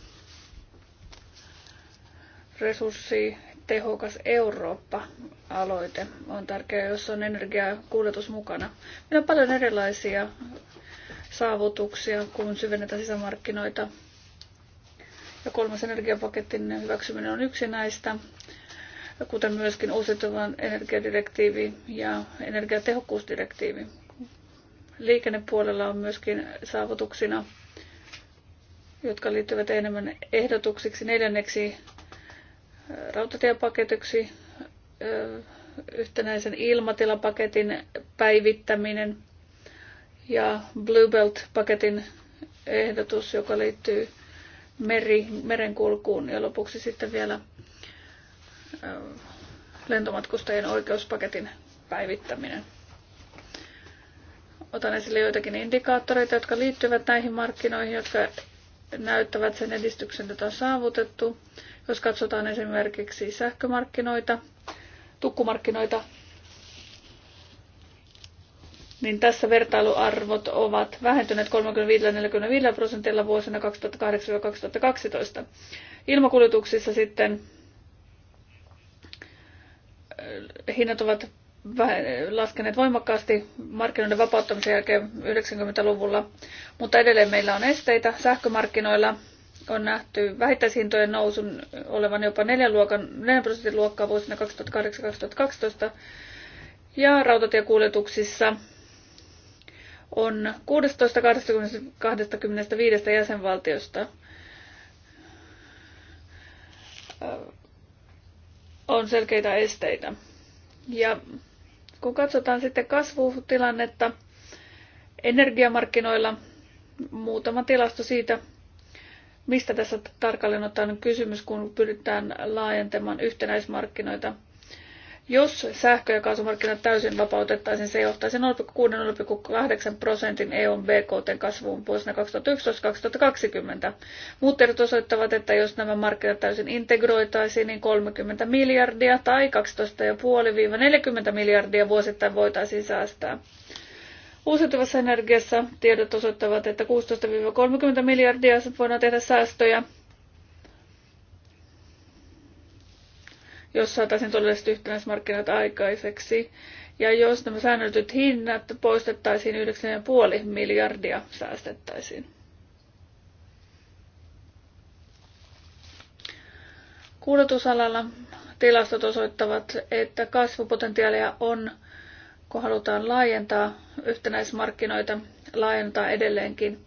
S2: Resurssi tehokas Eurooppa-aloite on tärkeä, jos on energiakuljetus mukana. Meillä on paljon erilaisia saavutuksia, kun syvennetään sisämarkkinoita ja kolmas energiapaketin hyväksyminen on yksi näistä, kuten myöskin uusiutuvan energiadirektiivi ja energiatehokkuusdirektiivi. Liikennepuolella on myöskin saavutuksina, jotka liittyvät enemmän ehdotuksiksi neljänneksi äh, rautatiepaketiksi, äh, yhtenäisen ilmatilapaketin päivittäminen ja Blue Belt-paketin ehdotus, joka liittyy meri, merenkulkuun ja lopuksi sitten vielä äh, lentomatkustajien oikeuspaketin päivittäminen. Otan esille joitakin indikaattoreita, jotka liittyvät näihin markkinoihin, jotka näyttävät sen edistyksen, jota on saavutettu. Jos katsotaan esimerkiksi sähkömarkkinoita, tukkumarkkinoita, niin tässä vertailuarvot ovat vähentyneet 35-45 prosentilla vuosina 2008-2012. Ilmakuljetuksissa sitten äh, hinnat ovat laskeneet voimakkaasti markkinoiden vapauttamisen jälkeen 90-luvulla, mutta edelleen meillä on esteitä. Sähkömarkkinoilla on nähty vähittäishintojen nousun olevan jopa 4, luokan, 4 prosentin luokkaa vuosina 2008-2012 ja rautatiekuljetuksissa on 16-25 jäsenvaltiosta on selkeitä esteitä. Ja kun katsotaan sitten kasvutilannetta energiamarkkinoilla, muutama tilasto siitä, mistä tässä tarkalleen ottaen on kysymys, kun pyritään laajentamaan yhtenäismarkkinoita – jos sähkö- ja kaasumarkkinat täysin vapautettaisiin, se johtaisi 0,6-0,8 prosentin EUn BKT kasvuun vuosina 2011-2020. Muut tiedot osoittavat, että jos nämä markkinat täysin integroitaisiin, niin 30 miljardia tai 12,5-40 miljardia vuosittain voitaisiin säästää. Uusiutuvassa energiassa tiedot osoittavat, että 16-30 miljardia voidaan tehdä säästöjä jos saataisiin todelliset yhtenäismarkkinat aikaiseksi. Ja jos nämä säännöllytyt hinnat poistettaisiin 9,5 miljardia säästettäisiin. Kuulutusalalla tilastot osoittavat, että kasvupotentiaalia on, kun halutaan laajentaa yhtenäismarkkinoita, laajentaa edelleenkin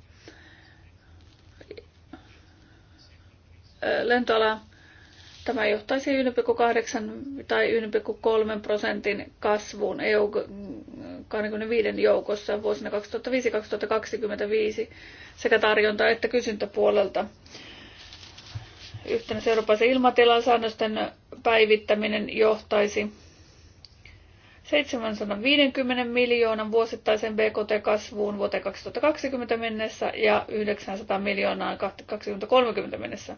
S2: lentoalaa Tämä johtaisi 1,8 tai 1,3 prosentin kasvuun EU25 joukossa vuosina 2005-2025 sekä tarjonta- että kysyntäpuolelta. Yhtenä Euroopan ilmatilan säännösten päivittäminen johtaisi 750 miljoonan vuosittaisen BKT-kasvuun vuoteen 2020 mennessä ja 900 miljoonaan 2030 mennessä.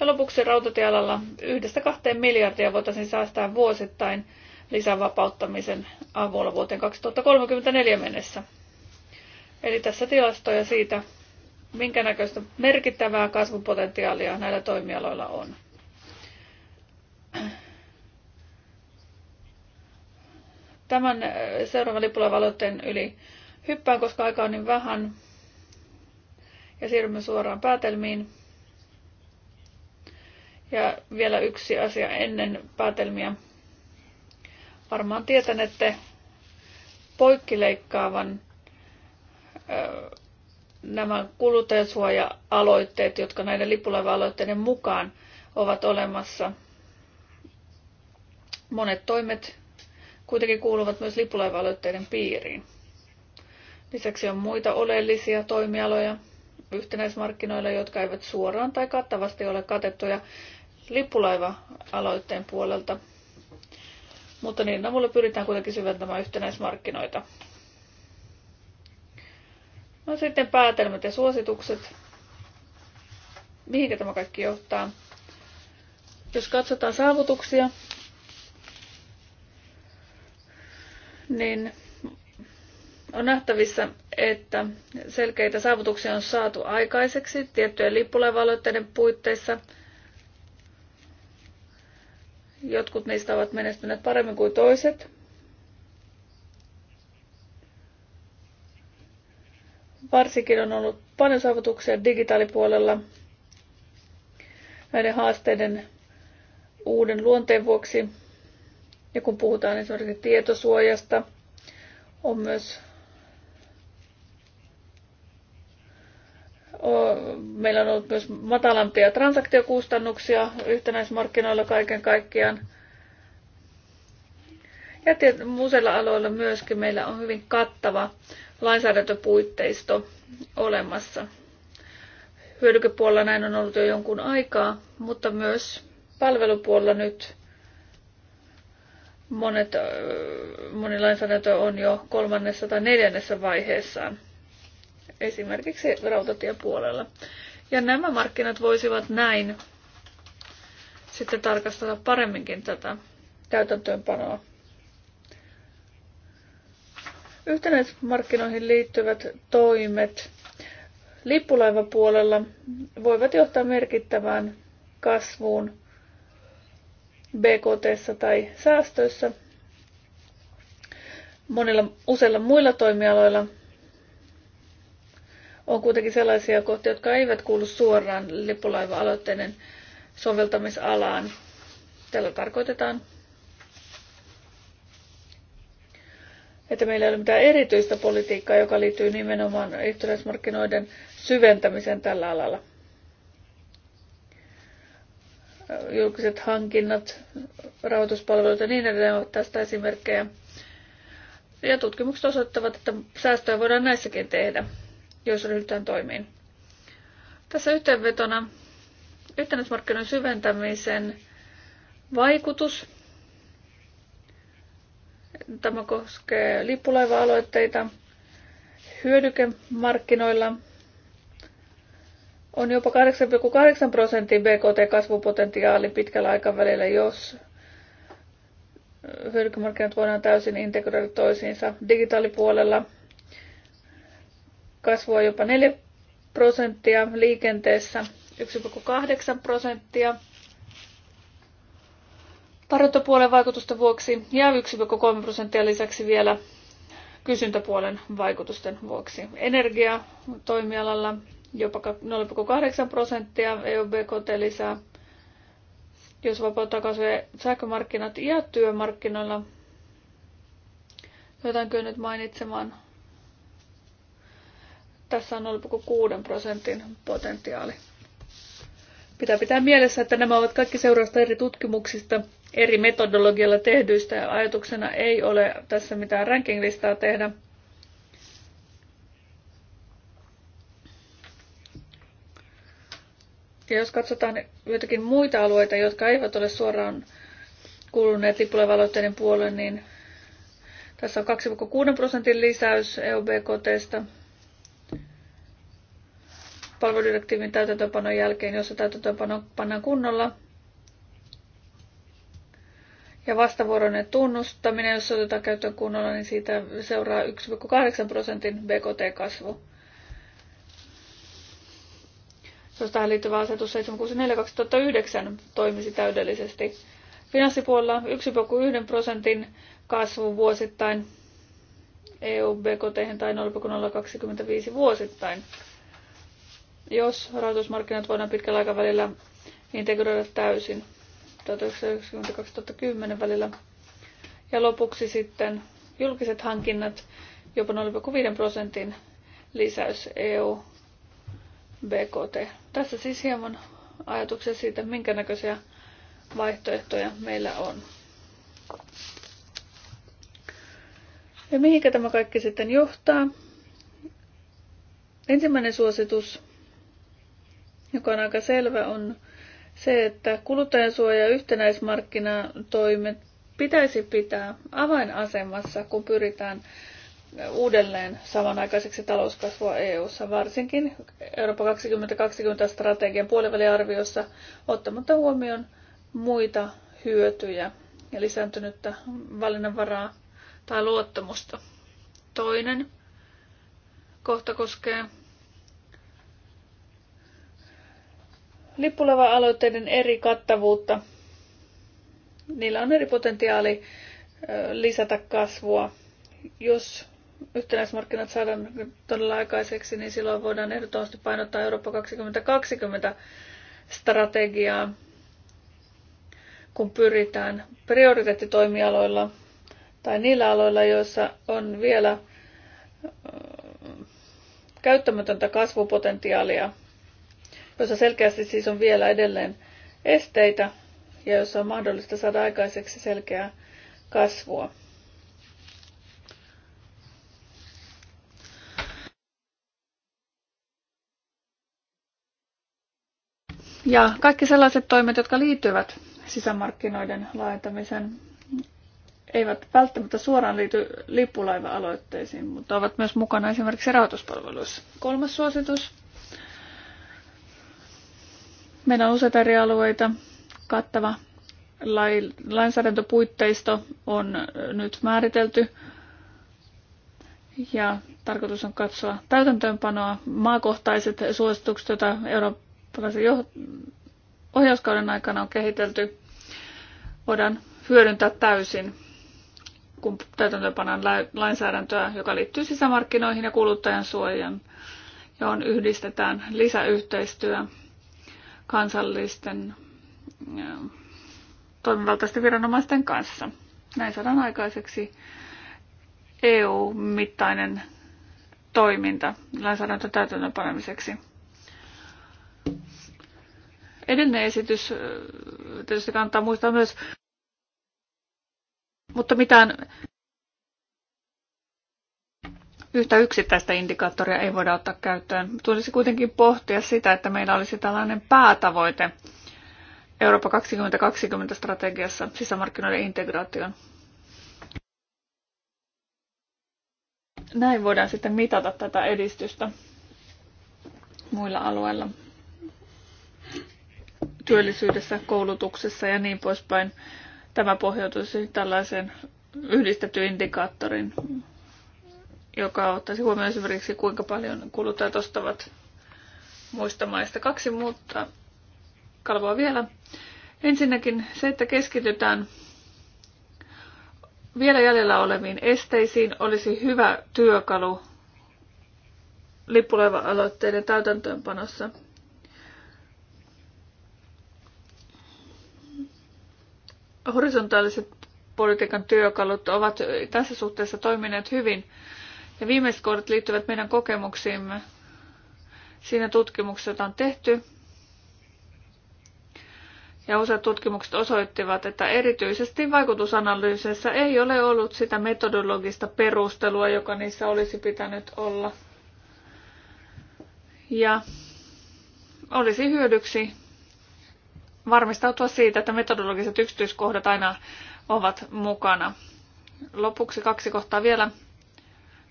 S2: Ja lopuksi rautatiealalla yhdestä kahteen miljardia voitaisiin säästää vuosittain lisävapauttamisen avulla vuoteen 2034 mennessä. Eli tässä tilastoja siitä, minkä näköistä merkittävää kasvupotentiaalia näillä toimialoilla on. Tämän äh, seuraavan lipulevaloitteen yli hyppään, koska aikaa on niin vähän. Ja siirrymme suoraan päätelmiin. Ja vielä yksi asia ennen päätelmiä. Varmaan tietänette poikkileikkaavan ö, nämä kuluttajasuoja-aloitteet, jotka näiden lipulaiva-aloitteiden mukaan ovat olemassa. Monet toimet kuitenkin kuuluvat myös lipulaiva-aloitteiden piiriin. Lisäksi on muita oleellisia toimialoja, yhtenäismarkkinoilla, jotka eivät suoraan tai kattavasti ole katettuja lippulaiva-aloitteen puolelta. Mutta niin avulla no, pyritään kuitenkin syventämään yhtenäismarkkinoita. No sitten päätelmät ja suositukset. Mihinkä tämä kaikki johtaa? Jos katsotaan saavutuksia, niin on nähtävissä, että selkeitä saavutuksia on saatu aikaiseksi tiettyjen lippulaivaloitteiden puitteissa. Jotkut niistä ovat menestyneet paremmin kuin toiset. Varsinkin on ollut paljon saavutuksia digitaalipuolella näiden haasteiden uuden luonteen vuoksi. Ja kun puhutaan esimerkiksi tietosuojasta, on myös Meillä on ollut myös matalampia transaktiokustannuksia yhtenäismarkkinoilla kaiken kaikkiaan. Ja museilla aloilla myöskin meillä on hyvin kattava lainsäädäntöpuitteisto olemassa. Hyödykepuolella näin on ollut jo jonkun aikaa, mutta myös palvelupuolella nyt monet, moni lainsäädäntö on jo kolmannessa tai neljännessä vaiheessaan esimerkiksi rautatiepuolella. Ja nämä markkinat voisivat näin sitten tarkastella paremminkin tätä täytäntöönpanoa. Yhtenäismarkkinoihin liittyvät toimet lippulaivapuolella voivat johtaa merkittävään kasvuun BKT tai säästöissä. Monilla useilla muilla toimialoilla on kuitenkin sellaisia kohtia, jotka eivät kuulu suoraan lippulaiva-aloitteiden soveltamisalaan. Tällä tarkoitetaan, että meillä ei ole mitään erityistä politiikkaa, joka liittyy nimenomaan yhtenäismarkkinoiden syventämiseen tällä alalla. Julkiset hankinnat, rahoituspalvelut ja niin edelleen ovat tästä esimerkkejä. Ja tutkimukset osoittavat, että säästöjä voidaan näissäkin tehdä jos ryhdytään toimiin. Tässä yhteenvetona yhtenäismarkkinoiden syventämisen vaikutus. Tämä koskee lippulaiva-aloitteita hyödykemarkkinoilla. On jopa 8,8 prosentin BKT-kasvupotentiaali pitkällä aikavälillä, jos hyödykemarkkinat voidaan täysin integroida toisiinsa digitaalipuolella kasvua jopa 4 prosenttia, liikenteessä 1,8 prosenttia tarjontapuolen vaikutusten vuoksi ja 1,3 prosenttia lisäksi vielä kysyntäpuolen vaikutusten vuoksi. Energia toimialalla jopa 0,8 prosenttia EUBKT lisää, jos vapauttaa kasvoja sähkömarkkinat ja työmarkkinoilla, jotain kyllä nyt mainitsemaan tässä on 0,6 prosentin potentiaali. Pitää pitää mielessä, että nämä ovat kaikki seurausta eri tutkimuksista, eri metodologialla tehdyistä ja ajatuksena ei ole tässä mitään rankinglistaa tehdä. Ja jos katsotaan joitakin muita alueita, jotka eivät ole suoraan kuuluneet lippulevaloitteiden puolelle, niin tässä on 2,6 prosentin lisäys EUBKTstä palveludirektiivin täytäntöönpanon jälkeen, jossa täytäntöönpano pannaan kunnolla. Ja vastavuoroinen tunnustaminen, jos otetaan käyttöön kunnolla, niin siitä seuraa 1,8 prosentin BKT-kasvu. Jos tähän liittyvä asetus 764-2009 toimisi täydellisesti. Finanssipuolella 1,1 prosentin kasvu vuosittain EU-BKT tai 0,025 vuosittain jos rahoitusmarkkinat voidaan pitkällä aikavälillä integroida täysin 1990-2010 välillä. Ja lopuksi sitten julkiset hankinnat, jopa 0,5 prosentin lisäys EU BKT. Tässä siis hieman ajatuksia siitä, minkä näköisiä vaihtoehtoja meillä on. Ja mihinkä tämä kaikki sitten johtaa? Ensimmäinen suositus joka on aika selvä, on se, että kuluttajansuoja ja yhtenäismarkkinatoimet pitäisi pitää avainasemassa, kun pyritään uudelleen samanaikaiseksi talouskasvua EU-ssa, varsinkin Eurooppa 2020 strategian puoliväliarviossa ottamatta huomioon muita hyötyjä ja lisääntynyttä valinnanvaraa tai luottamusta. Toinen kohta koskee Lippulava aloitteiden eri kattavuutta. Niillä on eri potentiaali lisätä kasvua. Jos yhtenäismarkkinat saadaan todella aikaiseksi, niin silloin voidaan ehdottomasti painottaa Eurooppa 2020 strategiaa, kun pyritään prioriteettitoimialoilla tai niillä aloilla, joissa on vielä käyttämätöntä kasvupotentiaalia – jossa selkeästi siis on vielä edelleen esteitä ja jossa on mahdollista saada aikaiseksi selkeää kasvua. Ja kaikki sellaiset toimet, jotka liittyvät sisämarkkinoiden laajentamiseen, eivät välttämättä suoraan liity lippulaiva-aloitteisiin, mutta ovat myös mukana esimerkiksi rahoituspalveluissa. Kolmas suositus Meillä on useita eri alueita kattava lainsäädäntöpuitteisto on nyt määritelty ja tarkoitus on katsoa täytäntöönpanoa. Maakohtaiset suositukset, joita eurooppalaisen ohjauskauden aikana on kehitelty, voidaan hyödyntää täysin, kun täytäntöönpanoon lainsäädäntöä, joka liittyy sisämarkkinoihin ja kuluttajan suojaan, johon yhdistetään lisäyhteistyö kansallisten toimivaltaisten viranomaisten kanssa. Näin saadaan aikaiseksi EU-mittainen toiminta lainsäädäntö täytäntöön panemiseksi. Edellinen esitys äh, tietysti kannattaa muistaa myös, mutta mitään yhtä yksittäistä indikaattoria ei voida ottaa käyttöön. Tulisi kuitenkin pohtia sitä, että meillä olisi tällainen päätavoite Eurooppa 2020 strategiassa sisämarkkinoiden integraation. Näin voidaan sitten mitata tätä edistystä muilla alueilla työllisyydessä, koulutuksessa ja niin poispäin. Tämä pohjautuisi tällaiseen yhdistetty indikaattorin joka ottaisi huomioon esimerkiksi kuinka paljon kuluttajat ostavat muista maista. Kaksi muuta kalvoa vielä. Ensinnäkin se, että keskitytään vielä jäljellä oleviin esteisiin, olisi hyvä työkalu lippuleva aloitteiden täytäntöönpanossa. Horisontaaliset politiikan työkalut ovat tässä suhteessa toimineet hyvin ja viimeiset kohdat liittyvät meidän kokemuksiimme siinä tutkimuksessa, jota on tehty. Ja useat tutkimukset osoittivat, että erityisesti vaikutusanalyysissä ei ole ollut sitä metodologista perustelua, joka niissä olisi pitänyt olla. Ja olisi hyödyksi varmistautua siitä, että metodologiset yksityiskohdat aina ovat mukana. Lopuksi kaksi kohtaa vielä.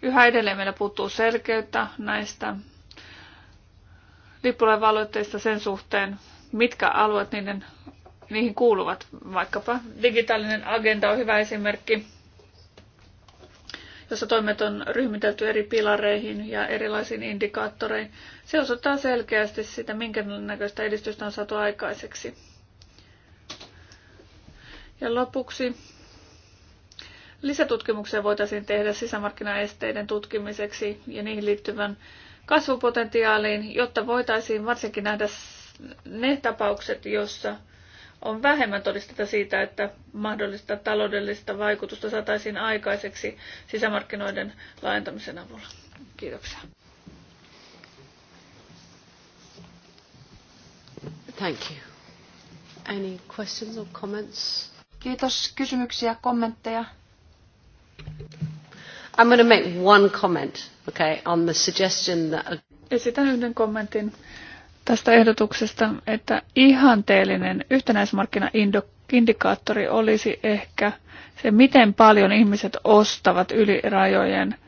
S2: Yhä edelleen meillä puuttuu selkeyttä näistä lippulevaloitteista sen suhteen, mitkä alueet niiden, niihin kuuluvat. Vaikkapa digitaalinen agenda on hyvä esimerkki, jossa toimet on ryhmitelty eri pilareihin ja erilaisiin indikaattoreihin. Se osoittaa selkeästi sitä, minkä näköistä edistystä on saatu aikaiseksi. Ja lopuksi lisätutkimuksia voitaisiin tehdä sisämarkkinaesteiden tutkimiseksi ja niihin liittyvän kasvupotentiaaliin, jotta voitaisiin varsinkin nähdä ne tapaukset, joissa on vähemmän todisteta siitä, että mahdollista taloudellista vaikutusta saataisiin aikaiseksi sisämarkkinoiden laajentamisen avulla. Kiitoksia.
S5: Thank you. Any questions or comments? Kiitos. Kysymyksiä, kommentteja? I'm going to make one comment, okay, on the suggestion
S2: that... Esitän yhden kommentin tästä ehdotuksesta, että ihanteellinen yhtenäismarkkinaindikaattori olisi ehkä se, miten paljon ihmiset ostavat yli rajojen –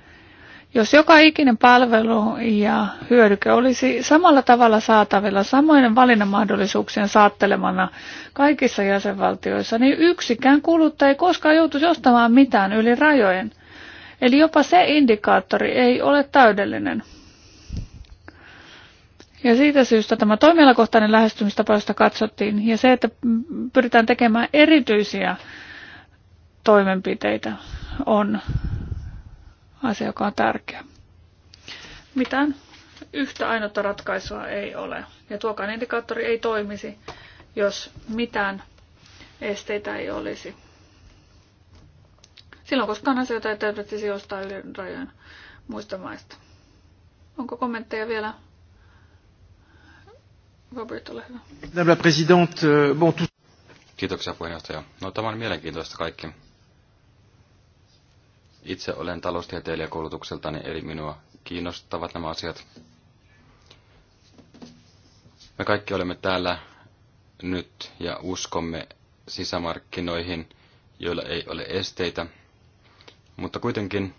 S2: jos joka ikinen palvelu ja hyödyke olisi samalla tavalla saatavilla samoinen valinnanmahdollisuuksien saattelemana kaikissa jäsenvaltioissa, niin yksikään kuluttaja ei koskaan joutuisi ostamaan mitään yli rajojen. Eli jopa se indikaattori ei ole täydellinen. Ja siitä syystä tämä toimialakohtainen lähestymistapa, josta katsottiin, ja se, että pyritään tekemään erityisiä toimenpiteitä, on asia, joka on tärkeä. Mitään yhtä ainutta ratkaisua ei ole. Ja tuokaan indikaattori ei toimisi, jos mitään esteitä ei olisi. Silloin koskaan asioita ei täydettäisi jostain yli rajojen muista maista. Onko kommentteja vielä? Robert, ole hyvä.
S1: Euh,
S4: Kiitoksia puheenjohtaja. No, tämä on mielenkiintoista kaikki. Itse olen taloustieteilijä koulutukseltani, eli minua kiinnostavat nämä asiat. Me kaikki olemme täällä nyt ja uskomme sisämarkkinoihin, joilla ei ole esteitä, mutta kuitenkin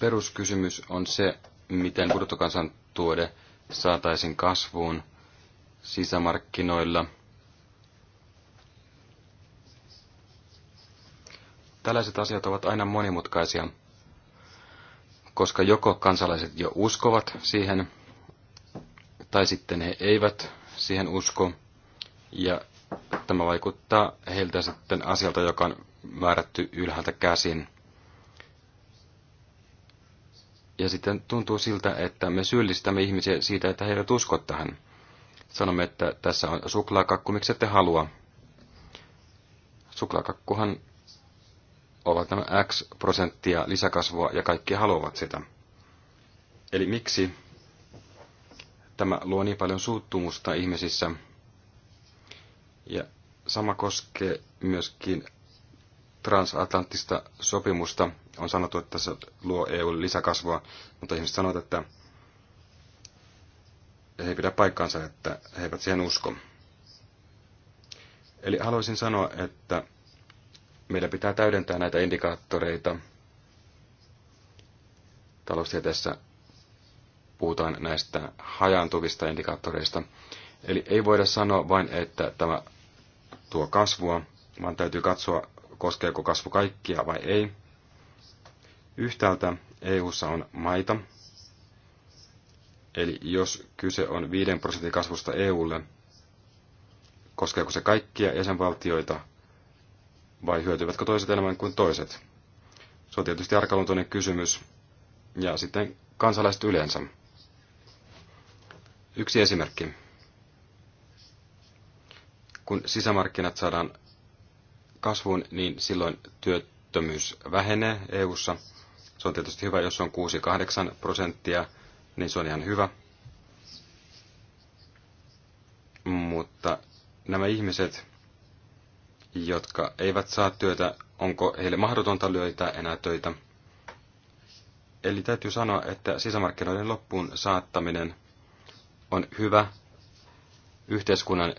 S4: peruskysymys on se, miten bruttokansantuode saataisiin kasvuun sisämarkkinoilla – Tällaiset asiat ovat aina monimutkaisia, koska joko kansalaiset jo uskovat siihen, tai sitten he eivät siihen usko, ja tämä vaikuttaa heiltä sitten asialta, joka on määrätty ylhäältä käsin. Ja sitten tuntuu siltä, että me syyllistämme ihmisiä siitä, että heidät eivät usko tähän. Sanomme, että tässä on suklaakakku, miksi ette halua. Suklaakakkuhan ovat nämä X prosenttia lisäkasvua ja kaikki haluavat sitä. Eli miksi tämä luo niin paljon suuttumusta ihmisissä? Ja sama koskee myöskin transatlanttista sopimusta. On sanottu, että se luo EU lisäkasvua, mutta ihmiset sanovat, että he ei pidä paikkaansa, että he eivät siihen usko. Eli haluaisin sanoa, että meillä pitää täydentää näitä indikaattoreita. Taloustieteessä puhutaan näistä hajaantuvista indikaattoreista. Eli ei voida sanoa vain, että tämä tuo kasvua, vaan täytyy katsoa, koskeeko kasvu kaikkia vai ei. Yhtäältä EU:ssa on maita, eli jos kyse on 5 prosentin kasvusta EUlle, koskeeko se kaikkia jäsenvaltioita vai hyötyvätkö toiset enemmän kuin toiset? Se on tietysti arkaluontoinen kysymys, ja sitten kansalaiset yleensä. Yksi esimerkki. Kun sisämarkkinat saadaan kasvuun, niin silloin työttömyys vähenee EU:ssa. Se on tietysti hyvä, jos on 6-8 prosenttia, niin se on ihan hyvä. Mutta nämä ihmiset, jotka eivät saa työtä, onko heille mahdotonta löytää enää töitä. Eli täytyy sanoa, että sisämarkkinoiden loppuun saattaminen on hyvä yhteiskunnan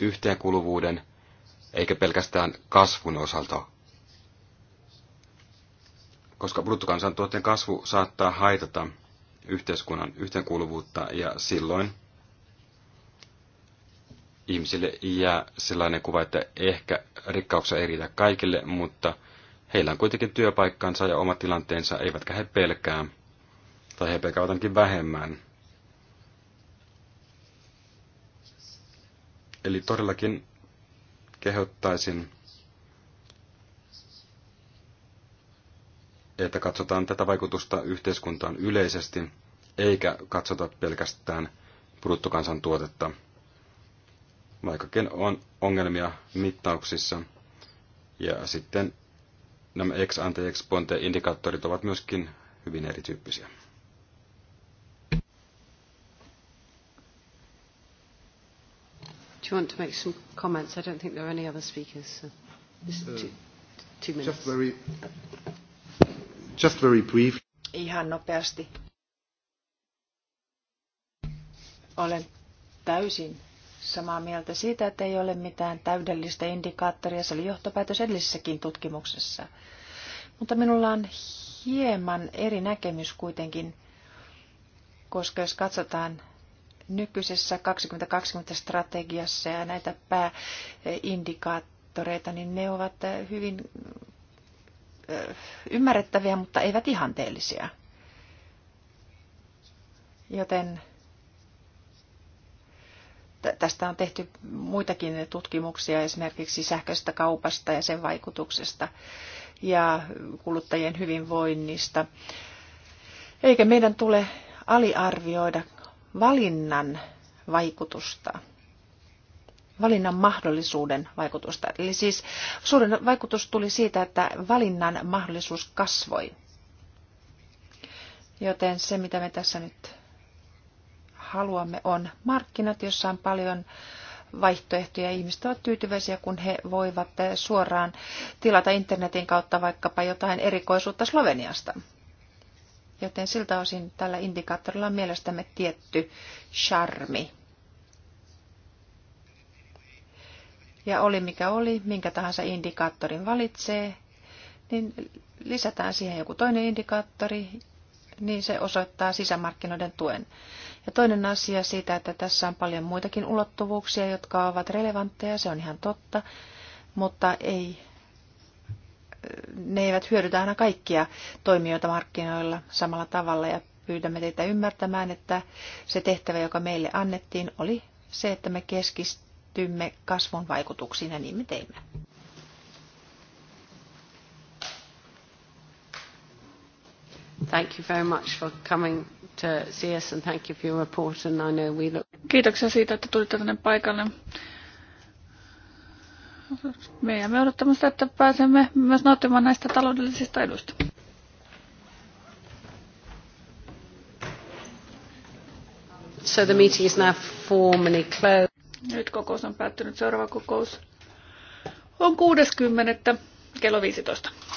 S4: yhteenkuluvuuden eikä pelkästään kasvun osalta. Koska bruttokansantuotteen kasvu saattaa haitata yhteiskunnan yhteenkuuluvuutta ja silloin ihmisille jää sellainen kuva, että ehkä rikkauksia ei riitä kaikille, mutta heillä on kuitenkin työpaikkansa ja oma tilanteensa, eivätkä he pelkää, tai he pelkäävät ainakin vähemmän. Eli todellakin kehottaisin, että katsotaan tätä vaikutusta yhteiskuntaan yleisesti, eikä katsota pelkästään bruttokansantuotetta. tuotetta vaikkakin on ongelmia mittauksissa. Ja sitten nämä ex ante ex ponte indikaattorit ovat myöskin hyvin erityyppisiä.
S5: Do you want to make some comments? I don't think there are any other speakers. So just uh, two, two Just
S3: very,
S1: just very brief.
S3: Ihan nopeasti. Olen täysin samaa mieltä siitä, että ei ole mitään täydellistä indikaattoria. Se oli johtopäätös edellisessäkin tutkimuksessa. Mutta minulla on hieman eri näkemys kuitenkin, koska jos katsotaan nykyisessä 2020-strategiassa ja näitä pääindikaattoreita, niin ne ovat äh, hyvin äh, ymmärrettäviä, mutta eivät ihanteellisia. Joten Tästä on tehty muitakin tutkimuksia esimerkiksi sähköisestä kaupasta ja sen vaikutuksesta ja kuluttajien hyvinvoinnista. Eikä meidän tule aliarvioida valinnan vaikutusta, valinnan mahdollisuuden vaikutusta. Eli siis suurin vaikutus tuli siitä, että valinnan mahdollisuus kasvoi. Joten se, mitä me tässä nyt haluamme, on markkinat, jossa on paljon vaihtoehtoja. Ihmiset ovat tyytyväisiä, kun he voivat suoraan tilata internetin kautta vaikkapa jotain erikoisuutta Sloveniasta. Joten siltä osin tällä indikaattorilla on mielestämme tietty charmi. Ja oli mikä oli, minkä tahansa indikaattorin valitsee, niin lisätään siihen joku toinen indikaattori, niin se osoittaa sisämarkkinoiden tuen. Ja toinen asia siitä, että tässä on paljon muitakin ulottuvuuksia, jotka ovat relevantteja, se on ihan totta, mutta ei, ne eivät hyödytä aina kaikkia toimijoita markkinoilla samalla tavalla ja pyydämme teitä ymmärtämään, että se tehtävä, joka meille annettiin, oli se, että me keskistymme kasvun vaikutuksiin ja niin me teimme.
S5: Thank you very much for coming and thank you for your report and I know
S2: we look... Kiitoksia siitä, että tulitte tänne paikalle. Me jäämme odottamassa, sitä, että pääsemme myös nauttimaan näistä taloudellisista eduista.
S5: So the meeting is now formally closed.
S2: Nyt kokous on päättynyt. Seuraava kokous on 60. kello 15.